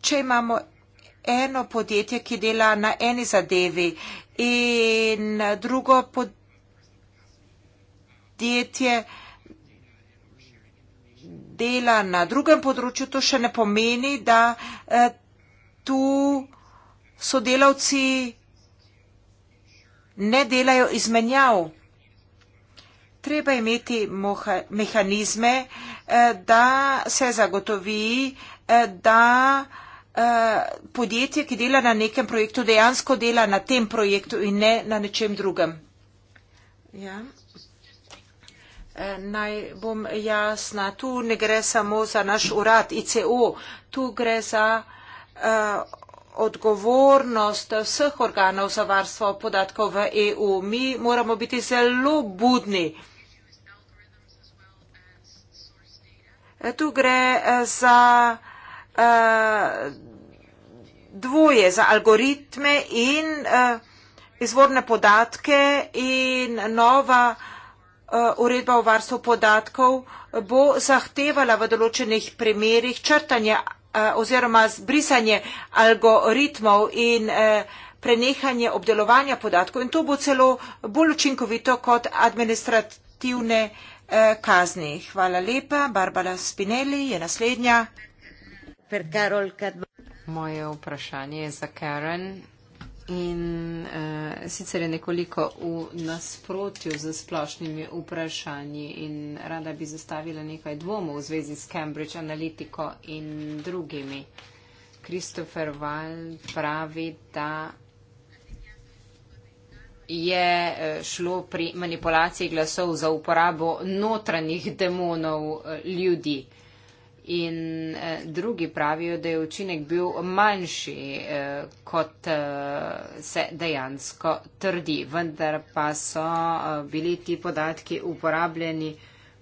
Če imamo eno podjetje, ki dela na eni zadevi in drugo podjetje dela na drugem področju, to še ne pomeni, da eh, tu sodelavci ne delajo izmenjav. Treba imeti moha, mehanizme, eh, da se zagotovi, eh, da eh, podjetje, ki dela na nekem projektu, dejansko dela na tem projektu in ne na nečem drugem. Ja. Naj bom jasna, tu ne gre samo za naš urad ICO, tu gre za uh, odgovornost vseh organov za varstvo podatkov v EU. Mi moramo biti zelo budni. Tu gre eh, za eh, dvoje, za algoritme in eh, izvorne podatke in nova uredba o varstvu podatkov bo zahtevala v določenih primerjih črtanje algoritme Eh, oziroma zbrisanje algoritmov in eh, prenehanje obdelovanja podatkov in to bo celo bolj učinkovito kot administrativne eh, kazni. Hvala lepa. Barbara Spinelli je naslednja. Moje vprašanje je za Karen. In uh, sicer je nekoliko v nasprotju z splošnimi vprašanji in rada bi zastavila nekaj dvomov v zvezi s Cambridge Analytico in drugimi. Christopher Wall pravi, da je eh, šlo pri manipulaciji glasov za uporabo notranjih demonov eh, ljudi. Uh, In eh, drugi pravijo, da je učinek bil manjši, eh, kot eh, se dejansko trdi. Vendar pa so eh, bili ti podatki uporabljeni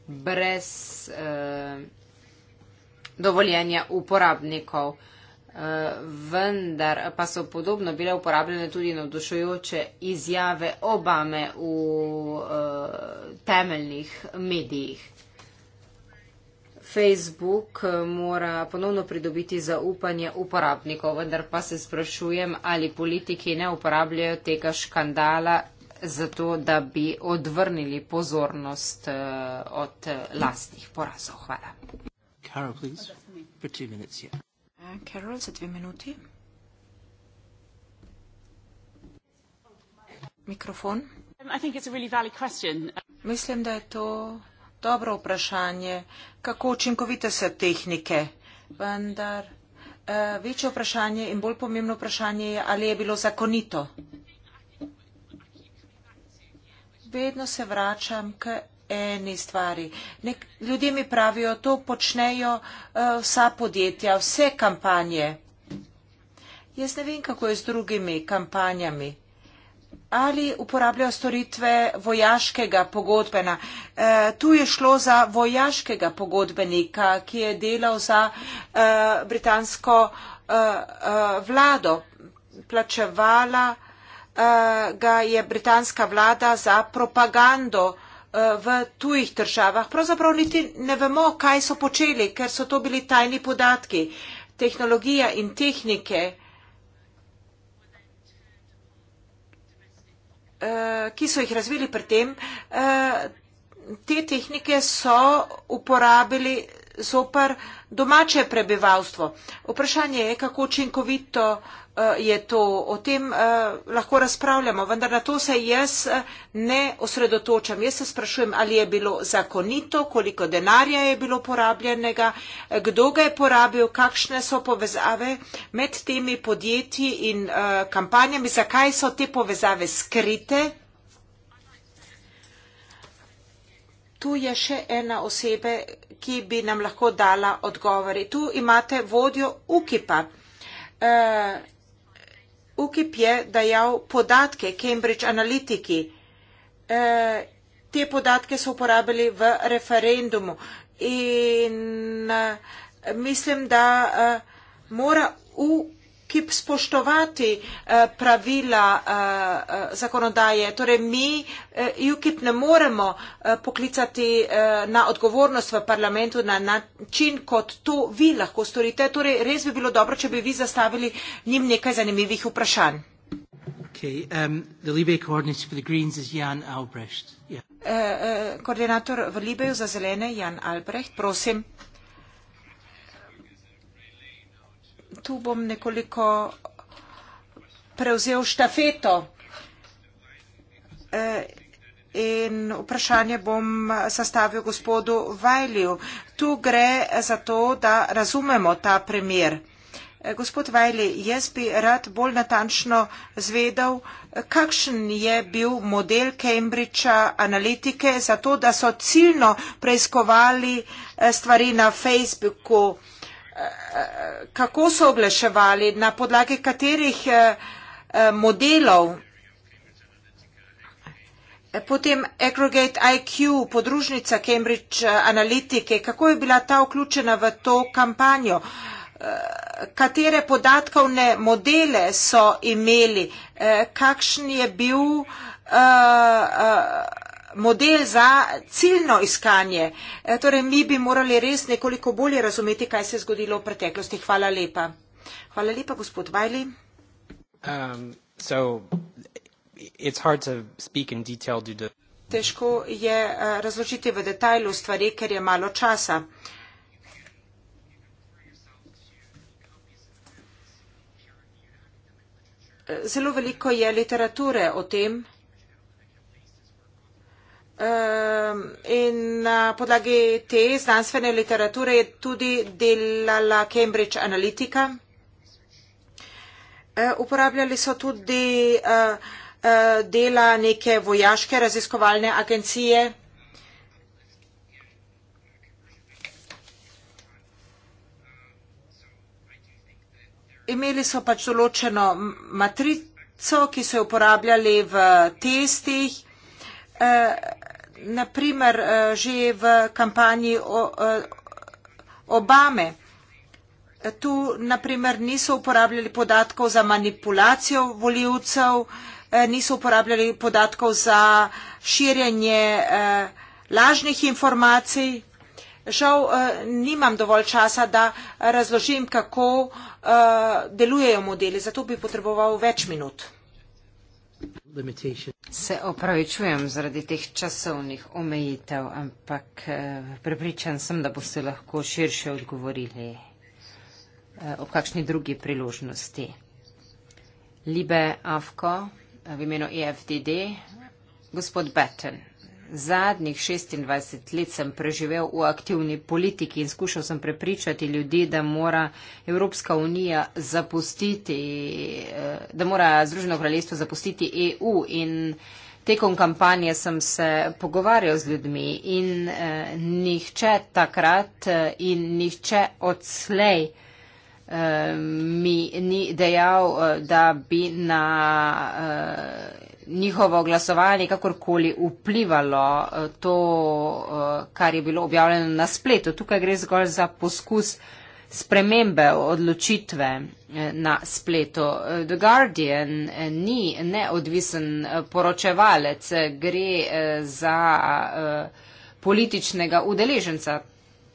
brez eh, dovoljenja uporabnikov. Eh, vendar pa so podobno bile uporabljene tudi navdušujoče izjave Obame v eh, temeljnih medijih. Facebook eh, mora ponovno pridobiti zaupanje uporabnikov, vendar pa se sprašujem, ali politiki ne uporabljajo tega škandala zato, da bi odvrnili pozornost eh, od eh, lastnih porazov. Hvala. Carol, please. For two minutes, yeah. uh, Carol, za dve minuti. Mikrofon. Um, I think it's a really valid question. Mislim, da je to Dobro vprašanje, kako učinkovite so tehnike, vendar uh, večje vprašanje in bolj pomembno vprašanje je, ali je bilo zakonito. Vedno se vračam k eni stvari. Nek, ljudje mi pravijo, to počnejo uh, vsa podjetja, vse kampanje. Jaz ne vem, kako je z drugimi kampanjami ali uporabljajo storitve vojaškega pogodbena. E, tu je šlo za vojaškega pogodbenika, ki je delal za e, britansko e, e, vlado. Plačevala e, ga je britanska vlada za propagando e, v tujih državah. Pravzaprav niti ne vemo, kaj so počeli, ker so to bili tajni podatki. Tehnologija in tehnike uh, Eh, ki so jih razvili pri tem, eh, te tehnike so uporabili zopr domače prebivalstvo. Vprašanje je, kako učinkovito eh, je to. O tem eh, lahko razpravljamo, vendar na to se jaz eh, ne osredotočam. Jaz se sprašujem, ali je bilo zakonito, koliko denarja je bilo porabljenega, kdo ga je porabil, kakšne so povezave med temi podjetji in kampanjami, zakaj so te povezave skrite. tu je še ena osebe, ki bi nam lahko dala odgovori. Tu imate vodjo UKIP-a. Uh, UKIP je dajal podatke Cambridge Analytiki. Uh, eh, te podatke so uporabili v referendumu in uh, mislim, da uh, mora UKIP ki spoštovati eh, pravila eh, eh, zakonodaje. Torej mi UKIP ne moremo poklicati na odgovornost v parlamentu na način, kot to vi lahko storite. Torej res bi bilo dobro, če bi vi zastavili njim nekaj zanimivih vprašanj. Okay, um, the Libe coordinator for the Greens is Jan Albrecht. Yeah. Uh, uh, koordinator v Libeju za zelene Jan Albrecht, prosim. tu bom nekoliko prevzel štafeto eh, in vprašanje bom sastavil gospodu Vajliju. Tu gre za to, da razumemo ta primer. Eh, gospod Vajli, jaz bi rad bolj natančno zvedel, kakšen je bil model Cambridgea analitike za to, da so ciljno preiskovali eh, stvari na Facebooku kako so oglaševali, na podlagi katerih eh, eh, modelov, potem Aggregate IQ, podružnica Cambridge eh, Analytike, kako je bila ta vključena v to kampanjo, katere podatkovne modele so imeli, kakšen je bil model za ciljno iskanje. E, torej, mi bi morali res nekoliko bolje razumeti, kaj se je zgodilo v preteklosti. Hvala lepa. Hvala lepa, gospod Vajli. Um, the... Težko je e, razložiti v detajlu stvari, ker je malo časa. E, zelo veliko je literature o tem, Ehm, in na podlagi te znanstvene literature je tudi delala Cambridge Analytica. E, uporabljali so tudi e, e, dela neke vojaške raziskovalne agencije. Imeli so pač določeno matrico, ki so jo uporabljali v testih na primer eh, že v kampanji eh, Obame. Tu na primer niso uporabljali podatkov za manipulacijo voljivcev, eh, niso uporabljali podatkov za širjenje lažnih informacij. Žal nimam dovolj časa, da razložim, kako delujejo modeli, zato bi potreboval več minut. Se opravičujem zaradi teh časovnih omejitev, ampak eh, prepričan sem, da boste lahko širše odgovorili eh, o kakšni drugi priložnosti. Libe Avko eh, v imenu EFDD, gospod Batten zadnjih 26 let sem preživel v aktivni politiki in skušal sem prepričati ljudi, da mora Evropska unija zapustiti, eh, da mora Združeno kraljestvo zapustiti EU in tekom kampanje sem se pogovarjal z ljudmi in eh, nihče takrat eh, in nihče odslej eh, mi ni dejal, eh, da bi na. Eh, njihovo glasovanje kakorkoli vplivalo eh, to, eh, kar je bilo objavljeno na spletu. Tukaj gre zgolj za poskus spremembe odločitve eh, na spletu. The Guardian ni neodvisen poročevalec, gre za političnega udeleženca,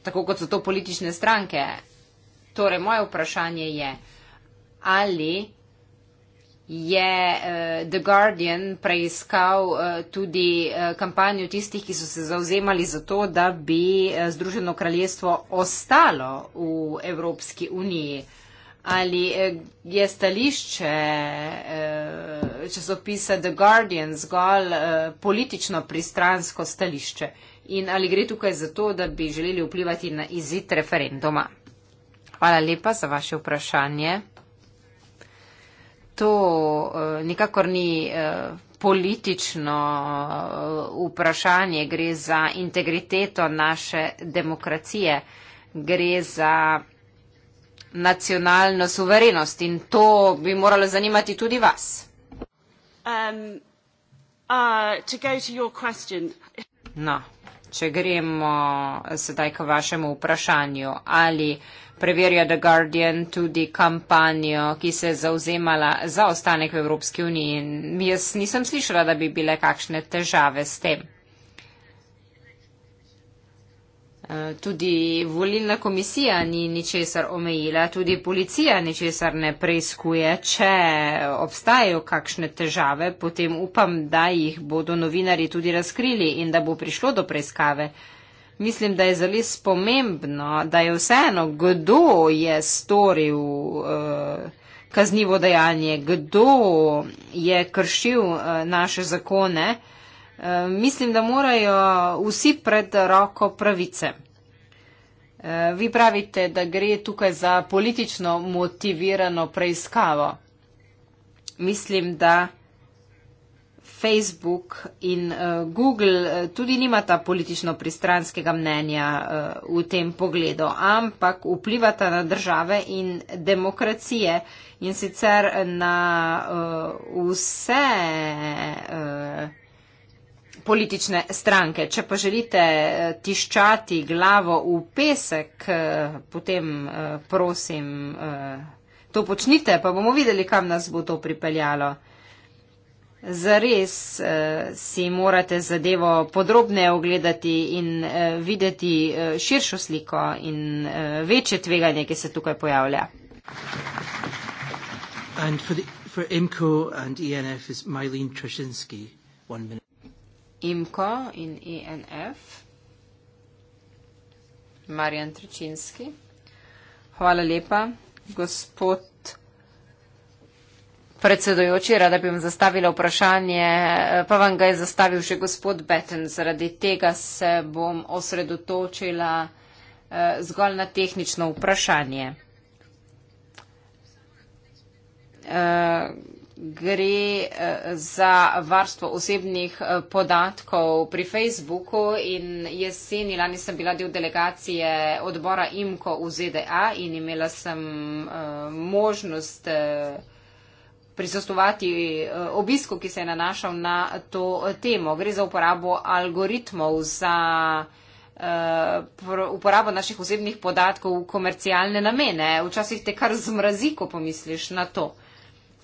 tako kot so to politične stranke. Torej, moje vprašanje je, ali je uh, The Guardian preiskal uh, tudi uh, kampanjo tistih, ki so se zauzemali za to, da bi uh, Združeno kraljestvo ostalo v Evropski uniji. Ali uh, je stališče uh, časopisa The Guardian zgolj uh, politično pristransko stališče in ali gre tukaj za to, da bi želeli vplivati na izid referenduma? Hvala lepa za vaše vprašanje to eh, nikakor ni eh, politično eh, vprašanje, gre za integriteto naše demokracije, gre za nacionalno suverenost in to bi moralo zanimati tudi vas. Um, uh, no, če gremo sedaj k vašemu vprašanju, ali preverja The Guardian tudi kampanjo, ki se je zauzemala za ostanek v Evropski uniji. Jaz nisem slišala, da bi bile kakšne težave s tem. Eh, tudi volilna komisija ni ničesar omejila, tudi policija ničesar ne preizkuje. Če obstajajo kakšne težave, potem upam, da jih bodo novinari tudi razkrili in da bo prišlo do preiskave mislim, da je zelo spomembno, da je vseeno, kdo je storil uh, kaznivo dejanje, kdo je kršil uh, naše zakone. Uh, mislim, da morajo vsi pred roko pravice. Vi pravite, da gre tukaj za politično motivirano preiskavo. Mislim, da Facebook in uh, Google uh, tudi nimata politično pristranskega mnenja uh, v tem pogledu, ampak vplivata na države in demokracije in sicer na uh, vse uh, politične stranke. Če pa želite uh, tiščati glavo v pesek, uh, potem uh, prosim. Uh, To počnite, pa bomo videli, kam nas bo to pripeljalo zares eh, si morate zadevo podrobneje ogledati in eh, videti eh, širšo sliko in večje tveganje, ki se tukaj pojavlja. Imko e in ENF. Marjan Tričinski. Hvala lepa. Gospod Predsedujoči, rada bi vam zastavila vprašanje, eh, pa vam ga je zastavil že gospod Betten. Zaradi tega se bom osredotočila eh, zgolj na tehnično vprašanje. Eh, gre za varstvo osebnih podatkov pri Facebooku in jeseni lani sem bila del delegacije odbora IMKO v ZDA in imela sem možnost prisostovati eh, obisku, ki se je nanašal na to temo. Gre za uporabo algoritmov, za eh, uporabo naših osebnih podatkov v komercialne namene. Včasih te kar zmrazi, ko pomisliš na to.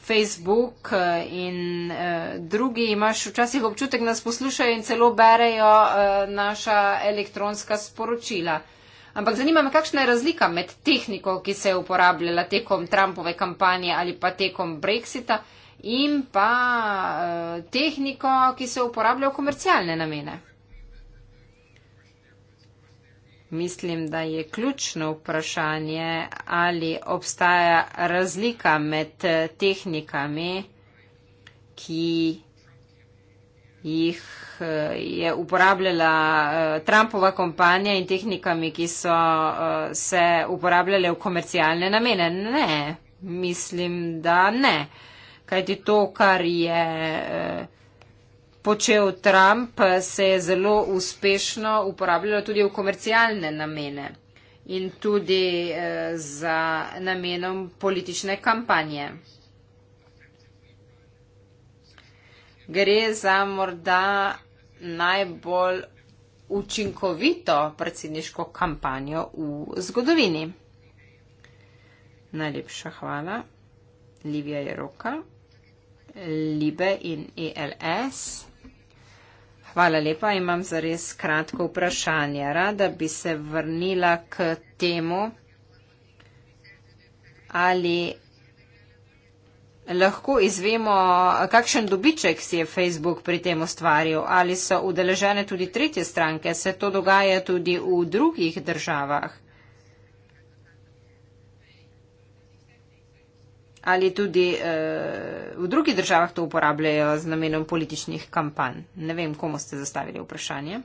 Facebook eh, in eh, drugi imaš včasih občutek, da nas poslušajo in celo berejo eh, naša elektronska sporočila. Eh, Ampak zanima me, kakšna je razlika med tehniko, ki se je uporabljala tekom Trumpove kampanje ali pa tekom Brexita in pa eh, tehniko, ki se uporablja v komercialne namene. Mislim, da je ključno vprašanje, ali obstaja razlika med eh, tehnikami, ki jih eh, je uporabljala eh, Trumpova kompanija in tehnikami, ki so eh, se uporabljale v komercialne namene. Ne, mislim, da ne. Kajti to, kar je počel Trump, se je zelo uspešno uporabljalo tudi v komercialne namene in tudi za namenom politične kampanje. gre za morda najbolj učinkovito predsedniško kampanjo v zgodovini. Najlepša hvala. Livija je roka. Libe in ELS. Hvala lepa, imam za res kratko vprašanje. Rada bi se vrnila k temu, ali lahko izvemo, kakšen dobiček si je Facebook pri tem ustvaril? Ali so udeležene tudi tretje stranke? Se to dogaja tudi v drugih državah? Ali tudi uh, v drugih državah to uporabljajo z namenom političnih kampanj? Ne vem, komu ste zastavili vprašanje.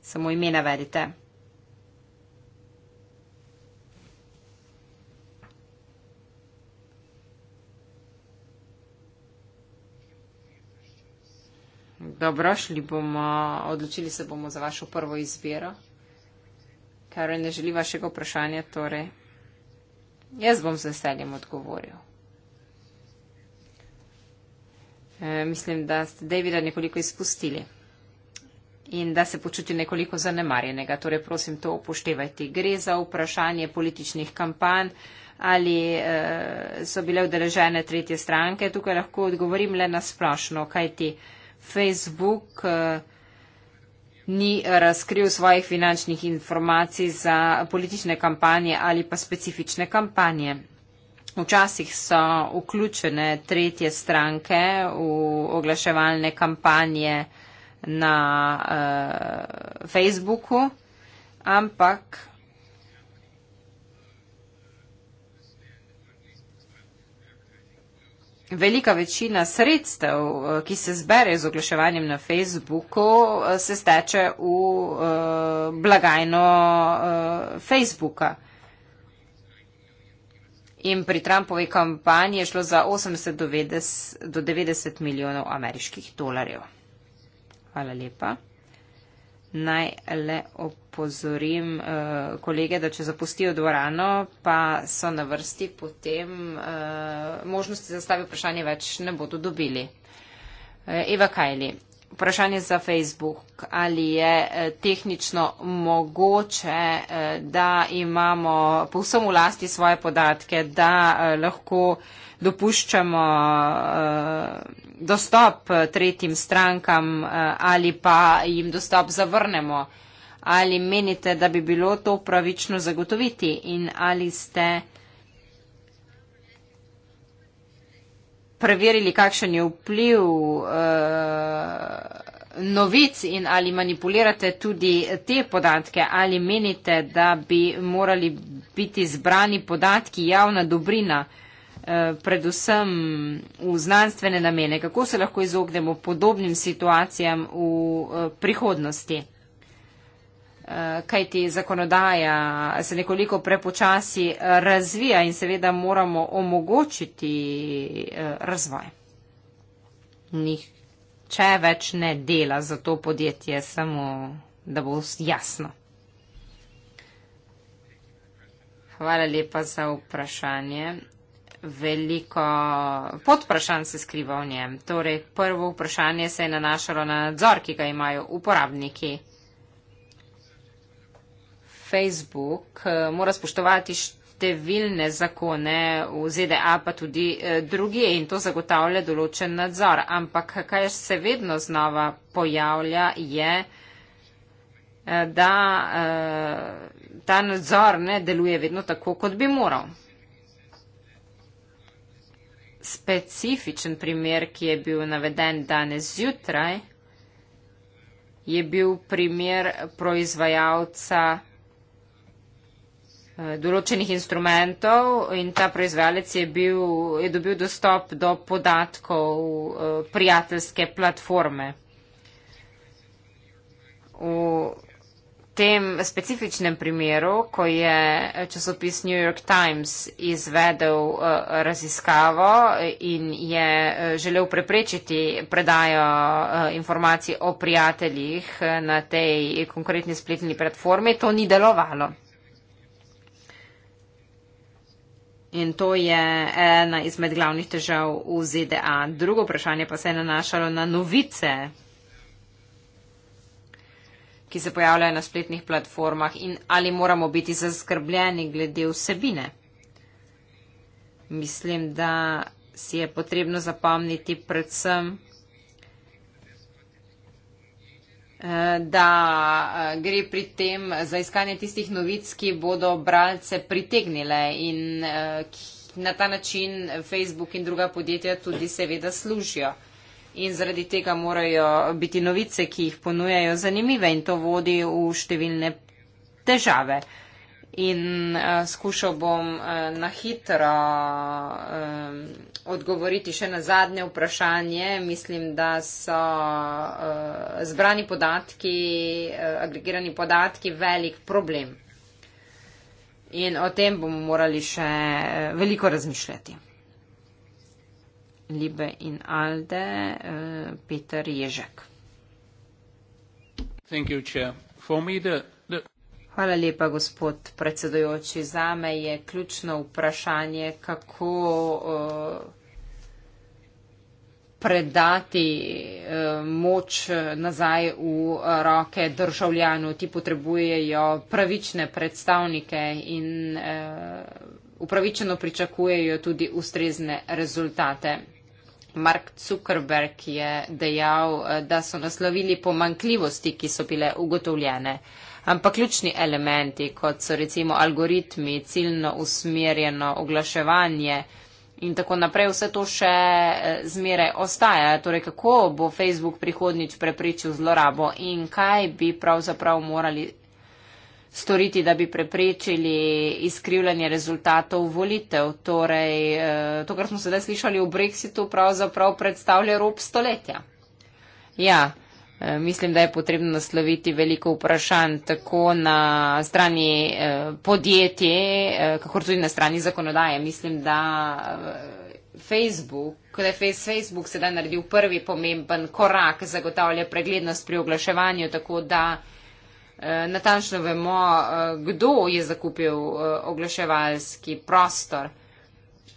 Samo ime navedite. Dobro, šli bomo, odločili se bomo za vašo prvo izbiro. Kar ne želi vašega vprašanja, torej jaz bom z veseljem odgovoril. E, mislim, da ste Davida nekoliko izpustili in da se počuti nekoliko zanemarjenega. Torej, prosim, to upoštevajte. Gre za vprašanje političnih kampanj ali e, so bile udeležene tretje stranke. Tukaj lahko odgovorim le na splošno, kaj ti. Facebook uh, ni razkril svojih finančnih informacij za politične kampanje ali pa specifične kampanje. Včasih so vključene tretje stranke v oglaševalne kampanje na uh, Facebooku, ampak Velika večina sredstev, eh, ki se zbere z oglaševanjem na Facebooku, eh, se steče v eh, blagajno Facebooka. In pri Trumpovi kampanji je šlo za 80 do 90, do 90 milijonov ameriških dolarjev. Hvala lepa. Naj le opozorim uh, kolege, da če zapustijo dvorano, pa so na vrsti, potem uh, možnosti za stavi vprašanje več ne bodo dobili. Uh, Eva Kajli, vprašanje za Facebook. Ali je uh, tehnično mogoče, uh, da imamo povsem v lasti svoje podatke, da uh, lahko dopuščamo. Uh, dostop eh, tretjim strankam eh, ali pa jim dostop zavrnemo. Ali menite, da bi bilo to pravično zagotoviti in ali ste preverili, kakšen je vpliv uh, novic in ali manipulirate tudi te podatke, ali menite, da bi morali biti zbrani podatki javna dobrina. Eh, predvsem v znanstvene namene? Kako se lahko izognemo podobnim situacijam v eh, prihodnosti? Eh, Kaj ti zakonodaja se nekoliko prepočasi razvija in seveda moramo omogočiti razvoj. Nihče več ne dela za to podjetje, samo da bo jasno. Hvala lepa za vprašanje veliko podprašanj se skriva v njem. Torej, prvo vprašanje se je nanašalo na nadzor, ki ga imajo uporabniki. Facebook eh, mora spoštovati številne zakone v ZDA, pa tudi eh, druge in to zagotavlja določen nadzor. Ampak kaj se vedno znova pojavlja je, eh, da ta nadzor ne deluje vedno tako, kot bi moral specifičen primer, ki je bil naveden danes zjutraj, je bil primer proizvajalca eh, določenih instrumentov in ta proizvajalec je, bil, je dobil dostop do podatkov eh, prijateljske platforme tem specifičnem primeru, ko je časopis New York Times izvedel eh, raziskavo eh, in je eh, želel preprečiti predajo informacij o prijateljih na tej konkretni spletni platformi, to ni delovalo. In to je ena izmed glavnih težav v ZDA. Drugo vprašanje pa se je nanašalo na novice ki se pojavljajo na spletnih platformah in ali moramo biti zaskrbljeni glede vsebine. Mislim, da si je potrebno zapomniti predvsem, eh, da eh, gre pri tem za iskanje tistih novic, ki bodo bralce pritegnile in eh, na ta način Facebook in druga podjetja tudi seveda služijo in zaradi tega morajo biti novice, ki jih ponujajo, zanimive in to vodi v številne težave. In uh, skušal bom uh, na hitro um, odgovoriti še na zadnje vprašanje. Mislim, da so uh, zbrani podatki, uh, agregirani podatki, velik problem. In o tem bomo morali še veliko razmišljati. Libe in Alde, eh, Peter Ježek. Hvala lepa, gospod predsedujoči. Za me je ključno vprašanje, kako eh, predati eh, moč nazaj v roke državljanov. Ti potrebujejo pravične predstavnike in upravičeno pričakujejo tudi ustrezne rezultate. Mark Zuckerberg je dejal, eh, da so naslovili pomankljivosti, ki so bile ugotovljene. Ampak ključni elementi, kot so recimo algoritmi, ciljno usmerjeno oglaševanje in tako naprej, vse to še eh, zmeraj ostaja. Torej, kako bo Facebook prihodnič prepričal zlorabo in kaj bi pravzaprav morali storiti, da bi preprečili izkrivljanje rezultatov volitev. Torej, eh, to, kar smo sedaj slišali o Brexitu, pravzaprav predstavlja rob stoletja. Ja, eh, mislim, da je potrebno nasloviti veliko vprašanj tako na strani eh, podjetje, kakor tudi na strani zakonodaje. Mislim, da Facebook, kot je Facebook sedaj naredil prvi pomemben korak, zagotavlja preglednost pri oglaševanju, tako da natančno vemo, eh, kdo je zakupil eh, oglaševalski prostor.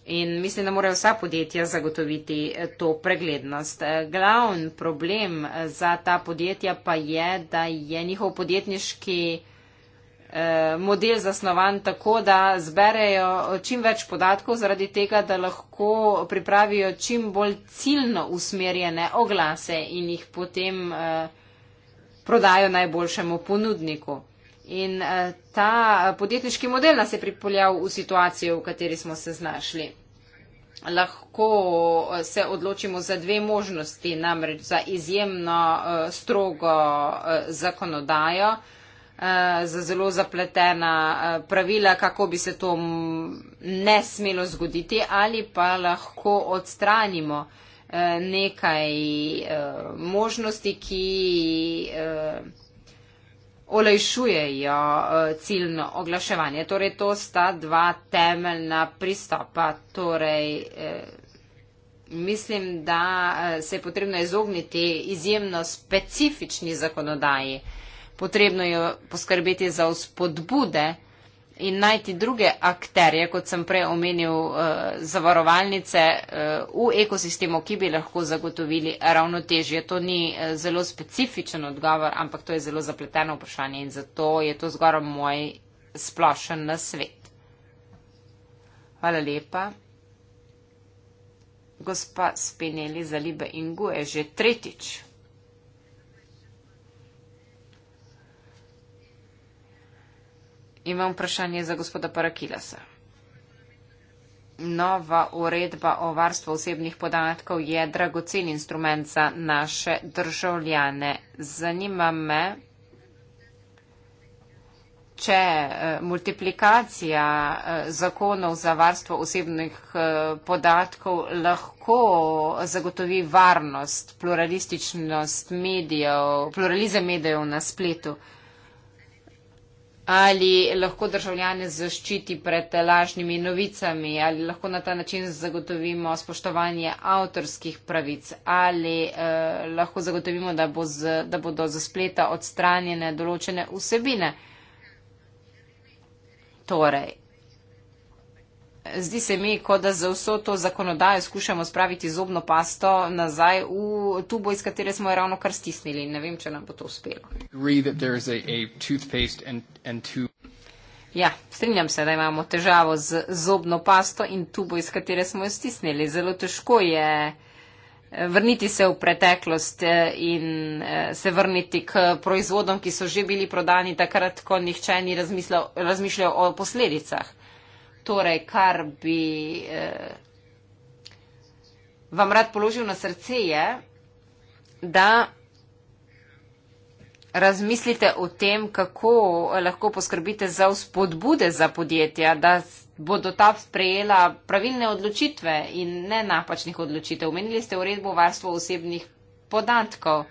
In mislim, da morajo vsa podjetja zagotoviti eh, to preglednost. Glavni problem za ta podjetja pa je, da je njihov podjetniški model zasnovan tako, da zberejo čim več podatkov zaradi tega, da lahko pripravijo čim bolj ciljno usmerjene oglase in jih potem. Eh, prodajo najboljšemu ponudniku. In eh, ta eh, podjetniški model nas je pripeljal v situacijo, v kateri smo se znašli. Lahko eh, se odločimo za dve možnosti, namreč za izjemno strogo zakonodajo, za zelo zapletena pravila, kako bi se to ne smelo zgoditi, ali pa lahko odstranimo Eh, nekaj eh, možnosti, ki eh, olajšujejo ciljno oglaševanje. Torej, to sta dva temeljna pristopa. Torej, mislim, da se je potrebno izogniti izjemno specifični zakonodaji. Potrebno je poskrbeti za vzpodbude, in najti druge akterje, kot sem prej omenil, eh, zavarovalnice eh, v ekosistemu, ki bi lahko zagotovili ravnotežje. To ni eh, zelo specifičen odgovor, ampak to je zelo zapleteno vprašanje in zato je to zgoraj moj splošen na svet. Hvala lepa. Gospa Spinelli za Libe Ingu je že tretjič Imam vprašanje za gospoda Parakidasa. Nova uredba o varstvu osebnih podatkov je dragocen instrument za naše državljane. Zanima me, če eh, multiplikacija eh, zakonov za varstvo osebnih eh, podatkov lahko zagotovi varnost, pluralističnost medijev, pluralizem medijev na spletu ali lahko državljane zaščiti pred lažnimi novicami, ali lahko na ta način zagotovimo spoštovanje avtorskih pravic, ali eh, lahko zagotovimo, da, bo z, da bodo za spleta odstranjene določene vsebine. Torej, Zdi se mi, kot da za vso to zakonodajo skušamo spraviti zobno pasto nazaj v tubo, iz katere smo jo ravno kar stisnili. Ne vem, če nam bo to uspelo. Ja, strinjam se, da imamo težavo z zobno pasto in tubo, iz katere smo jo stisnili. Zelo težko je eh, vrniti se v preteklost eh, in eh, se vrniti k proizvodom, ki so že bili prodani takrat, ko nihče ni razmišljal o posledicah torej, kar bi eh, vam rad položil na srce, je, da razmislite o tem, kako eh, lahko poskrbite za vzpodbude za podjetja, da bodo ta sprejela pravilne odločitve in ne napačnih odločitev. Omenili ste uredbo varstvo osebnih podatkov.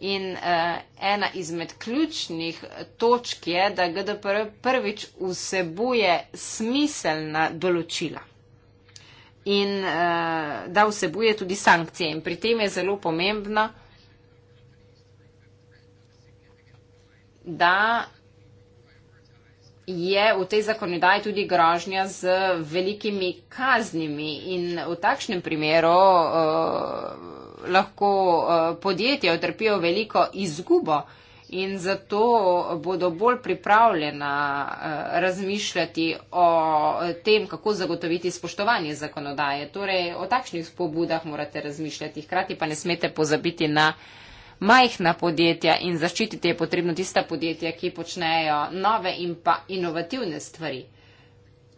In uh, ena izmed ključnih točk je, da GDPR prvič vsebuje smiselna določila in uh, da vsebuje tudi sankcije. In pri tem je zelo pomembno, da je v tej zakonodaji tudi grožnja z velikimi kaznimi. In v takšnem primeru. Uh, lahko eh, podjetja utrpijo veliko izgubo in zato bodo bolj pripravljena eh, razmišljati o tem, kako zagotoviti spoštovanje zakonodaje. Torej, o takšnih spobudah morate razmišljati, hkrati pa ne smete pozabiti na majhna podjetja in zaščititi je potrebno tista podjetja, ki počnejo nove in pa inovativne stvari.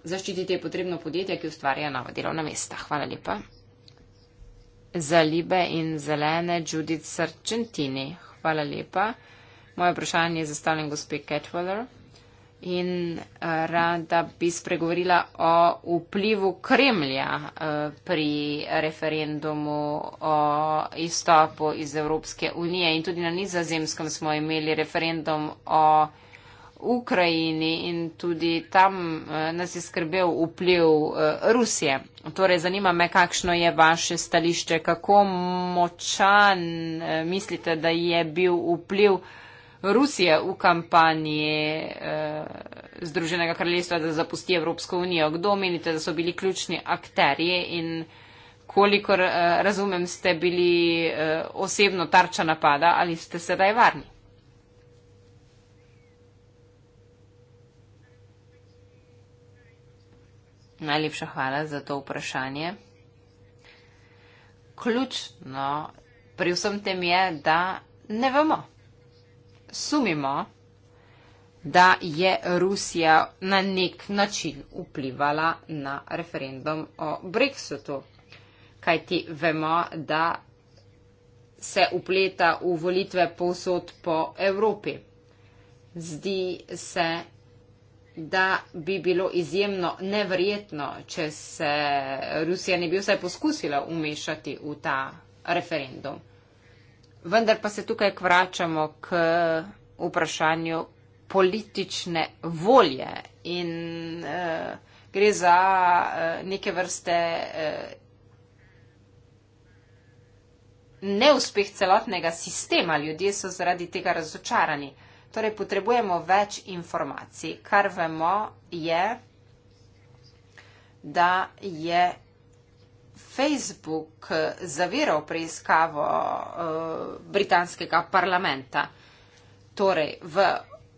Zaščititi je potrebno podjetja, ki ustvarja nova delovna mesta. Hvala lepa za libe in zelene Judith Sarčentini. Hvala lepa. Moje vprašanje je zastavljeno gospe Catwaller in uh, rada bi spregovorila o vplivu Kremlja uh, pri referendumu o izstopu iz Evropske unije. In tudi na nizozemskem smo imeli referendum o Ukrajini in tudi tam uh, nas je skrbel vpliv uh, Rusije. Torej, zanima me, kakšno je vaše stališče, kako močan eh, mislite, da je bil vpliv Rusije v kampanji eh, Združenega kraljestva, da zapusti Evropsko unijo. Kdo menite, da so bili ključni akterji in kolikor eh, razumem, ste bili eh, osebno tarča napada ali ste sedaj varni? Najlepša hvala za to vprašanje. Ključno pri vsem tem je, da ne vemo. Sumimo, da je Rusija na nek način vplivala na referendum o Brexitu, kajti vemo, da se upleta v volitve povsod po Evropi. Zdi se, da bi bilo izjemno neverjetno, če se Rusija ne bi vsaj poskusila umešati v ta referendum. Vendar pa se tukaj vračamo k vprašanju politične volje in eh, gre za eh, neke vrste eh, neuspeh celotnega sistema. Ljudje so zaradi tega razočarani. Eh, Torej, potrebujemo več informacij. Kar vemo je, da je Facebook zaviral preiskavo uh, britanskega parlamenta. Torej, v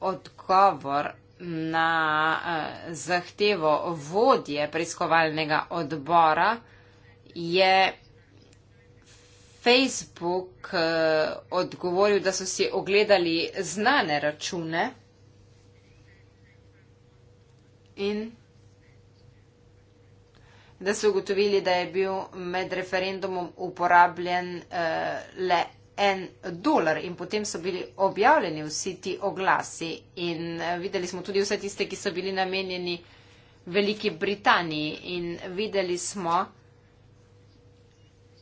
odgovor na uh, zahtevo vodje preiskovalnega odbora je Facebook uh, odgovoril, da so si ogledali znane račune in da so ugotovili, da je bil med referendumom uporabljen uh, le en dolar in potem so bili objavljeni vsi ti oglasi in uh, videli smo tudi vse tiste, ki so bili namenjeni Veliki Britaniji in videli smo,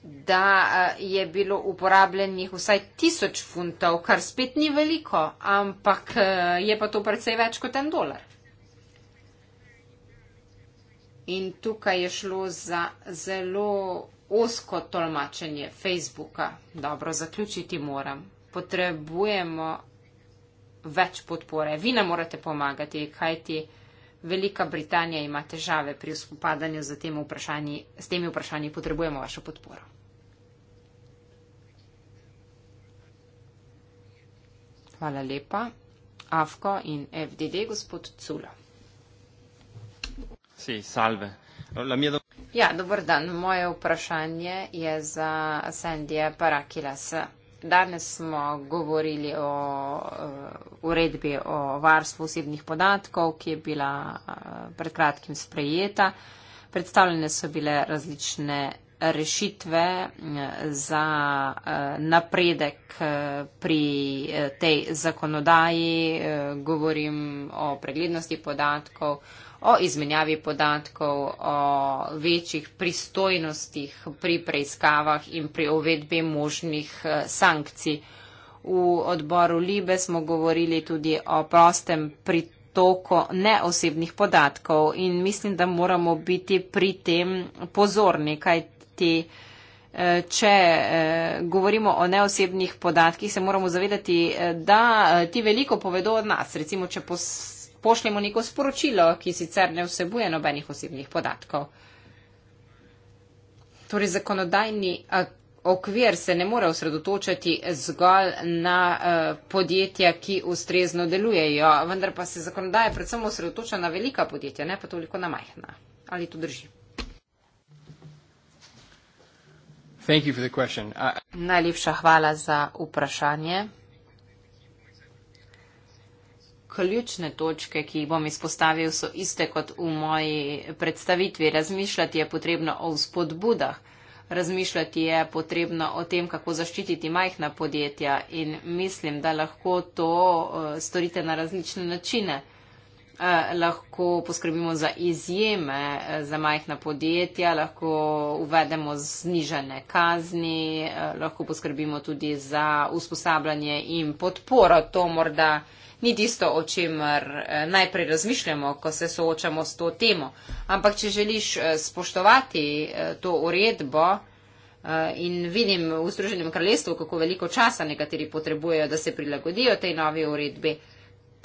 da eh, je bilo uporabljenih vsaj tisoč funtov, kar spet ni veliko, ampak eh, je pa to precej več kot en dolar. In tukaj je šlo za zelo osko tolmačenje Facebooka. Dobro, zaključiti moram. Potrebujemo več podpore. Vi nam morate pomagati, kajti Velika Britanija ima težave pri spopadanju z temi vprašanji. S temi vprašanji potrebujemo vašo podporo. Hvala lepa. Afko in FDD, gospod Cula. Si, salve. Ja, dobar dan. Moje vprašanje je za Sandija Parakilas. Danes smo govorili o uh, uredbi o varstvu osebnih podatkov, ki je bila uh, pred kratkim sprejeta. Predstavljene so bile različne rešitve eh, za eh, napredek eh, pri tej zakonodaji. Govorim o preglednosti podatkov, o izmenjavi podatkov, o večjih pristojnostih pri preiskavah in pri uvedbi možnih sankcij. V odboru Libe smo govorili tudi o prostem pritožbi toko neosebnih podatkov in mislim, da moramo biti pri tem pozorni, kaj zavedati, eh, če eh, govorimo o neosebnih podatkih, se moramo zavedati, eh, da ti veliko povedo od nas. Recimo, če pošljemo neko sporočilo, ki sicer ne vsebuje nobenih osebnih podatkov. Torej, zakonodajni okvir se ne more osredotočati zgolj na podjetja, ki ustrezno delujejo, vendar pa se zakonodaja predvsem osredotoča na velika podjetja, ne pa toliko na majhna. Ali to drži? Najlepša hvala za vprašanje. Ključne točke, ki jih bom izpostavil, so iste kot v moji predstavitvi. Razmišljati je potrebno o spodbudah. Razmišljati je potrebno o tem, kako zaščititi majhna podjetja in mislim, da lahko to eh, storite na različne načine. Eh, lahko poskrbimo za izjeme eh, za majhna podjetja, lahko uvedemo znižene kazni, eh, lahko poskrbimo tudi za usposabljanje in podporo. To morda ni tisto, o čemer najprej razmišljamo, ko se soočamo s to temo. Ampak, če želiš spoštovati to uredbo, In vidim v Združenem kraljestvu, kako veliko časa nekateri potrebujejo, da se prilagodijo tej novi uredbi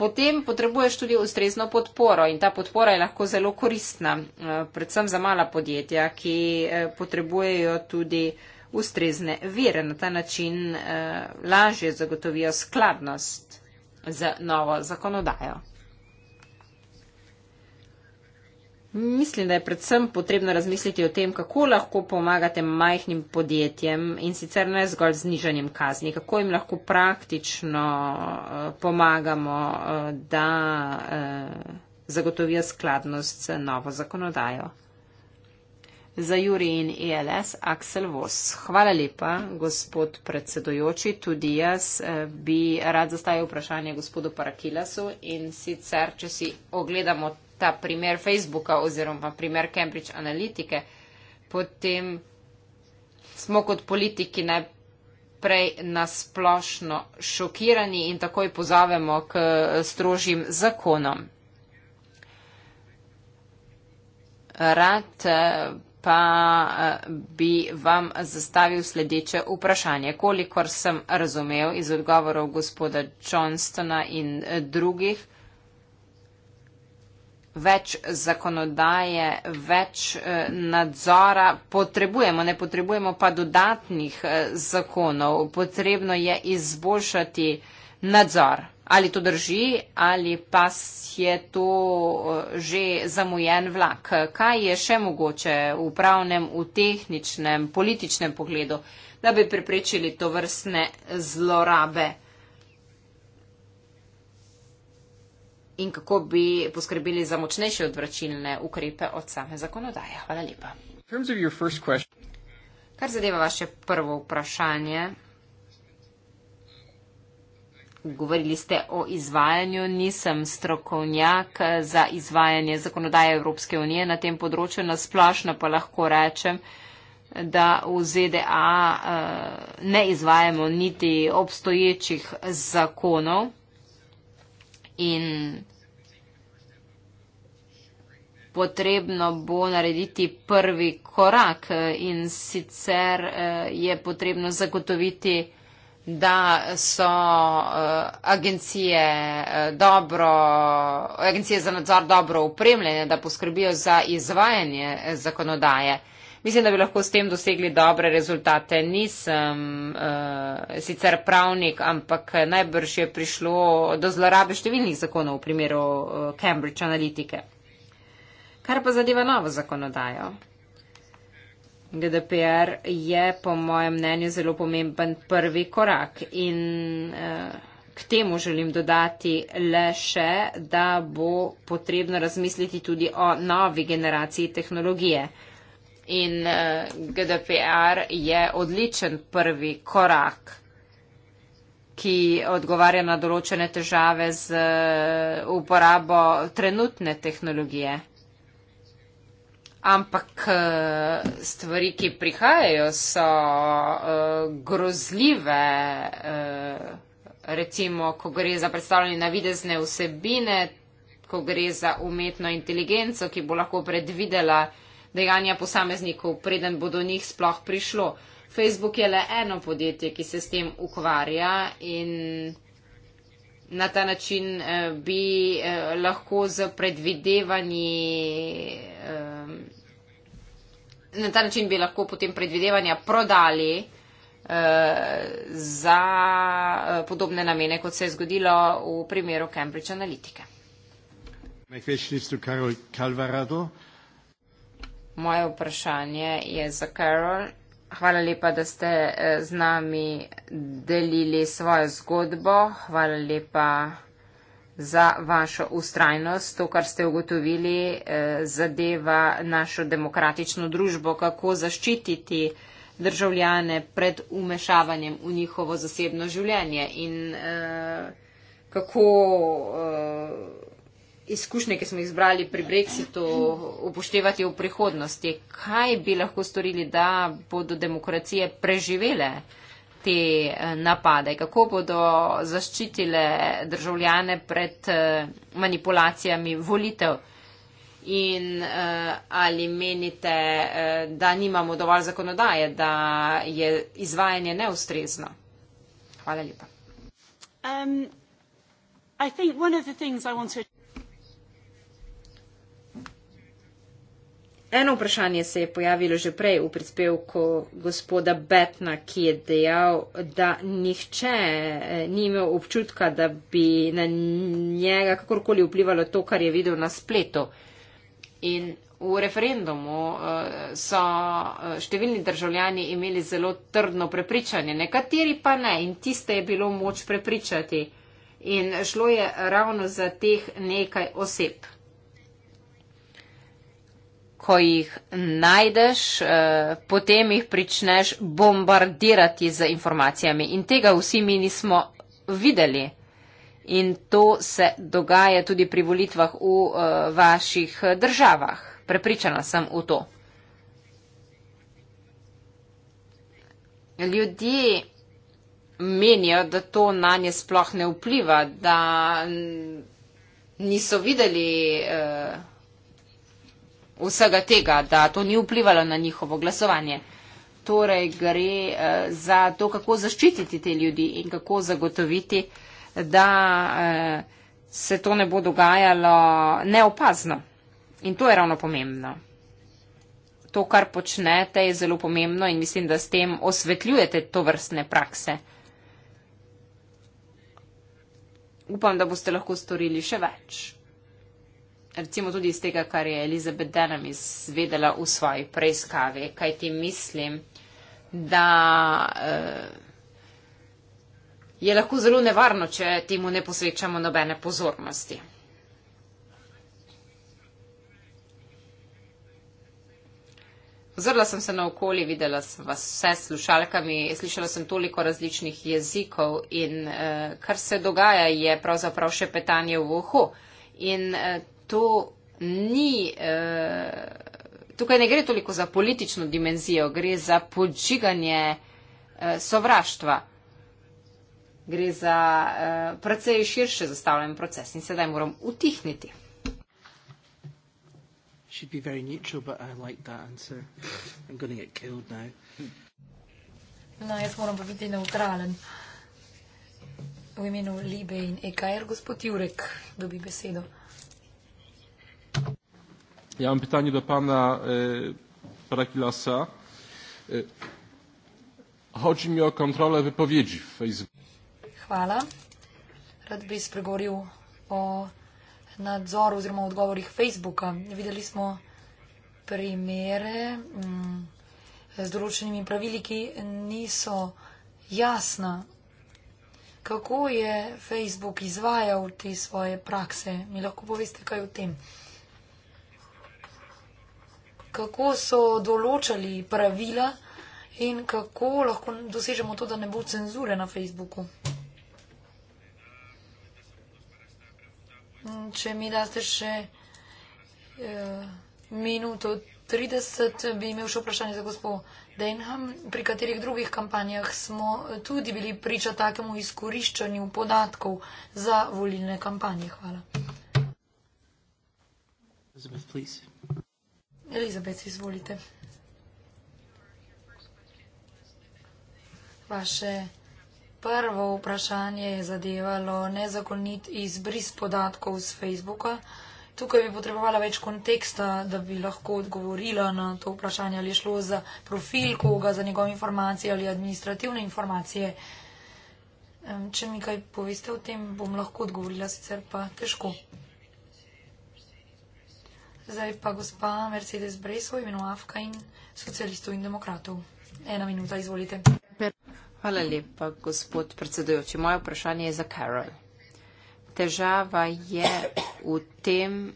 potem potrebuješ tudi ustrezno podporo in ta podpora je lahko zelo koristna, eh, predvsem za mala podjetja, ki eh, potrebujejo tudi ustrezne vire. Na ta način eh, lažje zagotovijo skladnost z novo zakonodajo. Mislim, da je predvsem potrebno razmisliti o tem, kako lahko pomagate majhnim podjetjem in sicer ne zgolj znižanjem kazni, kako jim lahko praktično eh, pomagamo, eh, da eh, zagotovijo skladnost z novo zakonodajo. Za Juri in ELS, Aksel Vos. Hvala lepa, gospod predsedojoči. Tudi jaz bi rad zastavil vprašanje gospodu Parakilasu in sicer, če si ogledamo ta primer Facebooka oziroma primer Cambridge Analytike, potem smo kot politiki najprej nasplošno šokirani in takoj pozavemo k strožjim zakonom. Rad pa bi vam zastavil sledeče vprašanje. Kolikor sem razumel iz odgovorov gospoda Johnstona in drugih, več zakonodaje, več eh, nadzora potrebujemo, ne potrebujemo pa dodatnih eh, zakonov. Potrebno je izboljšati nadzor. Ali to drži, ali pa je to eh, že zamujen vlak. Kaj je še mogoče v pravnem, v tehničnem, političnem pogledu, da bi preprečili to vrstne zlorabe? in kako bi poskrbeli za močnejše odvračilne ukrepe od same zakonodaje. Hvala lepa. Kar zadeva vaše prvo vprašanje, govorili ste o izvajanju, nisem strokovnjak za izvajanje zakonodaje Evropske unije na tem področju, nasplošno pa lahko rečem, da v ZDA eh, ne izvajamo niti obstoječih zakonov in potrebno bo narediti prvi korak eh, in sicer eh, je potrebno zagotoviti, da so eh, agencije, dobro, agencije za nadzor dobro upremljene, da poskrbijo za izvajanje zakonodaje. Mislim, da bi lahko s tem dosegli dobre rezultate. Nisem uh, sicer pravnik, ampak najbrž je prišlo do zlorabe številnih zakonov v primeru eh, Cambridge Analytike. Kar pa zadeva novo zakonodajo. GDPR je po mojem mnenju zelo pomemben prvi korak in eh, k temu želim dodati le še, da bo potrebno razmisliti tudi o novi generaciji tehnologije in eh, GDPR je odličen prvi korak, ki odgovarja na določene težave z eh, uporabo trenutne tehnologije. Ampak eh, stvari, ki prihajajo, so grozljive, recimo, ko gre za predstavljanje navidezne vsebine, ko gre za umetno inteligenco, ki bo lahko predvidela, dejanja posameznikov, preden bo do njih sploh prišlo. Facebook je le eno podjetje, ki se s tem ukvarja in na ta način eh, bi eh, lahko z predvidevanji. Eh, na ta način bi lahko potem predvidevanja prodali eh, za eh, podobne namene, kot se je zgodilo v primeru Cambridge Analytica. Najkvečni ste Karol Kalvarado. Moje vprašanje je za Karol. Hvala lepa, da ste eh, z nami delili svojo zgodbo. Hvala lepa za vašo ustrajnost. To, kar ste ugotovili, eh, zadeva našo demokratično družbo, kako zaščititi državljane pred umešavanjem v njihovo zasebno življenje in eh, kako. Eh, izkušnje, ki smo jih zbrali pri Brexitu, upoštevati v prihodnosti. Kaj bi lahko storili, da bodo demokracije preživele te eh, napade? Kako bodo zaščitile državljane pred eh, manipulacijami volitev? In uh, ali menite, uh, da nimamo dovolj zakonodaje, da je izvajanje neustrezno? Hvala lepa. Um, Eno vprašanje se je pojavilo že prej v prispevku gospoda Betna, ki je dejal, da nihče eh, ni imel občutka, da bi na njega kakorkoli vplivalo to, kar je videl na spletu. In v referendumu eh, so eh, številni državljani imeli zelo trdno prepričanje, nekateri pa ne in tiste je bilo moč prepričati. In šlo je ravno za teh nekaj oseb ko jih najdeš, eh, potem jih pričneš bombardirati z informacijami. In tega vsi mi nismo videli. In to se dogaja tudi pri volitvah v eh, vaših državah. Prepričana sem v to. Ljudje menijo, da to na nje sploh ne vpliva, da niso videli. Uh, vsega tega, da to ni vplivalo na njihovo glasovanje. Torej gre eh, za to, kako zaščititi te ljudi in kako zagotoviti, da eh, se to ne bo dogajalo neopazno. In to je ravno pomembno. To, kar počnete, je zelo pomembno in mislim, da s tem osvetljujete to vrstne prakse. Upam, da boste lahko storili še več recimo tudi iz tega, kar je Elizabeth Denham izvedela v svoji preiskavi, kaj ti mislim, da uh, je lahko zelo nevarno, če temu ne posvečamo nobene pozornosti. Ozrla sem se na okolje, videla sem vas vse s slušalkami, slišala sem toliko različnih jezikov in eh, kar se dogaja je pravzaprav še petanje v uho. In eh, to ni, uh, tukaj ne gre toliko za politično dimenzijo, gre za podžiganje uh, sovraštva. Gre za uh, precej širše zastavljen proces in sedaj moram utihniti. Neutral, like no, jaz moram pa biti neutralen. V imenu Libe in EKR gospod Jurek dobi besedo. Ja mam pytanie do pana e, Parakilasa. E, chodzi mi o kontrolę wypowiedzi w Facebooku. Hvala. Rad bi spregovoril o nadzoru oziroma odgovorih Facebooka. Videli smo primere m, mm, z določenimi pravili, ki niso jasna, kako je Facebook izvajal te svoje prakse. Mi lahko poveste kaj o tem? kako so določali pravila in kako lahko dosežemo to, da ne bo cenzure na Facebooku. Mm, če mi daste še eh, minuto 30, bi imel še vprašanje za gospod Denham. Pri katerih drugih kampanjah smo tudi bili priča takemu izkoriščanju podatkov za volilne kampanje? Hvala. Elizabeth, please. Elizabeth, izvolite. Vaše prvo vprašanje je zadevalo nezakonit izbris podatkov z Facebooka. Tukaj bi potrebovala več konteksta, da bi lahko odgovorila na to vprašanje, ali je šlo za profil koga, za njegove informacije ali administrativne informacije. Če mi kaj poveste o tem, bom lahko odgovorila, sicer pa težko. Zdaj pa gospa Mercedes Breso, imenu Afka in socialistov in demokratov. Ena minuta, izvolite. Hvala lepa, gospod predsedujoči. Moje vprašanje je za Carol. Težava je v tem,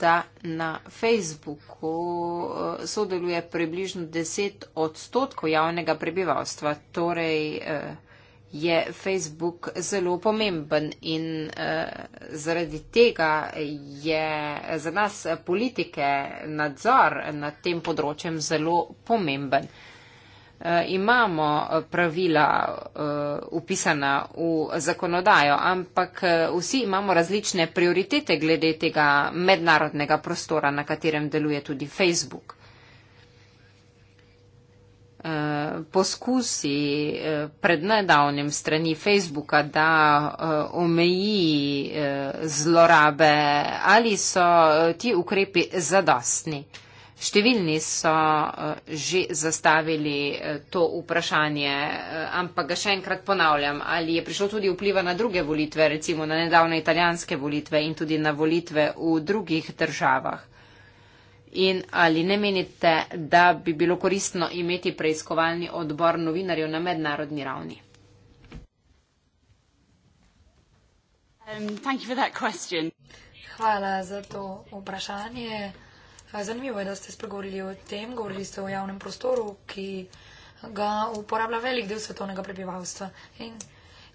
da na Facebooku eh, sodeluje približno 10 odstotkov javnega prebivalstva, torej eh, je Facebook zelo pomemben in uh, zaradi tega je za nas eh, politike nadzor nad tem področjem zelo pomemben. Uh, imamo pravila uh, upisana v zakonodajo, ampak vsi imamo različne prioritete glede tega mednarodnega prostora, na katerem deluje tudi Facebook. Eh, poskusi eh, pred nedavnim strani Facebooka, da eh, omeji zlorabe, ali so ti ukrepi zadostni? Številni so že zastavili to vprašanje, ampak ga še enkrat ponavljam, ali je prišlo tudi vpliva na druge volitve, recimo na nedavne italijanske volitve in tudi na volitve v drugih državah. In ali ne menite, da bi bilo koristno imeti preiskovalni odbor novinarjev na mednarodni ravni? Um, Hvala za to vprašanje. Zanimivo je, da ste spregovorili o tem, govorili ste o javnem prostoru, ki ga uporablja velik del svetovnega prebivalstva. In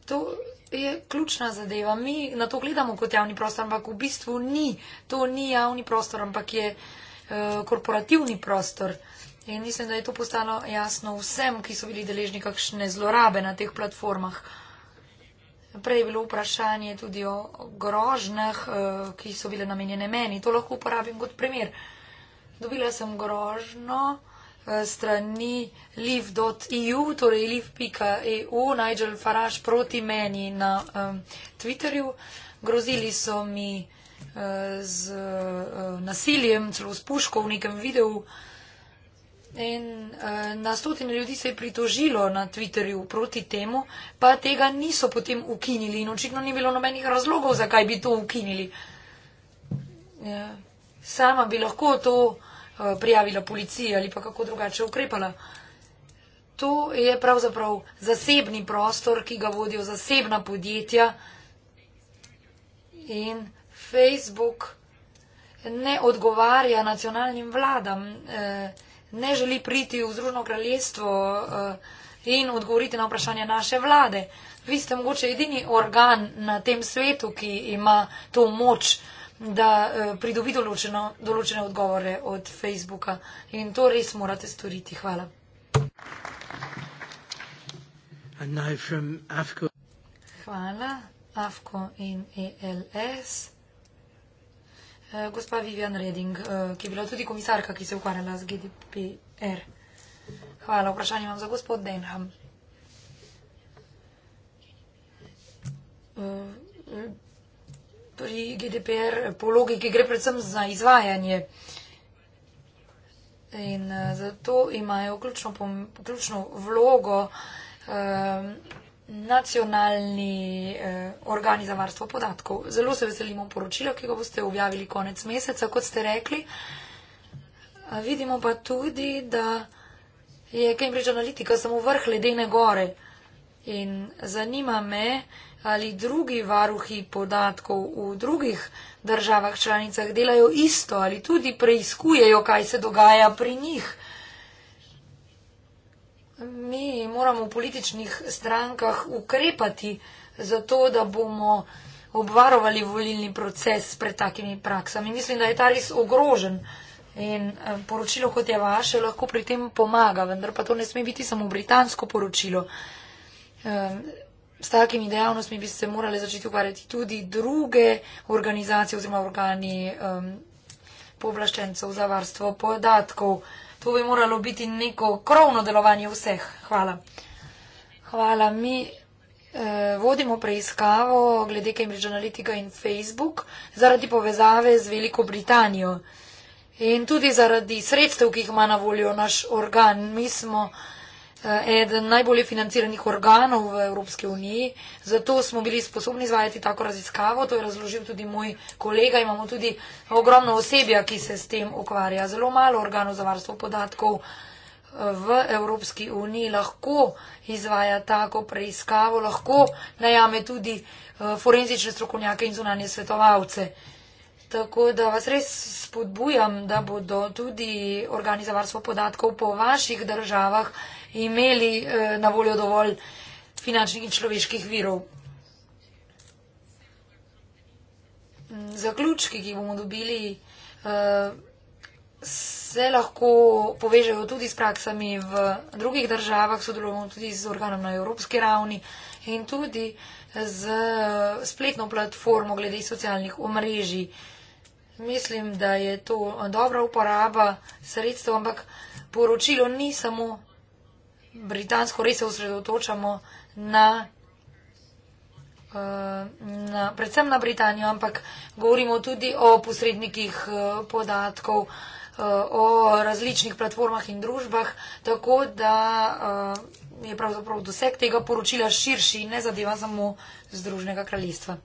to je ključna zadeva. Mi na to gledamo kot javni prostor, ampak v bistvu ni. To ni javni prostor, ampak je. Eh, korporativni prostor. In mislim, da je to postalo jasno vsem, ki so bili deležni kakšne zlorabe na teh platformah. Prej je bilo vprašanje tudi o grožnah, eh, ki so bile namenjene meni. To lahko uporabim kot primer. Dobila sem grožno eh, strani live.eu, torej live.eu, Nigel Farage proti meni na um, Twitterju. Grozili so mi uh, z eh, nasiljem, celo s puško v nekem videu. In eh, na stotine ljudi se je pritožilo na Twitterju proti temu, pa tega niso potem ukinili in očitno ni bilo nobenih razlogov, zakaj bi to ukinili. Ja. Sama bi lahko to eh, prijavila policiji ali pa kako drugače ukrepala. To je pravzaprav zasebni prostor, ki ga vodijo zasebna podjetja in Facebook ne odgovarja nacionalnim vladam, eh, ne želi priti v Združeno kraljestvo eh, in odgovoriti na vprašanje naše vlade. Vi ste mogoče edini organ na tem svetu, ki ima to moč, da eh, pridobi določeno, določene odgovore od Facebooka. In to res morate storiti. Hvala. Hvala, Afko in ELS. Eh, gospa Vivian Reding, eh, ki je bila tudi komisarka, ki se je ukvarjala z GDPR. Hvala, vprašanje imam za gospod Denham. Eh, pri GDPR po logiki gre predvsem za izvajanje in zato imajo ključno, ključno vlogo nacionalni eh, organi za varstvo podatkov. Zelo se veselimo poročila, ki ga boste objavili konec meseca, kot ste rekli. Vidimo pa tudi, da je Cambridge Analytica samo vrh ledene gore. In zanima me, ali drugi varuhi podatkov v drugih državah članicah delajo isto ali tudi preiskujejo, kaj se dogaja pri njih mi moramo v političnih strankah ukrepati za to, da bomo obvarovali volilni proces pred takimi praksami. Mislim, da je ta res ogrožen in eh, poročilo, kot je vaše, lahko pri tem pomaga, vendar pa to ne sme biti samo britansko poročilo. Ehm, s takimi dejavnostmi bi se morali začeti ukvarjati tudi druge organizacije oziroma organi um, ehm, povlaščencev za varstvo podatkov. To bi moralo biti neko krovno delovanje vseh. Hvala. Hvala. Mi eh, vodimo preiskavo glede Cambridge Analytica in Facebook zaradi povezave z Veliko Britanijo in tudi zaradi sredstev, ki jih ima na voljo naš organ. Mi smo. Eh, eden najbolj financiranih organov v Evropski uniji. Zato smo bili sposobni izvajati tako raziskavo. To je razložil tudi moj kolega. Imamo tudi ogromno osebja, ki se s tem ukvarja. Zelo malo organov za varstvo podatkov eh, v Evropski uniji lahko izvaja tako preiskavo, lahko najame tudi eh, forenzične strokovnjake in zunanje svetovalce. Tako da vas res spodbujam, da bodo tudi organi za varstvo podatkov po vaših državah imeli eh, na voljo dovolj finančnih in človeških virov. Mm, zaključki, ki bomo dobili, eh, se lahko povežejo tudi s praksami v drugih državah, sodelujemo tudi z organom na evropski ravni in tudi z eh, spletno platformo glede socialnih omrežij. Mislim, da je to dobra uporaba sredstev, ampak poročilo ni samo britansko res se osredotočamo na, eh, na, predvsem na Britanijo, ampak govorimo tudi o posrednikih eh, podatkov, eh, o različnih platformah in družbah, tako da je pravzaprav doseg tega poročila širši in ne zadeva samo Združnega kraljestva.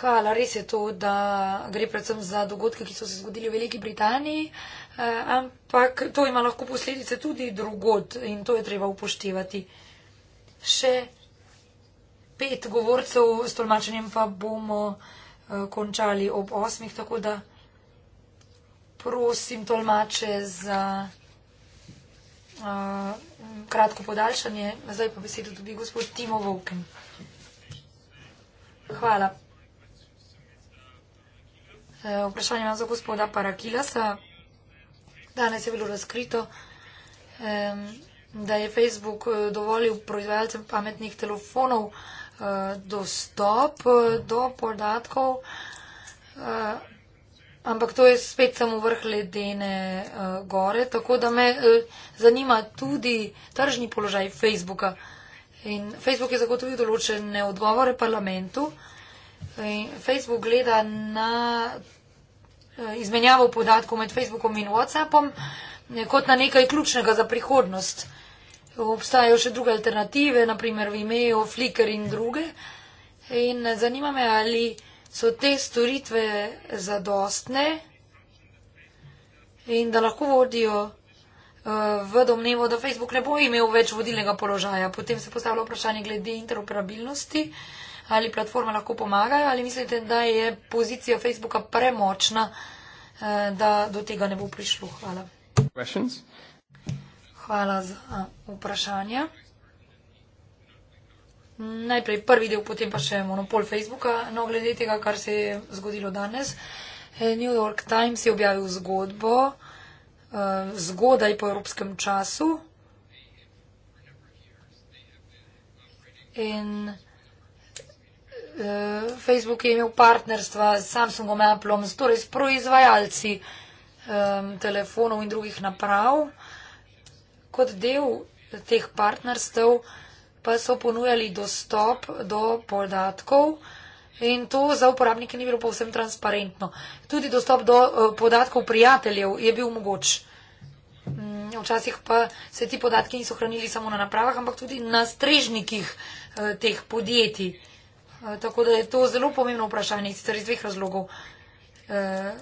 Hvala, res je to, da gre predvsem za dogodke, ki so se zgodili v Veliki Britaniji. Eh, ampak to ima lahko posledice tudi drugod in to je treba upoštevati. Še pet govorcev s tolmačenjem pa bomo eh, končali ob osmih, tako da prosim tolmače za uh, kratko podaljšanje. Zdaj pa besedo dobi gospod Timo Volken. Hvala. Uh, vprašanje imam za gospoda Parakilasa. Danes je bilo razkrito, da je Facebook eh, dovolil proizvajalcem pametnih telefonov eh, dostop eh, do podatkov, ampak to je spet samo vrh ledene gore, tako da me zanima tudi tržni položaj Facebooka. In Facebook je zagotovil določene odgovore parlamentu. In Facebook gleda na Eh, izmenjavo podatkov med Facebookom in WhatsAppom eh, kot na nekaj ključnega za prihodnost. Obstajajo še druge alternative, naprimer Vimeo, Flickr in druge. In eh, zanima me, ali so te storitve zadostne in da lahko vodijo v domnevo, da Facebook ne bo imel več vodilnega položaja. Potem se postavlja vprašanje glede interoperabilnosti ali platforme lahko pomagajo, ali mislite, da je pozicija Facebooka premočna, eh, da do tega ne bo prišlo. Hvala. Questions? Hvala za vprašanja. Najprej prvi del, potem pa še monopol Facebooka. No, glede tega, kar se je zgodilo danes, eh, New York Times je objavil zgodbo eh, zgodaj po evropskem času. In Eh, Facebook je imel partnerstva s Samsungom, Applom, torej s proizvajalci um, telefonov in drugih naprav. Kot del teh partnerstv pa so ponujali dostop do podatkov in to za uporabnike ni bilo povsem transparentno. Tudi dostop do eh, podatkov prijateljev je bil mogoč. Mm, včasih pa se ti podatki niso hranili samo na napravah, ampak tudi na strežnikih eh, teh podjetij. Eh, tako da je to zelo pomembno vprašanje, sicer iz dveh razlogov. Eh, eh,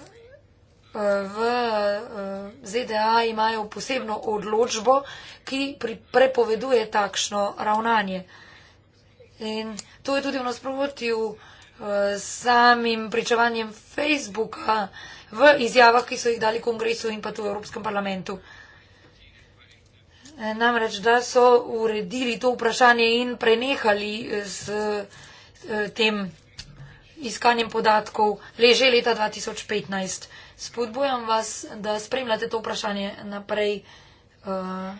v ZDA imajo posebno odločbo, ki prepoveduje takšno ravnanje. In to je tudi v nasprotju samim pričevanjem Facebooka v izjavah, ki so jih dali kongresu in pa tu v Evropskem parlamentu. Namreč, da so uredili to vprašanje in prenehali s. Eh, tem iskanjem podatkov leže leta 2015. Spodbujam vas, da spremljate to vprašanje naprej eh,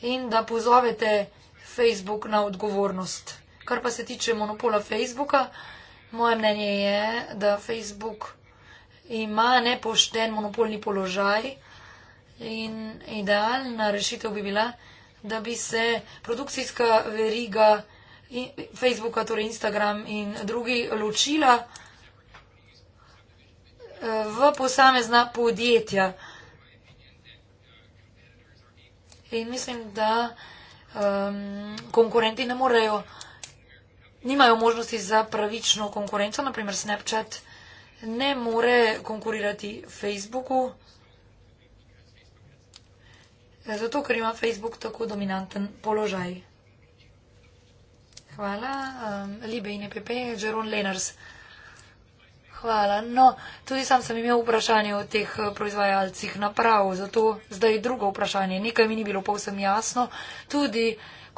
in da pozovete Facebook na odgovornost. Kar pa se tiče monopola Facebooka, moje mnenje je, da Facebook ima nepošten monopolni položaj in idealna rešitev bi bila, da bi se produkcijska veriga in, Facebooka, torej Instagram in drugi ločila eh, v posamezna podjetja. In mislim, da um, konkurenti ne morejo, nimajo možnosti za pravično konkurenco, naprimer Snapchat ne more konkurirati Facebooku, eh, zato ker ima Facebook tako dominanten položaj. Hvala. Um, Libe in EPP, Jeron Leners. Hvala. No, tudi sam sem imel vprašanje o teh eh, proizvajalcih naprav, zato zdaj drugo vprašanje. Nekaj mi ni bilo povsem jasno. Tudi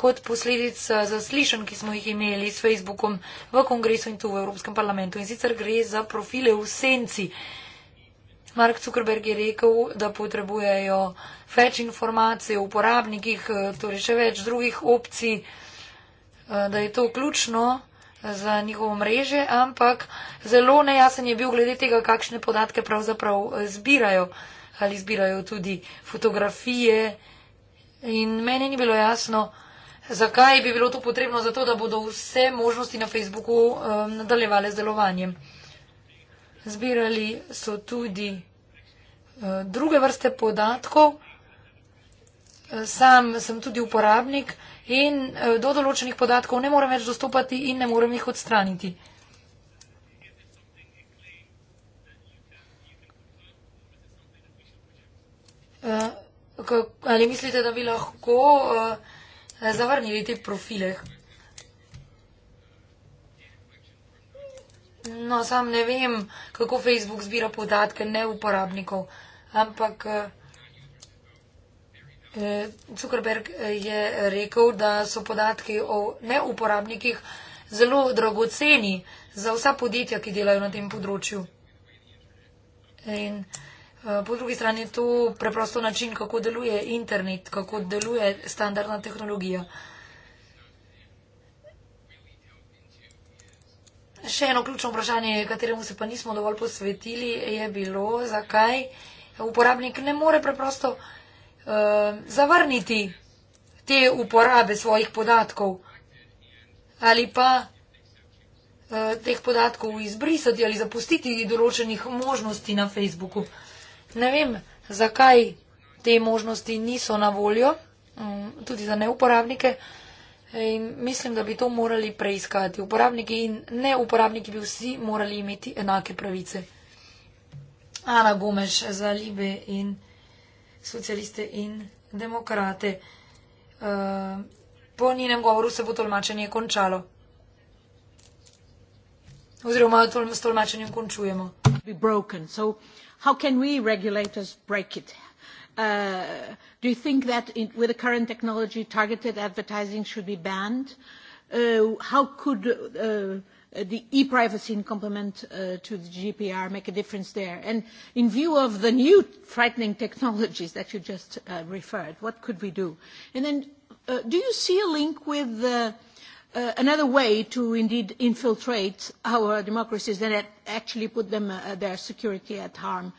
kot posledica zaslišanj, ki smo jih imeli s Facebookom v kongresu in tu v Evropskem parlamentu. In sicer gre za profile v senci. Mark Zuckerberg je rekel, da potrebujejo več informacij o uporabnikih, eh, torej še več drugih opcij. Eh, da je to ključno za njihovo mreže, ampak zelo nejasen je bil glede tega, kakšne podatke pravzaprav eh, zbirajo ali zbirajo tudi fotografije. In meni ni bilo jasno, zakaj bi bilo to potrebno, zato da bodo vse možnosti na Facebooku um, nadaljevale z delovanjem. Zbirali so tudi uh, druge vrste podatkov. Sam sem tudi uporabnik in eh, do določenih podatkov ne morem več dostopati in ne morem jih odstraniti. Eh, ali mislite, da bi lahko eh, zavrnili te profile? No, sam ne vem, kako Facebook zbira podatke neuporabnikov, ampak. Eh, Zuckerberg eh, je rekel, da so podatki o neuporabnikih zelo dragoceni za vsa podjetja, ki delajo na tem področju. In eh, po drugi strani je to preprosto način, kako deluje internet, kako deluje standardna tehnologija. Še eno ključno vprašanje, kateremu se pa nismo dovolj posvetili, je bilo, zakaj uporabnik ne more preprosto. Eh, zavrniti te uporabe svojih podatkov ali pa eh, teh podatkov izbrisati ali zapustiti določenih možnosti na Facebooku. Ne vem, zakaj te možnosti niso na voljo, mm, tudi za neuporabnike. In mislim, da bi to morali preiskati. Uporabniki in neuporabniki bi vsi morali imeti enake pravice. Ana Gomeš za Libe in socialiste in demokrate. Uh, po njenem govoru se bo tolmačenje končalo. Oziroma, tol s tolmačenjem končujemo. Uh, do you think that in, with the current technology, targeted advertising should be banned? Uh, how could uh, Uh, the e-privacy in complement uh, to the GDPR make a difference there? And in view of the new frightening technologies that you just uh, referred, what could we do? And then uh, do you see a link with uh, uh, another way to indeed infiltrate our democracies and actually put them, uh, their security at harm uh,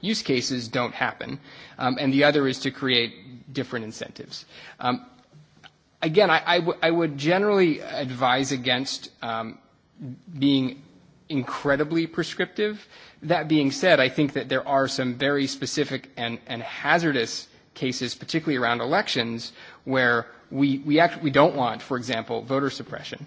use cases don't happen. Um, and the other is to create different incentives. Um, again, I, I, w- I would generally advise against um, being incredibly prescriptive. That being said, I think that there are some very specific and, and hazardous cases, particularly around elections, where we, we, act- we don't want, for example, voter suppression.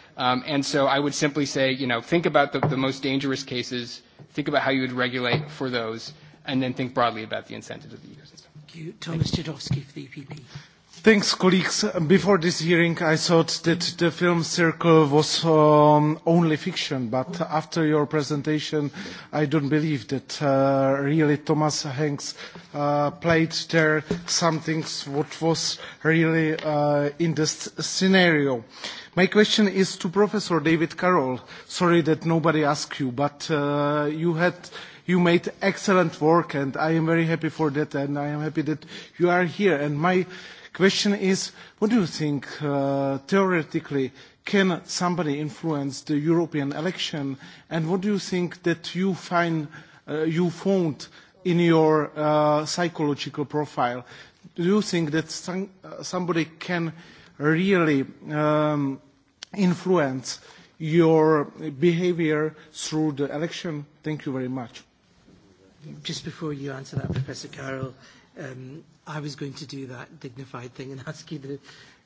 Um, and so I would simply say, you know, think about the, the most dangerous cases, think about how you would regulate for those, and then think broadly about the incentives of the ecosystem. Thank you. Thomas Jadowski for the EPP. Thanks, colleagues. Before this hearing, I thought that the film circle was um, only fiction, but after your presentation, I don't believe that uh, really Thomas Hanks uh, played there something what was really uh, in this scenario. Uh, My question is to Professor David Carroll. Sorry that nobody asked you, but uh, you had you made excellent work, and I am very happy for that, and I am happy that you are here. And my question is, what do you think, uh, theoretically, can somebody influence the European election, and what do you think that you find, uh, you found in your uh, psychological profile? Do you think that some, uh, somebody can really um, influence your behavior through the election. Thank you very much. Just before you answer that, Professor Carroll, um, I was going to do that dignified thing and ask you the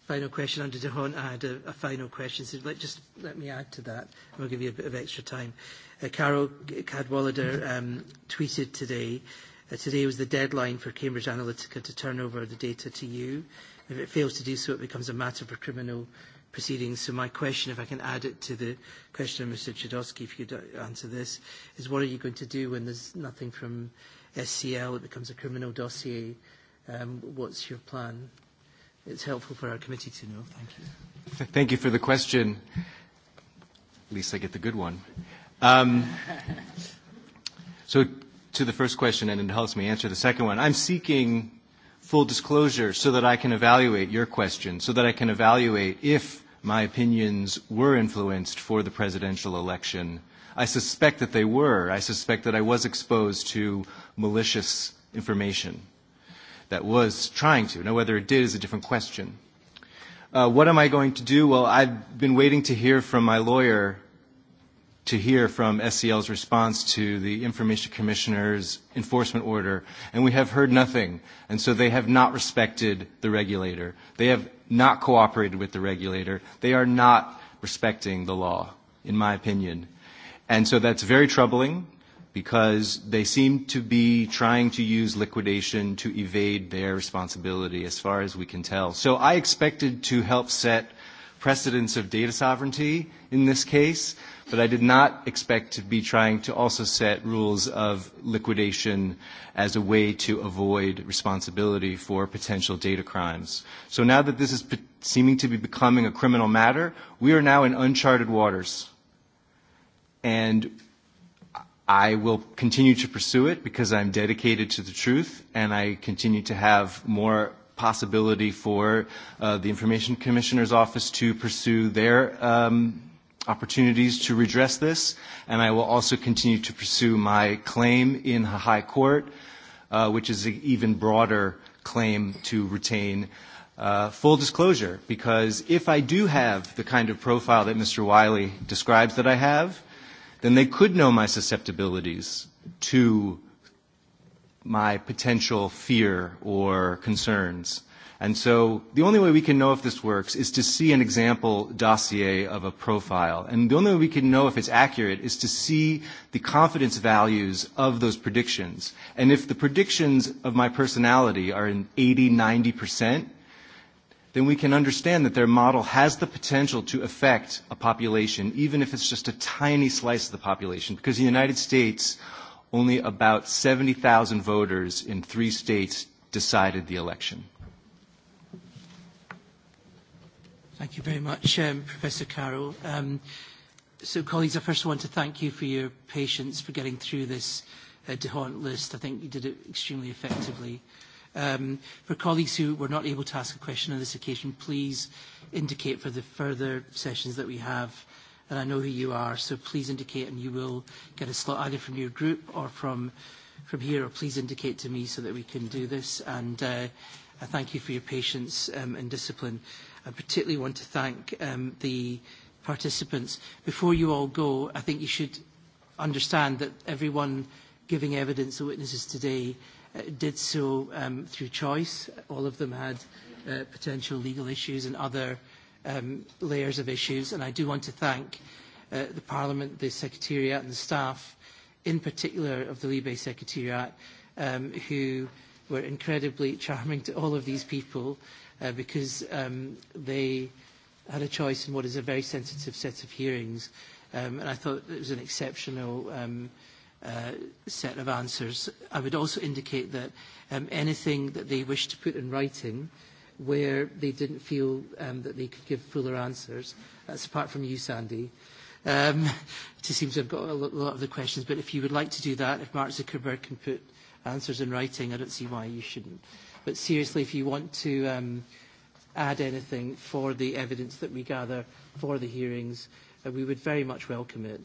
final question. Under De Haan, I had a, a final question, so let, just let me add to that. And we'll give you a bit of extra time. Uh, Carol Cadwallader um, tweeted today, uh, today was the deadline for Cambridge Analytica to turn over the data to you. Uh, If it fails to do so, it becomes a matter for criminal proceedings. So my question, if I can add it to the question of Mr. Chodosky, if you could uh, answer this, is what are you going to do when there's nothing from SCL, it becomes a criminal dossier? Um, what's your plan? It's helpful for our committee to know. Thank you. Thank you for the question. At least I get the good one. Um, so to the first question, and it helps me answer the second one. I'm seeking full disclosure so that I can evaluate your question, so that I can evaluate if my opinions were influenced for the presidential election. I suspect that they were. I suspect that I was exposed to malicious information that was trying to. Now, whether it did is a different question. Uh, what am I going to do? Well, I've been waiting to hear from my lawyer to hear from SEL's response to the Information Commissioner's enforcement order, and we have heard nothing. And so they have not respected the regulator. They have not cooperated with the regulator. They are not respecting the law, in my opinion. And so that's very troubling because they seem to be trying to use liquidation to evade their responsibility, as far as we can tell. So I expected to help set precedence of data sovereignty in this case, but I did not expect to be trying to also set rules of liquidation as a way to avoid responsibility for potential data crimes. So now that this is p- seeming to be becoming a criminal matter, we are now in uncharted waters. And I will continue to pursue it because I'm dedicated to the truth and I continue to have more possibility for uh, the Information Commissioner's Office to pursue their um, opportunities to redress this, and I will also continue to pursue my claim in the High Court, uh, which is an even broader claim to retain uh, full disclosure, because if I do have the kind of profile that Mr. Wiley describes that I have, then they could know my susceptibilities to my potential fear or concerns. And so the only way we can know if this works is to see an example dossier of a profile. And the only way we can know if it's accurate is to see the confidence values of those predictions. And if the predictions of my personality are in 80, 90%, then we can understand that their model has the potential to affect a population, even if it's just a tiny slice of the population. Because in the United States, only about 70,000 voters in three states decided the election. Thank you very much, um, Professor Carroll. Um, so, colleagues, I first want to thank you for your patience for getting through this uh, de haunt list. I think you did it extremely effectively. Um, for colleagues who were not able to ask a question on this occasion, please indicate for the further sessions that we have and I know who you are, so please indicate and you will get a slot either from your group or from, from here, or please indicate to me so that we can do this. And uh, I thank you for your patience um, and discipline. I particularly want to thank um, the participants. Before you all go, I think you should understand that everyone giving evidence, the witnesses today, uh, did so um, through choice. All of them had uh, potential legal issues and other issues um, layers of issues. And I do want to thank uh, the Parliament, the Secretariat and the staff, in particular of the Libe Secretariat, um, who were incredibly charming to all of these people uh, because um, they had a choice in what is a very sensitive set of hearings. Um, and I thought it was an exceptional um, uh, set of answers. I would also indicate that um, anything that they wish to put in writing uh, where they didn't feel um, that they could give fuller answers. That's apart from you, Sandy. Um, it just seems I've got a lot of the questions, but if you would like to do that, if Mark Zuckerberg can put answers in writing, I don't see why you shouldn't. But seriously, if you want to um, add anything for the evidence that we gather for the hearings, uh, we would very much welcome it.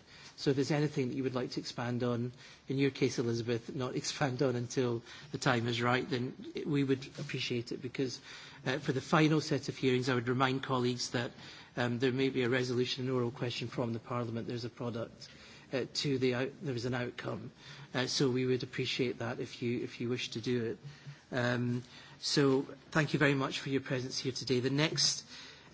If there's anything that you would like to expand on, in your case, Elizabeth, not expand on until the time is right, then we would appreciate it. Because uh, for the final set of hearings, I would remind colleagues that um, there may be a resolution, an oral question from the Parliament. There's a product uh, to the out. There is an outcome. Uh, we would appreciate that if you wish to do it. Um, thank you very much for your presence here today. The next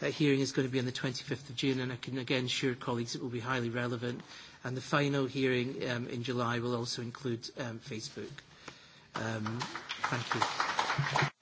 hearing is gonna be on the 25th of June, and I can again assure colleagues it will be highly relevant and the final hearing um, in July will also include um, Facebook. Um, thank you.